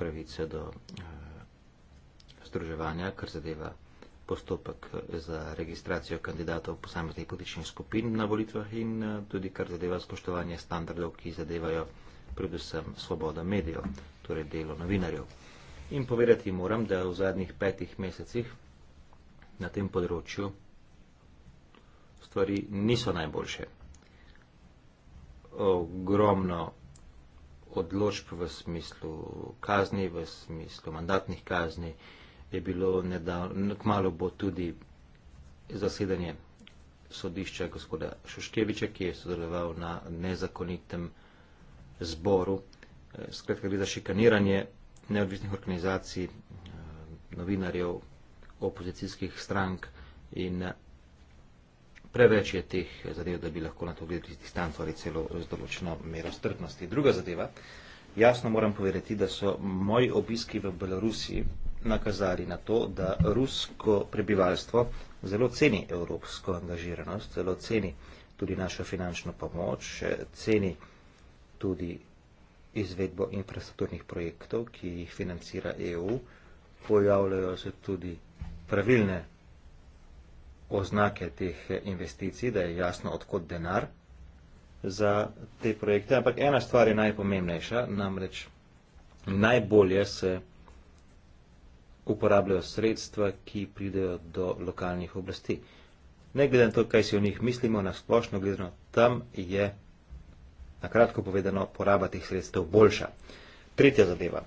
B: pravice do. Uh, združevanja, kar zadeva postopek eh, za registracijo kandidatov posameznih političnih skupin na volitvah in eh, tudi kar zadeva spoštovanje standardov, ki zadevajo predvsem svoboda medijev, torej delo novinarjev. In povedati moram, da v zadnjih petih mesecih na tem področju stvari niso najboljše. Ogromno odločb v smislu kazni, v smislu mandatnih kazni, je bilo nedavno, kmalo bo tudi zasedanje sodišča gospoda Šuškeviča, ki je sodeloval na nezakonitem zboru. Eh, skratka, gre za šikaniranje neodvisnih organizacij, eh, novinarjev, opozicijskih strank in eh, preveč je teh zadev, da bi lahko na to gledali distanco torej ali celo z določeno mero strpnosti. Druga zadeva, jasno moram povedati, da so moji obiski v Belorusiji nakazali na to, da rusko prebivalstvo zelo ceni evropsko angažiranost, zelo ceni tudi našo finančno pomoč, ceni tudi izvedbo infrastrukturnih projektov, ki jih financira EU. Pojavljajo se tudi pravilne oznake teh investicij, da je jasno, odkot denar za te projekte. Ampak ena stvar je najpomembnejša, namreč najbolje se uporabljajo sredstva, ki pridejo do lokalnih oblasti. Ne glede na to, kaj si o njih mislimo, na splošno gledano, tam je, na kratko povedano, poraba teh sredstev boljša. Tretja zadeva.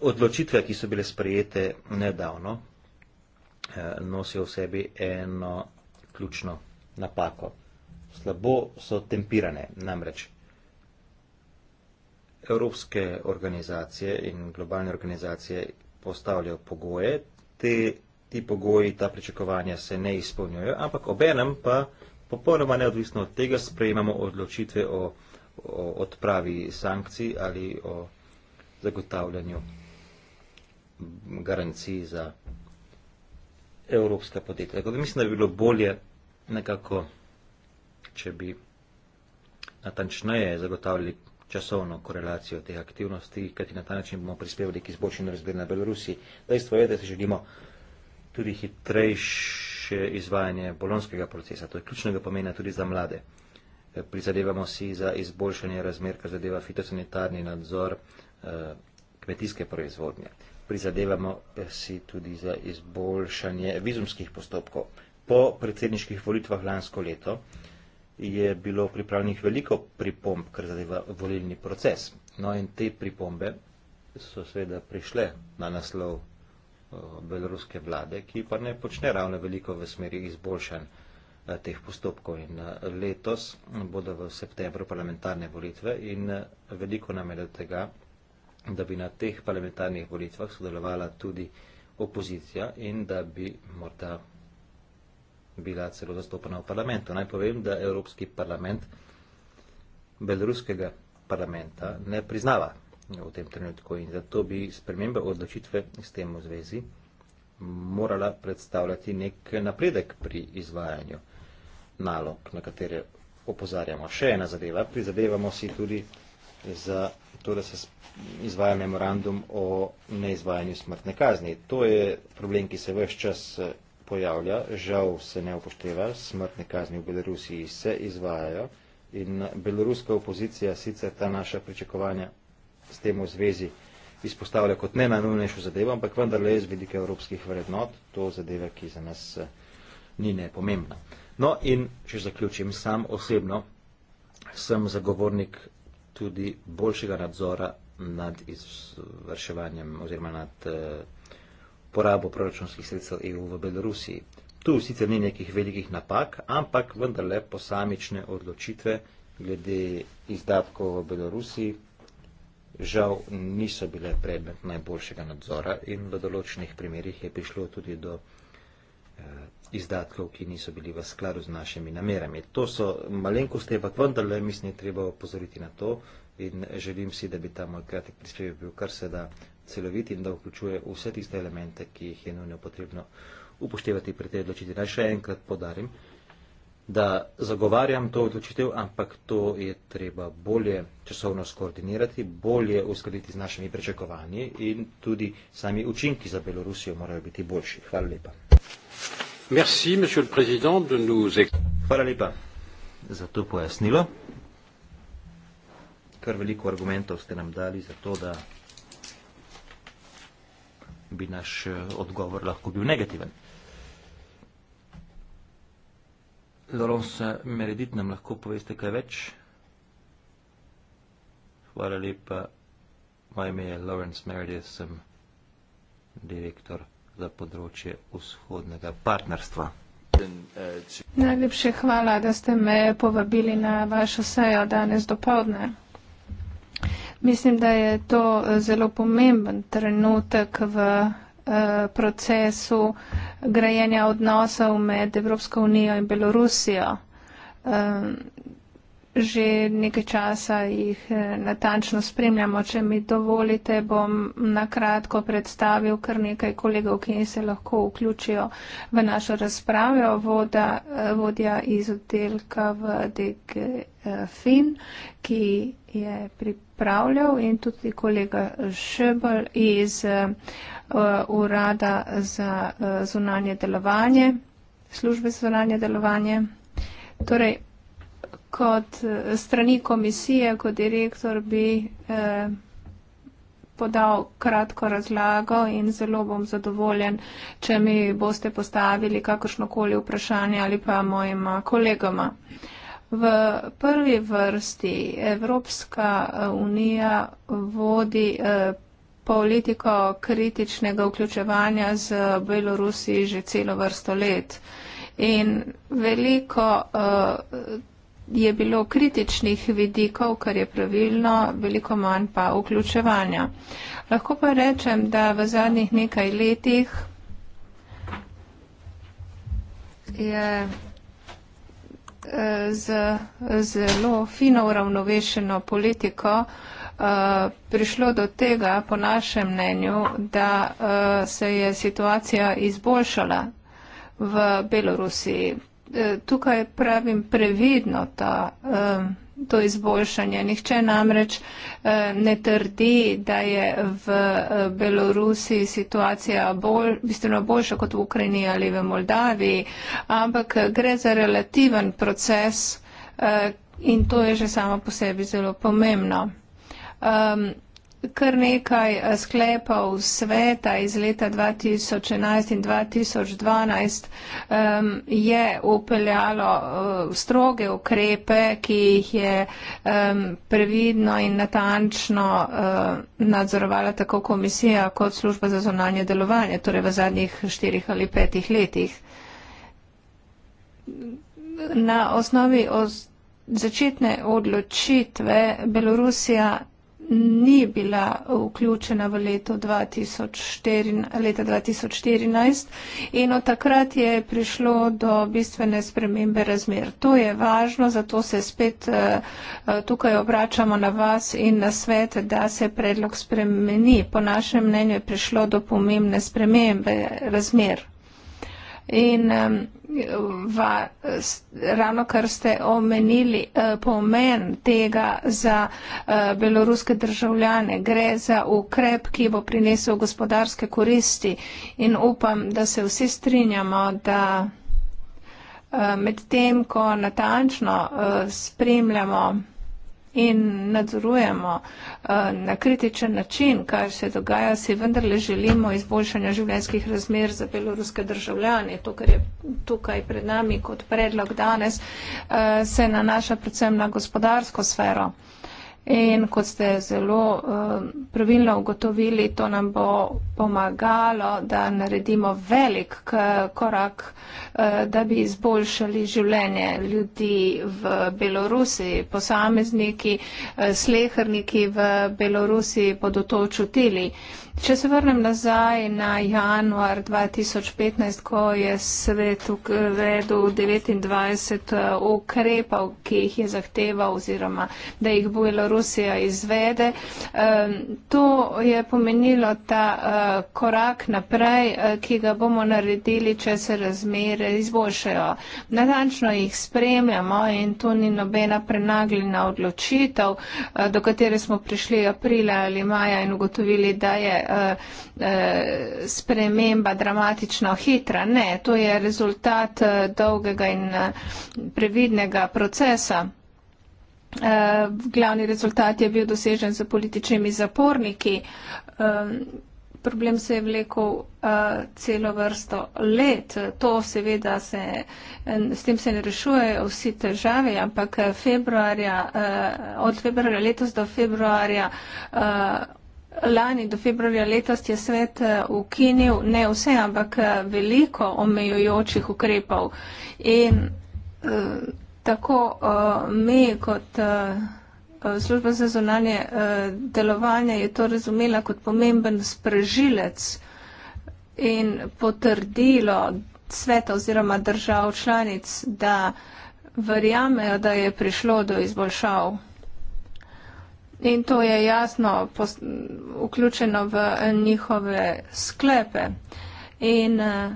B: Odločitve, ki so bile sprejete nedavno, eh, nosijo v sebi eno ključno napako. Slabo so tempirane, namreč. Evropske organizacije in globalne organizacije postavljajo pogoje, te, ti pogoji, ta pričakovanja se ne izpolnjujejo, ampak obenem pa popolnoma neodvisno od tega sprejemamo odločitve o, o odpravi sankcij ali o zagotavljanju garanciji za evropska podjetja. Tako da mislim, da bi bilo bolje nekako, če bi natančneje zagotavljali časovno korelacijo teh aktivnosti, kajti na ta način bomo prispevali k izboljšanju razmer na Belorusiji. Dejstvo je, da si želimo tudi hitrejše izvajanje bolonskega procesa. To je ključnega pomena tudi za mlade. E, prizadevamo si za izboljšanje razmer, kar zadeva fitosanitarni nadzor e, kmetijske proizvodnje. Prizadevamo e, si tudi za izboljšanje vizumskih postopkov. Po predsedniških volitvah lansko leto je bilo pripravljenih veliko pripomb, kar zadeva volilni proces. No in te pripombe so seveda prišle na naslov eh, beloruske vlade, ki pa ne počne ravno veliko v smeri izboljšanj eh, teh postopkov. In eh, letos bodo v septembru parlamentarne volitve in veliko nam je do tega, da bi na teh parlamentarnih volitvah sodelovala tudi opozicija in da bi morda bila celo zastopana v parlamentu. Naj povem, da Evropski parlament beloruskega parlamenta ne priznava v tem trenutku in zato bi spremembe odločitve s tem v zvezi morala predstavljati nek napredek pri izvajanju nalog, na katere opozarjamo. Še ena zadeva, prizadevamo si tudi za to, da se izvaja memorandum o neizvajanju smrtne kazni. To je problem, ki se vse čas pojavlja, žal se ne upošteva, smrtne kazni v Belorusiji se izvajajo in beloruska opozicija sicer ta naša pričakovanja s tem v zvezi izpostavlja kot ne najnujnejšo zadevo, ampak vendar le iz vidike evropskih vrednot, to zadeva, ki za nas eh, ni nepomembna. No in, če zaključim, sam osebno sem zagovornik tudi boljšega nadzora nad izvrševanjem oziroma nad eh, porabo proračunskih sredstev EU v Belorusiji. Tu sicer ni nekih velikih napak, ampak vendarle posamične odločitve glede izdatkov v Belorusiji žal niso bile predmet najboljšega nadzora in v določenih primerjih je prišlo tudi do eh, izdatkov, ki niso bili v skladu z našimi namerami. To so malenkosti, ampak vendarle mislim, da je treba opozoriti na to in želim si, da bi ta moj kratek prispevek bil kar se da celovit in da vključuje vse tiste elemente, ki jih je nujno potrebno upoštevati pri tej odločitvi. Naj še enkrat podarim, da zagovarjam to odločitev, ampak to je treba bolje časovno skoordinirati, bolje uskladiti z našimi pričakovanji in tudi sami učinki za Belorusijo morajo biti boljši. Hvala lepa. Merci, monsieur le président, de nous... Hvala lepa za to pojasnilo. Kar veliko argumentov ste nam dali za to, da bi naš eh, odgovor lahko bil negativen. Lorence Meredit nam lahko poveste kaj več. Hvala lepa. Moje ime je Lawrence Meredith, sem direktor za področje vzhodnega partnerstva.
C: Najlepše hvala, da ste me povabili na vašo sejo danes do povdne. Mislim, da je to eh, zelo pomemben trenutek v eh, procesu grajenja odnosov med Evropsko unijo in Belorusijo. Že nekaj časa jih eh, natančno spremljamo. Če mi dovolite, bom nakratko predstavil kar nekaj kolegov, ki se lahko vključijo v našo razpravo. Voda, vodja iz oddelka v DGFIN, ki je pripravljal in tudi kolega Šebel iz uh, Urada za uh, zunanje delovanje, službe za zunanje delovanje. Torej, kot eh, strani komisije, kot direktor bi eh, podal kratko razlago in zelo bom zadovoljen, če mi boste postavili kakršnokoli vprašanje ali pa mojima kolegama. Eh, V prvi vrsti Evropska eh, unija vodi eh, politiko kritičnega vključevanja z Belorusijo že celo vrsto let. In veliko uh, je bilo kritičnih vidikov, kar je pravilno, veliko manj pa vključevanja. Lahko pa rečem, da v zadnjih nekaj letih je z zelo fino uravnovešeno politiko eh, prišlo do tega, po našem mnenju, da eh, se je situacija izboljšala v Belorusiji. Eh, tukaj pravim previdno ta to izboljšanje. Nihče namreč eh, ne trdi, da je v eh, Belorusi situacija bolj, bistveno boljša kot v Ukrajini ali v Moldaviji, ampak gre za relativen proces eh, in to je že samo po sebi zelo pomembno. Ehm, kar nekaj eh, sklepov sveta iz leta 2011 in 2012 um, je upeljalo uh, eh, stroge ukrepe, ki jih je um, previdno in natančno uh, nadzorovala tako komisija kot služba za zonanje delovanje, torej v zadnjih štirih ali petih letih. Na osnovi začetne odločitve Belorusija ni bila vključena v leto 2004, leta 2014 in od takrat je prišlo do bistvene spremembe razmer. To je važno, zato se spet eh, eh, tukaj obračamo na vas in na svet, da se predlog spremeni. Po našem mnenju je prišlo do pomembne spremembe razmer. In um, va, ravno kar ste omenili uh, pomen tega za uh, beloruske državljane, gre za ukrep, ki bo prinesel gospodarske koristi in upam, da se vsi strinjamo, da. Eh, medtem, ko natančno spremljamo in nadzorujemo eh, na kritičen način, kaj se dogaja, si vendarle želimo izboljšanja življenskih razmer za beloruske državljane. To, kar je tukaj pred nami kot predlog danes, eh, se nanaša predvsem na gospodarsko sfero. In kot ste zelo eh, pravilno ugotovili, to nam bo pomagalo, da naredimo velik korak, eh, da bi izboljšali življenje ljudi v Belorusiji. Posamezniki, eh, sleherniki v Belorusiji bodo to čutili. Če se vrnem nazaj na januar 2015, ko je svet uvedel 29 eh, ukrepov, ki jih je zahteval oziroma da jih Belorusija izvede, eh, to je pomenilo ta eh, korak naprej, ki ga bomo naredili, če se razmere izboljšajo. Natančno jih spremljamo in to ni nobena prenagljena odločitev, do katere smo prišli aprila ali maja in ugotovili, da je Eh, eh, sprememba dramatično hitra. Ne, to je rezultat eh, dolgega in previdnega procesa. Glavni rezultat je bil dosežen z političnimi zaporniki. Problem se je vlekel celo vrsto let. To seveda se, s tem se ne rešujejo vsi težave, ampak februarja, od februarja letos do februarja Lani do februarja letos je svet eh, ukinil ne vse, ampak eh, veliko omejujočih ukrepov. In eh, tako eh, mi kot eh, služba za zonanje eh, delovanje je to razumela kot pomemben sprežilec in potrdilo sveta oziroma držav članic, da verjamejo, da je prišlo do izboljšav. In to je jasno vključeno v njihove sklepe. In eh,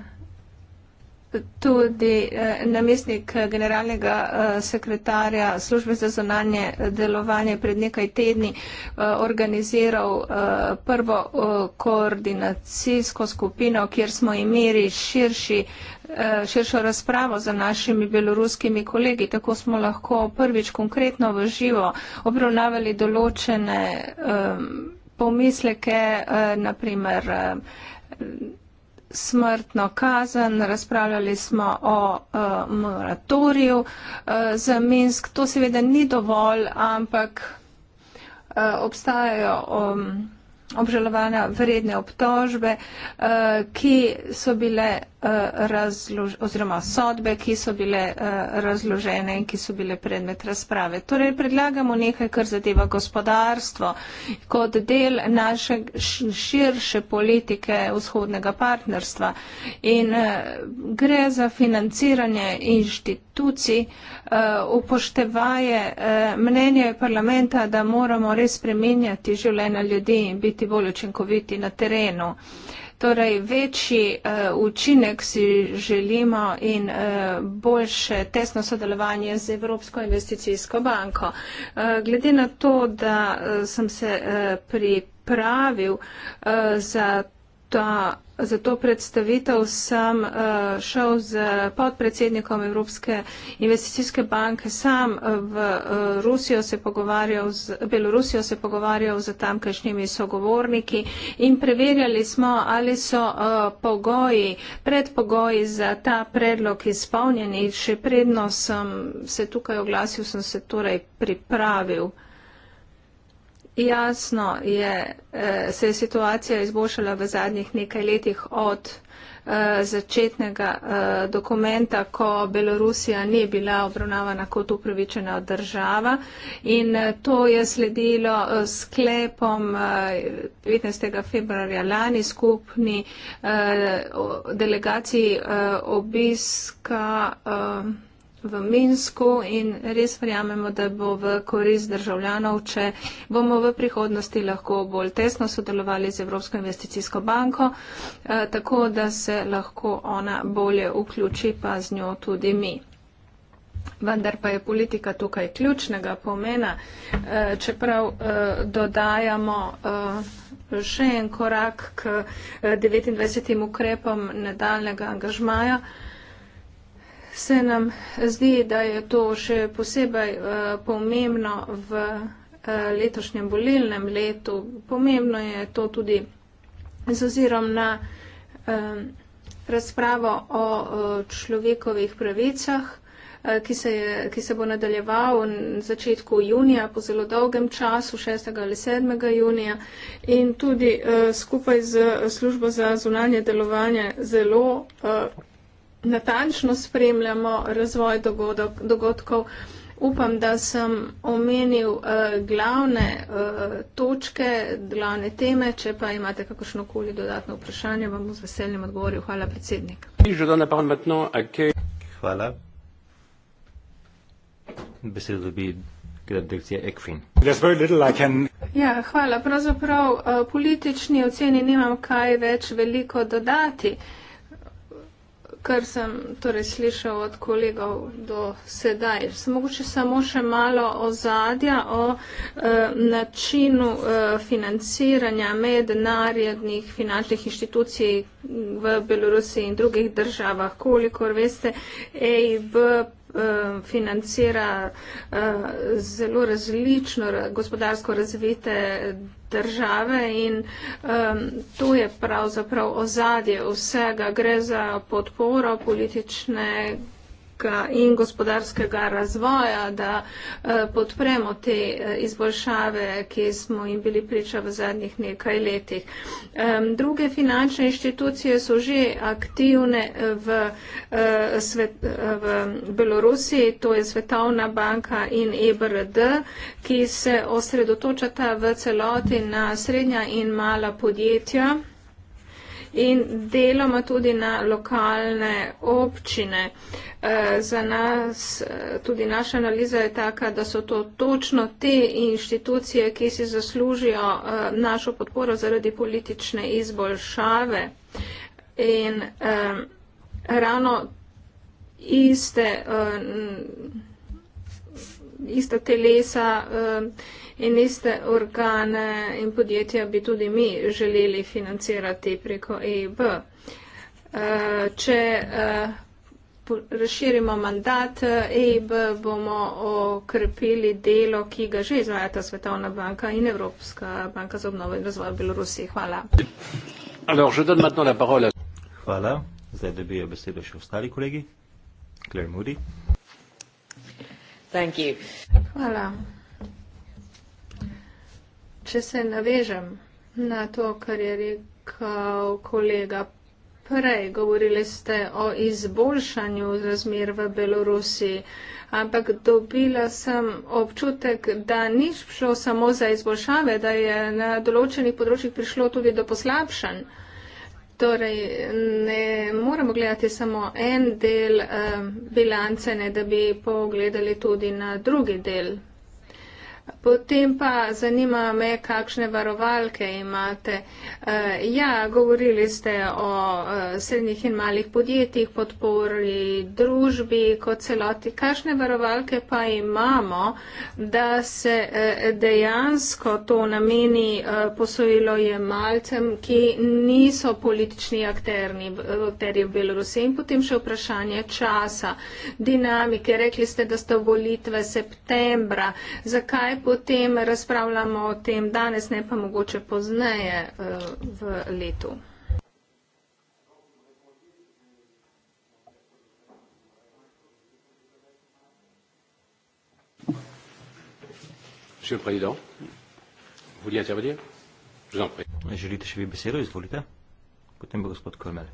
C: tudi eh, namestnik eh, generalnega eh, sekretarja službe za zonanje eh, delovanje pred nekaj tedni eh, organiziral eh, prvo eh, koordinacijsko skupino, kjer smo imeli širši eh, širšo razpravo za našimi beloruskimi kolegi. Tako smo lahko prvič konkretno v živo obravnavali določene um, pomisleke, uh, naprimer. Uh, smrtno kazen, razpravljali smo o uh, moratoriju uh, za Minsk. To seveda ni dovolj, ampak uh, obstajajo. Um, obžalovanja vredne obtožbe, eh, ki so bile eh, razlož, oziroma sodbe, ki so bile eh, razložene in ki so bile predmet razprave. Torej, predlagamo nekaj, kar zadeva gospodarstvo kot del naše širše politike vzhodnega partnerstva in gre za financiranje inštitucij, upoštevaje mnenje parlamenta, da moramo res spremenjati življenje ljudi in biti biti bolj učinkoviti na terenu. Torej, večji uh, učinek si želimo in uh, boljše tesno sodelovanje z Evropsko investicijsko banko. Uh, glede na to, da uh, sem se uh, pripravil uh, za ta, za to predstavitev sem uh, šel z podpredsednikom Evropske investicijske banke sam eh, v uh, Rusijo se pogovarjal, z, Belorusijo se pogovarjal z tamkajšnjimi sogovorniki in preverjali smo, ali so uh, pogoji, predpogoji za ta predlog izpolnjeni. Še predno sem se tukaj oglasil, sem se torej pripravil. Jasno je, eh, se je situacija izboljšala v zadnjih nekaj letih od eh, začetnega eh, dokumenta, ko Belorusija ni bila obravnavana kot upravičena država in to je sledilo sklepom 15. februarja lani skupni delegaciji obiska v Minsku in res verjamemo, da bo v korist državljanov, če bomo v prihodnosti lahko bolj tesno sodelovali z Evropsko investicijsko banko, eh, tako da se lahko ona bolje vključi, pa z njo tudi mi. Vendar pa je politika tukaj ključnega pomena, eh, čeprav eh, dodajamo še en korak k 29. ukrepom nedaljnega angažmaja se nam zdi, da je to še posebej uh, pomembno v uh, letošnjem volilnem letu. Pomembno je to tudi z ozirom na uh, razpravo o uh, človekovih pravicah, uh, ki, se je, ki se bo nadaljeval v začetku junija, po zelo dolgem času, 6. ali 7. junija in tudi uh, skupaj z službo za zunanje delovanje zelo. Uh, natančno spremljamo razvoj dogodok, dogodkov. Upam, da sem omenil uh, glavne uh, točke, glavne teme. Če pa imate kakršno koli dodatno vprašanje, vam z veseljem odgovorim. Hvala, predsednik.
D: Hvala.
B: Besedo dobi direkcija ECFIN.
C: Ja, hvala. Pravzaprav uh, politični oceni nimam kaj več veliko dodati. Uh, kar sem torej slišal od kolegov do sedaj. Mogoče samo še malo ozadja o eh, načinu eh, financiranja mednarodnih finančnih inštitucij v Belorusiji in drugih državah. Kolikor veste, EIB Eh, financira eh, zelo različno gospodarsko razvite države in eh, to je pravzaprav ozadje vsega. Gre za podporo politične ekonomskega in gospodarskega razvoja, da eh, podpremo te eh, izboljšave, ki smo jim bili priča v zadnjih nekaj letih. Druge finančne inštitucije so že aktivne eh, v, svet, v Belorusiji, to je Svetovna banka in EBRD, ki se osredotočata v celoti na srednja in mala podjetja in deloma tudi na lokalne občine. Eh, za nas eh, tudi naša analiza je taka, da so to točno te inštitucije, ki si zaslužijo eh, našo podporo zaradi politične izboljšave. In eh, ravno iste, eh, ista telesa. Eh, in iste organe in podjetja bi tudi mi želeli financirati preko EIB. Eh, če eh, razširimo mandat EIB, eh, e bomo okrepili delo, ki ga že izvajata Svetovna banka in Evropska banka za obnovo in razvoj v Belorusiji. Hvala.
B: Hvala. Zdaj dobijo besedo še ostali kolegi. Claire Moody.
C: Thank you. Hvala. Če se navežem na to, kar je rekel kolega prej, govorili ste o izboljšanju razmer v Belorusiji, ampak dobila sem občutek, da ni šlo samo za izboljšave, da je na določenih področjih prišlo tudi do poslabšanj. Torej, ne moramo gledati samo en del eh, bilance, ne da bi pogledali tudi na drugi del Potem pa zanima me, kakšne varovalke imate. Eh, ja, govorili ste o eh, srednjih in malih podjetjih, podpori družbi kot celoti. Kakšne varovalke pa imamo, da se eh, dejansko to nameni posojilo jemalcem, ki niso politični akterni, akterji v Belorusiji? In potem še vprašanje časa, dinamike. Rekli ste, da ste volitve septembra. Zakaj potem razpravljamo o tem danes, ne pa mogoče pozneje eh, v letu.
B: Želite še vi besedo? Izvolite. Potem bo gospod Kolmel.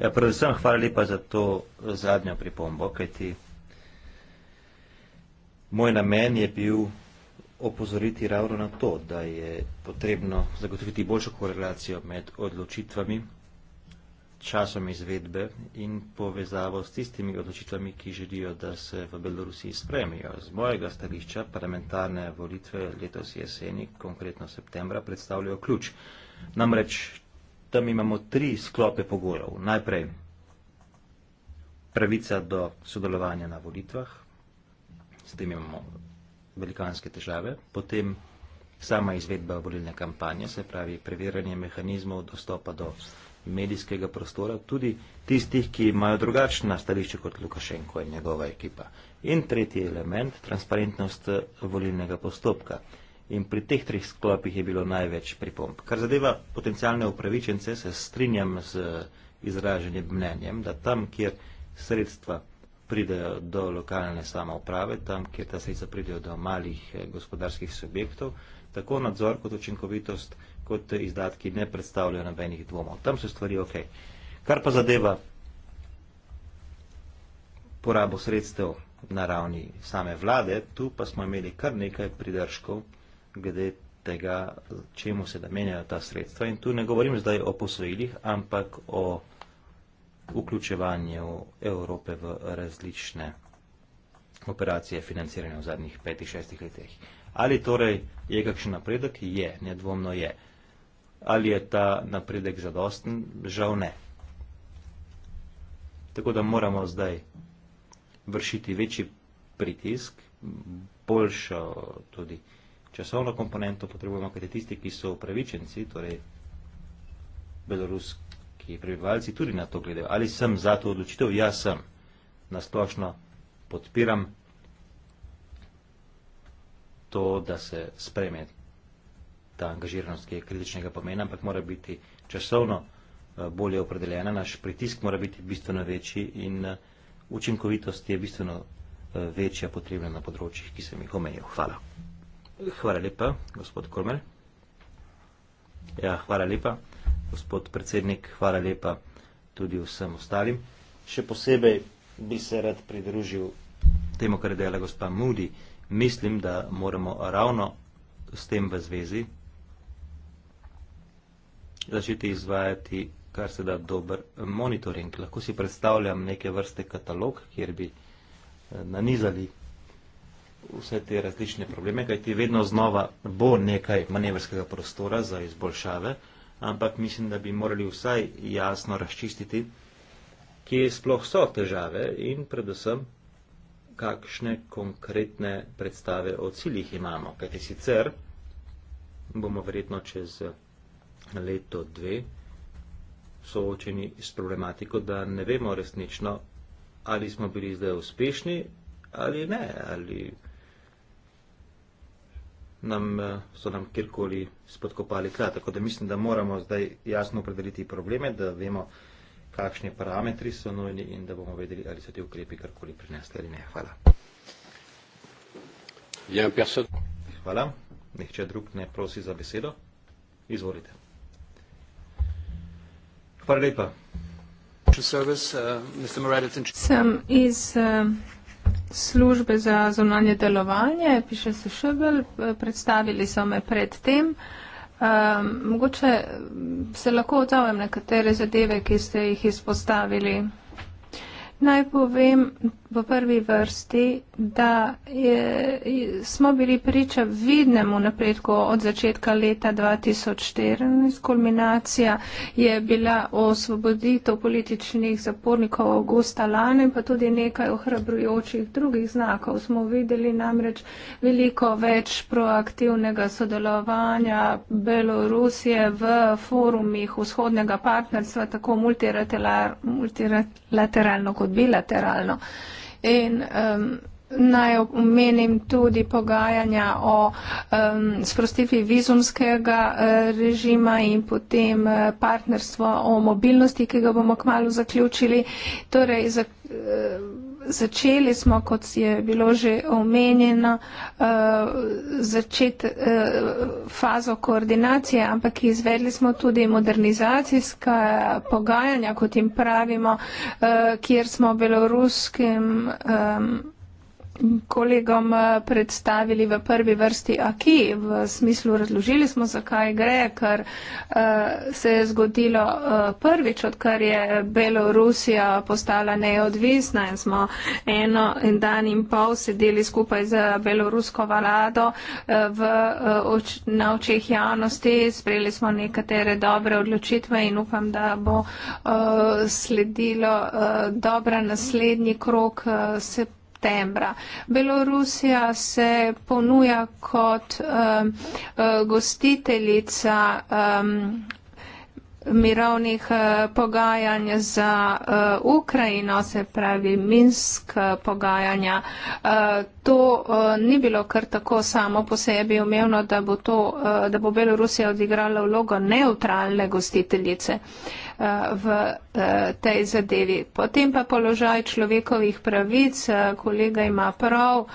B: Ja, predvsem hvala lepa za to zadnjo pripombo, kajti. Moj namen je bil opozoriti ravno na to, da je potrebno zagotoviti boljšo korelacijo med odločitvami, časom izvedbe in povezavo s tistimi odločitvami, ki želijo, da se v Belorusiji spremijo. Z mojega stališča parlamentarne volitve letos jeseni, konkretno septembra, predstavljajo ključ. Namreč tam imamo tri sklope pogojev. Najprej pravica do sodelovanja na volitvah, s tem imamo velikanske težave. Potem sama izvedba volilne kampanje, se pravi preverjanje mehanizmov dostopa do medijskega prostora, tudi tistih, ki imajo drugačna stališča kot Lukašenko in njegova ekipa. In tretji element, transparentnost eh, volilnega postopka. In pri teh treh sklopih je bilo največ pripomb. Kar zadeva potencijalne upravičence, se strinjam z izraženim mnenjem, da tam, kjer sredstva pridejo do lokalne samoprave, tam, kjer ta sredstva pridejo do malih eh, gospodarskih subjektov, tako nadzor kot učinkovitost, kot izdatki ne predstavljajo nobenih dvomov. Tam so stvari ok. Kar pa zadeva porabo sredstev na ravni same vlade, tu pa smo imeli kar nekaj pridržkov glede tega, čemu se namenjajo ta sredstva. In tu ne govorim zdaj o posvojilih, ampak o vključevanju Evrope v različne operacije financiranja v zadnjih petih, šestih letih. Ali torej je kakšen napredek? Je, nedvomno je. Ali je ta napredek zadosten? Žal ne. Tako da moramo zdaj vršiti večji pritisk, boljšo tudi časovno komponento potrebujemo, kajte tisti, ki so upravičenci, torej beloruski ki prebivalci tudi na to gledajo. Ali sem za to odločitev? Jaz sem. Nasplošno podpiram to, da se spreme ta angažiranost, ki je kritičnega pomena, ampak mora biti časovno eh, bolje opredeljena, naš pritisk mora biti bistveno večji in eh, učinkovitost je bistveno eh, večja potrebna na področjih, ki sem jih omenil. Hvala. Hvala lepa, gospod Kormel. Ja, hvala lepa gospod predsednik, hvala lepa tudi vsem ostalim. Še posebej bi se rad pridružil temu, kar je dejala gospa Moody. Mislim, da moramo ravno s tem v zvezi začeti izvajati kar se da dober monitoring. Lahko si predstavljam neke vrste katalog, kjer bi eh, nanizali vse te različne probleme, kajti vedno znova bo nekaj manevrskega prostora za izboljšave ampak mislim, da bi morali vsaj jasno razčistiti, kje sploh so težave in predvsem, kakšne konkretne predstave o ciljih imamo. Kajti sicer bomo verjetno čez leto dve soočeni s problematiko, da ne vemo resnično, ali smo bili zdaj uspešni ali ne, ali nam, eh, so nam kjerkoli spodkopali tla. Tako da mislim, da moramo zdaj jasno opredeliti probleme, da vemo, kakšni parametri so nujni in da bomo vedeli, ali so ti ukrepi karkoli prinesli ali ne. Hvala. Ja, Hvala. Nihče drug ne prosi za besedo. Izvolite. Hvala lepa. Eh, Sem
C: iz. Uh službe za zunanje delovanje, piše se še bolj, predstavili so me predtem. Um, ehm, mogoče se lahko odzovem nekatere zadeve, ki ste jih izpostavili. Naj povem po prvi vrsti, da je, smo bili priča vidnemu napredku od začetka leta 2014. Kulminacija je bila osvoboditev političnih zapornikov avgusta lani, pa tudi nekaj ohrabrujočih drugih znakov. Smo videli namreč veliko več proaktivnega sodelovanja Belorusije v forumih vzhodnega partnerstva, tako multilateralno kot kot bilateralno. In, um, Naj omenim tudi pogajanja o um, sprostitvi vizumskega uh, režima in potem uh, partnerstvo o mobilnosti, ki ga bomo kmalo zaključili. Torej, za, uh, začeli smo, kot je bilo že omenjeno, eh, začeti eh, fazo koordinacije, ampak izvedli smo tudi modernizacijska pogajanja, kot jim pravimo, eh, kjer smo beloruskim kolegom eh, predstavili v prvi vrsti aki, v smislu razložili smo, zakaj gre, ker uh, se je zgodilo uh, prvič, odkar je Belorusija postala neodvisna in smo eno in dan in pol sedeli skupaj z belorusko valado uh, v, uh, na očeh javnosti, sprejeli smo nekatere dobre odločitve in upam, da bo uh, sledilo uh, dobra naslednji krok. Uh, septembra. Belorusija se ponuja kot um, uh, gostiteljica um, mirovnih uh, pogajanj za uh, Ukrajino, se pravi Minsk uh, pogajanja. Uh, to uh, ni bilo kar tako samo po sebi umevno, da bo, to, uh, da bo Belorusija odigrala vlogo neutralne gostiteljice. Uh, v eh, tej zadevi. Potem pa položaj človekovih pravic, eh, kolega ima prav, eh,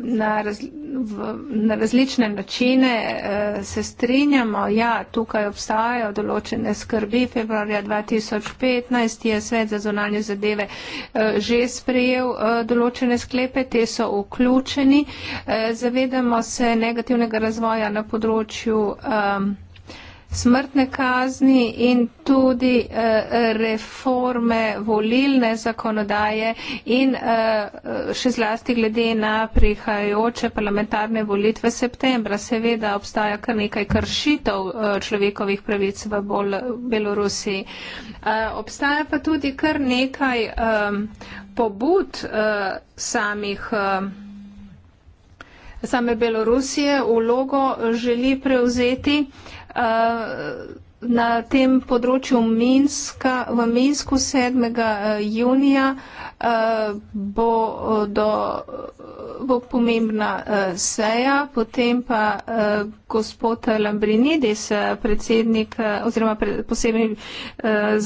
C: na, raz, v, na različne načine se strinjamo, ja, tukaj obstajajo določene skrbi. Februarja 2015 je svet za zonanje zadeve že sprejel določene sklepe, te so vključeni. Zavedamo se negativnega razvoja na področju um, smrtne kazni in tudi eh, reforme volilne zakonodaje in eh, še zlasti glede na prihajajoče parlamentarne volitve septembra. Seveda obstaja kar nekaj kršitev eh, človekovih pravic v Belorusiji. Obstaja pa tudi kar nekaj pobud samih same Belorusije, vlogo želi prevzeti. Eh, na tem področju Minska, v Minsku 7. Eh, junija eh, bo, do, bo pomembna seja, potem pa gospod Lambrinidis, predsednik oziroma posebni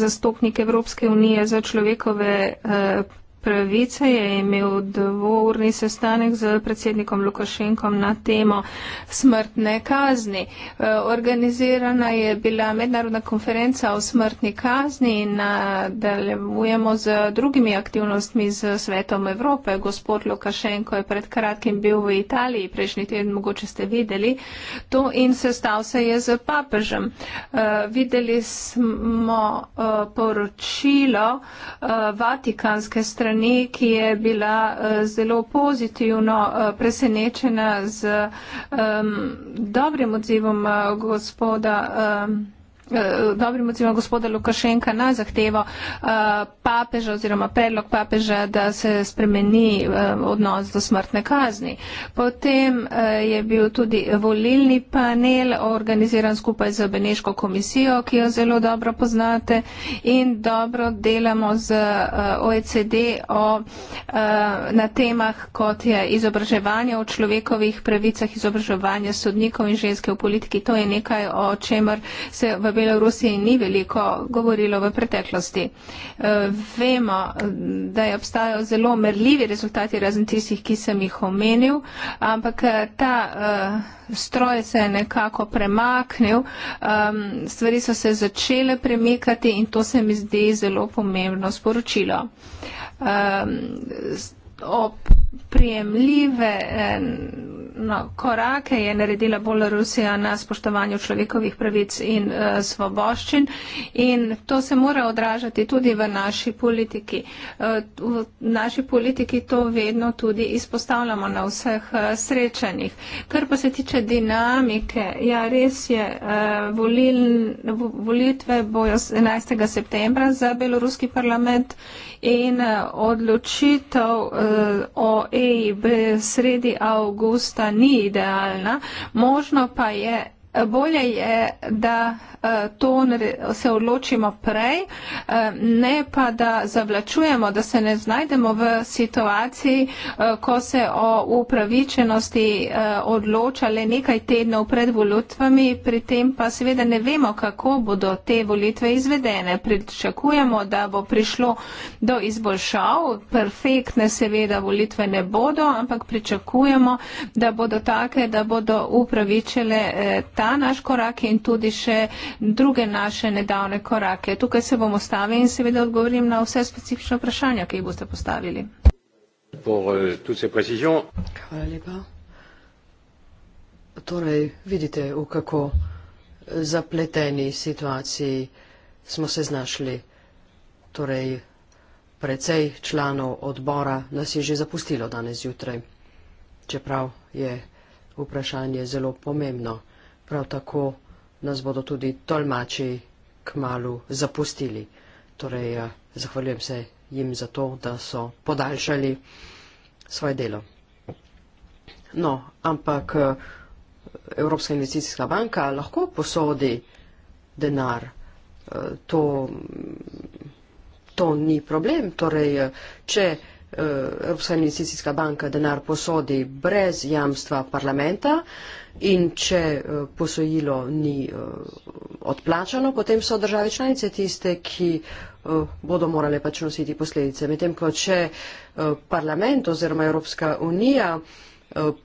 C: zastopnik Evropske unije za človekove pravice, je imel dvourni sestanek z predsednikom Lukašenkom na temo smrtne kazni. E, organizirana je bila mednarodna konferenca o smrtni kazni in nadaljujemo z drugimi aktivnostmi z svetom Evrope. Gospod Lukašenko je pred kratkim bil v Italiji, prejšnji teden mogoče ste videli, tu in sestal se je z papežem. E, videli smo e, poročilo vatikanske strani strani, ki je bila eh, zelo pozitivno eh, presenečena z um, dobrim odzivom eh, gospoda. Um, Eh, dobrim odzivom gospoda Lukašenka na zahtevo eh, papeža oziroma predlog papeža, da se spremeni eh, odnos do smrtne kazni. Potem je bil tudi volilni panel organiziran skupaj z Beneško komisijo, ki jo zelo dobro poznate in dobro delamo z OECD o, na temah, kot je izobraževanje o človekovih pravicah, izobraževanje sodnikov in ženske v politiki. To je nekaj, o čemer se v Belorusiji ni veliko govorilo v preteklosti. Eh, vemo, da je obstajal zelo merljivi rezultati razen tistih, ki sem jih omenil, ampak eh, ta eh, stroj se je nekako premaknil, ehm, stvari so se začele premikati in to se mi zdi zelo pomembno sporočilo. Ehm, ob prijemljive eh, no, korake je naredila bolj Rusija na spoštovanju človekovih pravic in uh, svoboščin in to se mora odražati tudi v naši politiki. Uh, v naši politiki to vedno tudi izpostavljamo na vseh uh, srečanjih. Kar pa se tiče dinamike, ja, res je, uh, volil, volitve bojo 11. septembra za beloruski parlament in uh, odločitev uh, o ej, sredi avgusta ni idealna, možno pa je Bolje je, da eh, to se odločimo prej, eh, ne pa da zavlačujemo, da se ne znajdemo v situaciji, eh, ko se o upravičenosti odločale nekaj tednov pred volitvami, pri tem pa seveda ne vemo, kako bodo te volitve izvedene. Pričakujemo, da bo prišlo do izboljšav, perfektne seveda volitve ne bodo, ampak pričakujemo, da bodo take, da bodo upravičile ta ta naš korak in tudi še druge naše nedavne korake. Tukaj se bom ostavil in seveda odgovorim na vse specifične vprašanja, ki jih boste postavili.
D: Eh, Hvala
A: lepa. Torej, vidite, v kako eh, zapleteni situaciji smo se znašli. Torej, precej članov odbora nas je že zapustilo danes jutraj, čeprav je vprašanje zelo pomembno prav tako nas bodo tudi tolmači k malu zapustili. Torej, eh, zahvaljujem se jim za to, da so podaljšali svoje delo. No, ampak eh, Evropska investicijska banka lahko posodi denar. Eh, to, to ni problem. Torej, če Evropska investicijska banka denar posodi brez jamstva parlamenta, in če eh, posojilo ni eh, odplačano, potem so države članice tiste, ki eh, bodo morale pač nositi posledice. Medtem, ko če parlament oziroma Evropska unija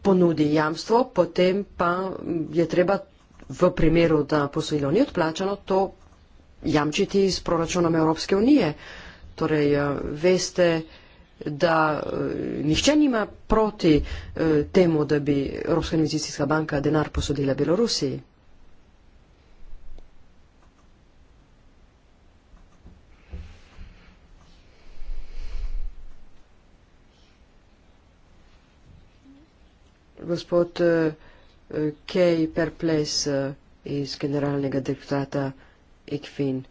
A: ponudi jamstvo, potem pa mm, je treba v primeru, da posojilo ni odplačano, to jamčiti s proračunom Evropske unije. Torej, veste, da eh, nihče nima proti eh, temu, da bi Evropska investicijska banka denar posodila Belorusiji. Gospod eh, K. Perples iz generalnega deputata ICFIN.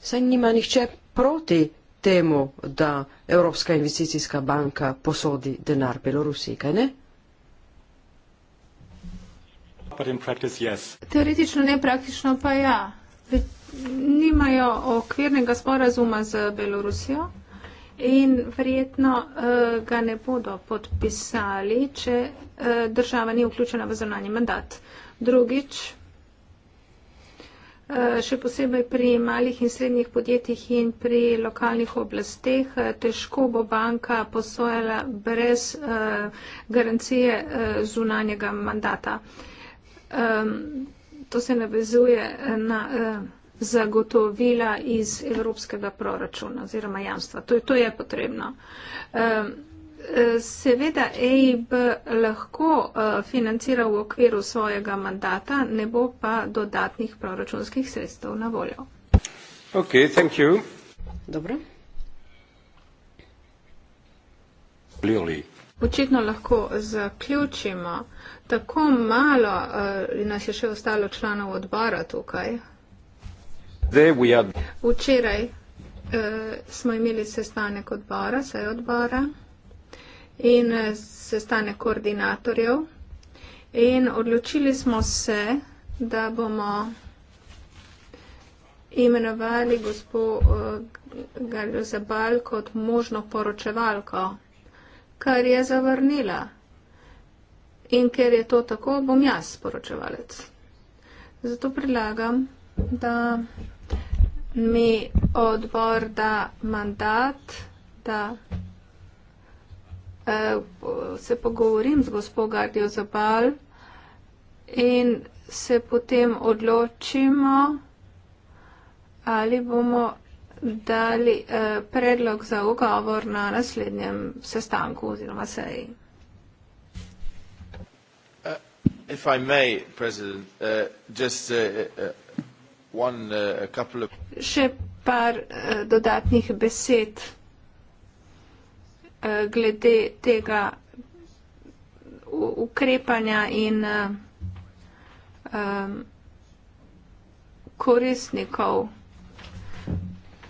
A: Saj nima nihče proti temu, da Evropska investicijska banka posodi denar Belorusiji, kaj ne?
C: Teoretično ne, praktično pa ja. Nimajo okvirnega sporazuma z Belorusijo in verjetno uh, ga ne bodo podpisali, če uh, država ni vključena v zornanji mandat. Drugič, Eh, še posebej pri malih in srednjih podjetjih in pri lokalnih oblasteh. Eh, težko bo banka posojala brez eh, garancije zunanjega mandata. To se navezuje na zagotovila iz evropskega proračuna oziroma jamstva. To je, to je potrebno. Seveda EIB lahko eh, financira v okviru svojega mandata, ne bo pa dodatnih proračunskih sredstev na voljo.
D: Ok, thank you. Dobro. Clearly.
C: Očitno lahko zaključimo. Tako malo uh, nas je še ostalo članov odbora tukaj. Včeraj uh, smo imeli sestanek odbora, sej odbora in eh, sestane koordinatorjev. In odločili smo se, da bomo imenovali gospo eh, Galjo Zabal kot možno poročevalko, kar je zavrnila. In ker je to tako, bom jaz poročevalec. Zato predlagam, da mi odbor da mandat, da se pogovorim z gospod Gardijo Zabal in se potem odločimo, ali bomo dali eh, predlog za ugovor na naslednjem sestanku oziroma seji.
E: Uh, if I may, President, uh, just uh, uh, one, uh, a couple of. Še
C: par uh, dodatnih besed. Eh, glede tega ukrepanja in um, koristnikov.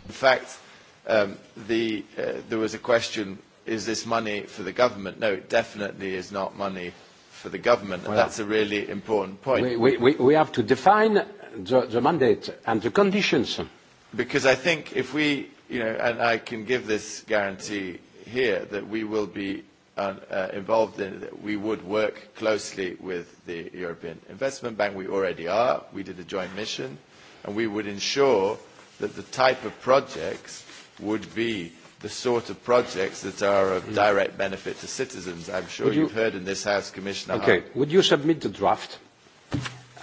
E: Fact, um, the, uh, there was a question, is this money for the government? No, it definitely is not money for the government. Well, and that's a really important point. We, we, we have to define the, the mandate and the
D: conditions.
E: Because I think if we, you know, and I can give this guarantee here that we will be uh, uh, involved in, that we would work closely with the European Investment Bank. We already are. We did a joint mission. And we would ensure that the type of projects would be the sort of projects that are of mm. direct benefit to citizens. I'm sure you, you've heard in this House, Commissioner. Okay.
D: Hart. Would you submit the draft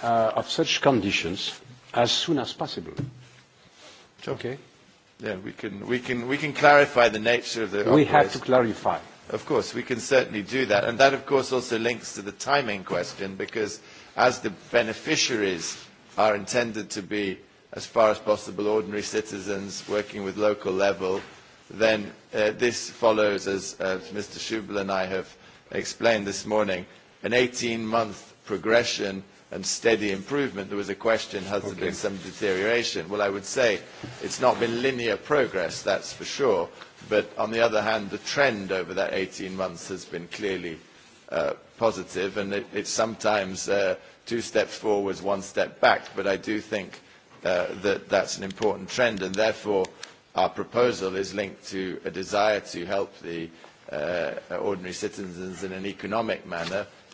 D: uh, of such conditions as soon as possible? Sure. Okay.
E: Yeah, we can, we can, we can clarify the nature of the. We have to clarify. Of course, we can certainly do that. And that, of course, also links to the timing question because as the beneficiaries are intended to be, as far as possible, ordinary citizens working with local level, then uh, this follows, as uh, Mr. Schubel and I have explained this morning, an 18-month progression and steady improvement, there was a question, has there been some deterioration? Well, I would say it's not been linear progress, that's for sure. But on the other hand, the trend over that 18 months has been clearly uh, positive, and it's sometimes uh, two steps forward, one step back. But I do think uh, that that's an important trend, and therefore, our proposal is linked to a desire to help the ordinary citizens in an economic manner,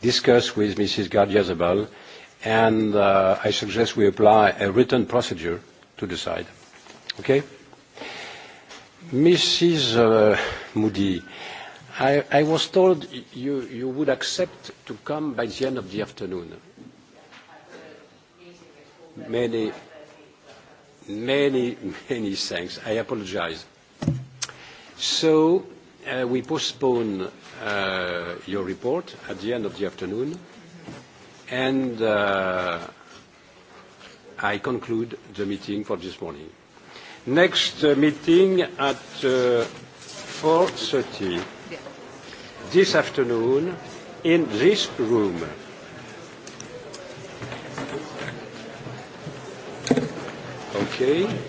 D: discuss with Mrs. Gardiazabal, and uh, I suggest we apply a written procedure to decide. Okay? Mrs. Uh, Moody, I, I was told you, you would accept to come by the end of the afternoon. Many, many, many thanks. I apologize. So uh, we postpone Uh, your report at the end of the afternoon. And uh, I conclude the meeting for this morning. Next uh, meeting at uh, 4.30 this afternoon in this room. Okay.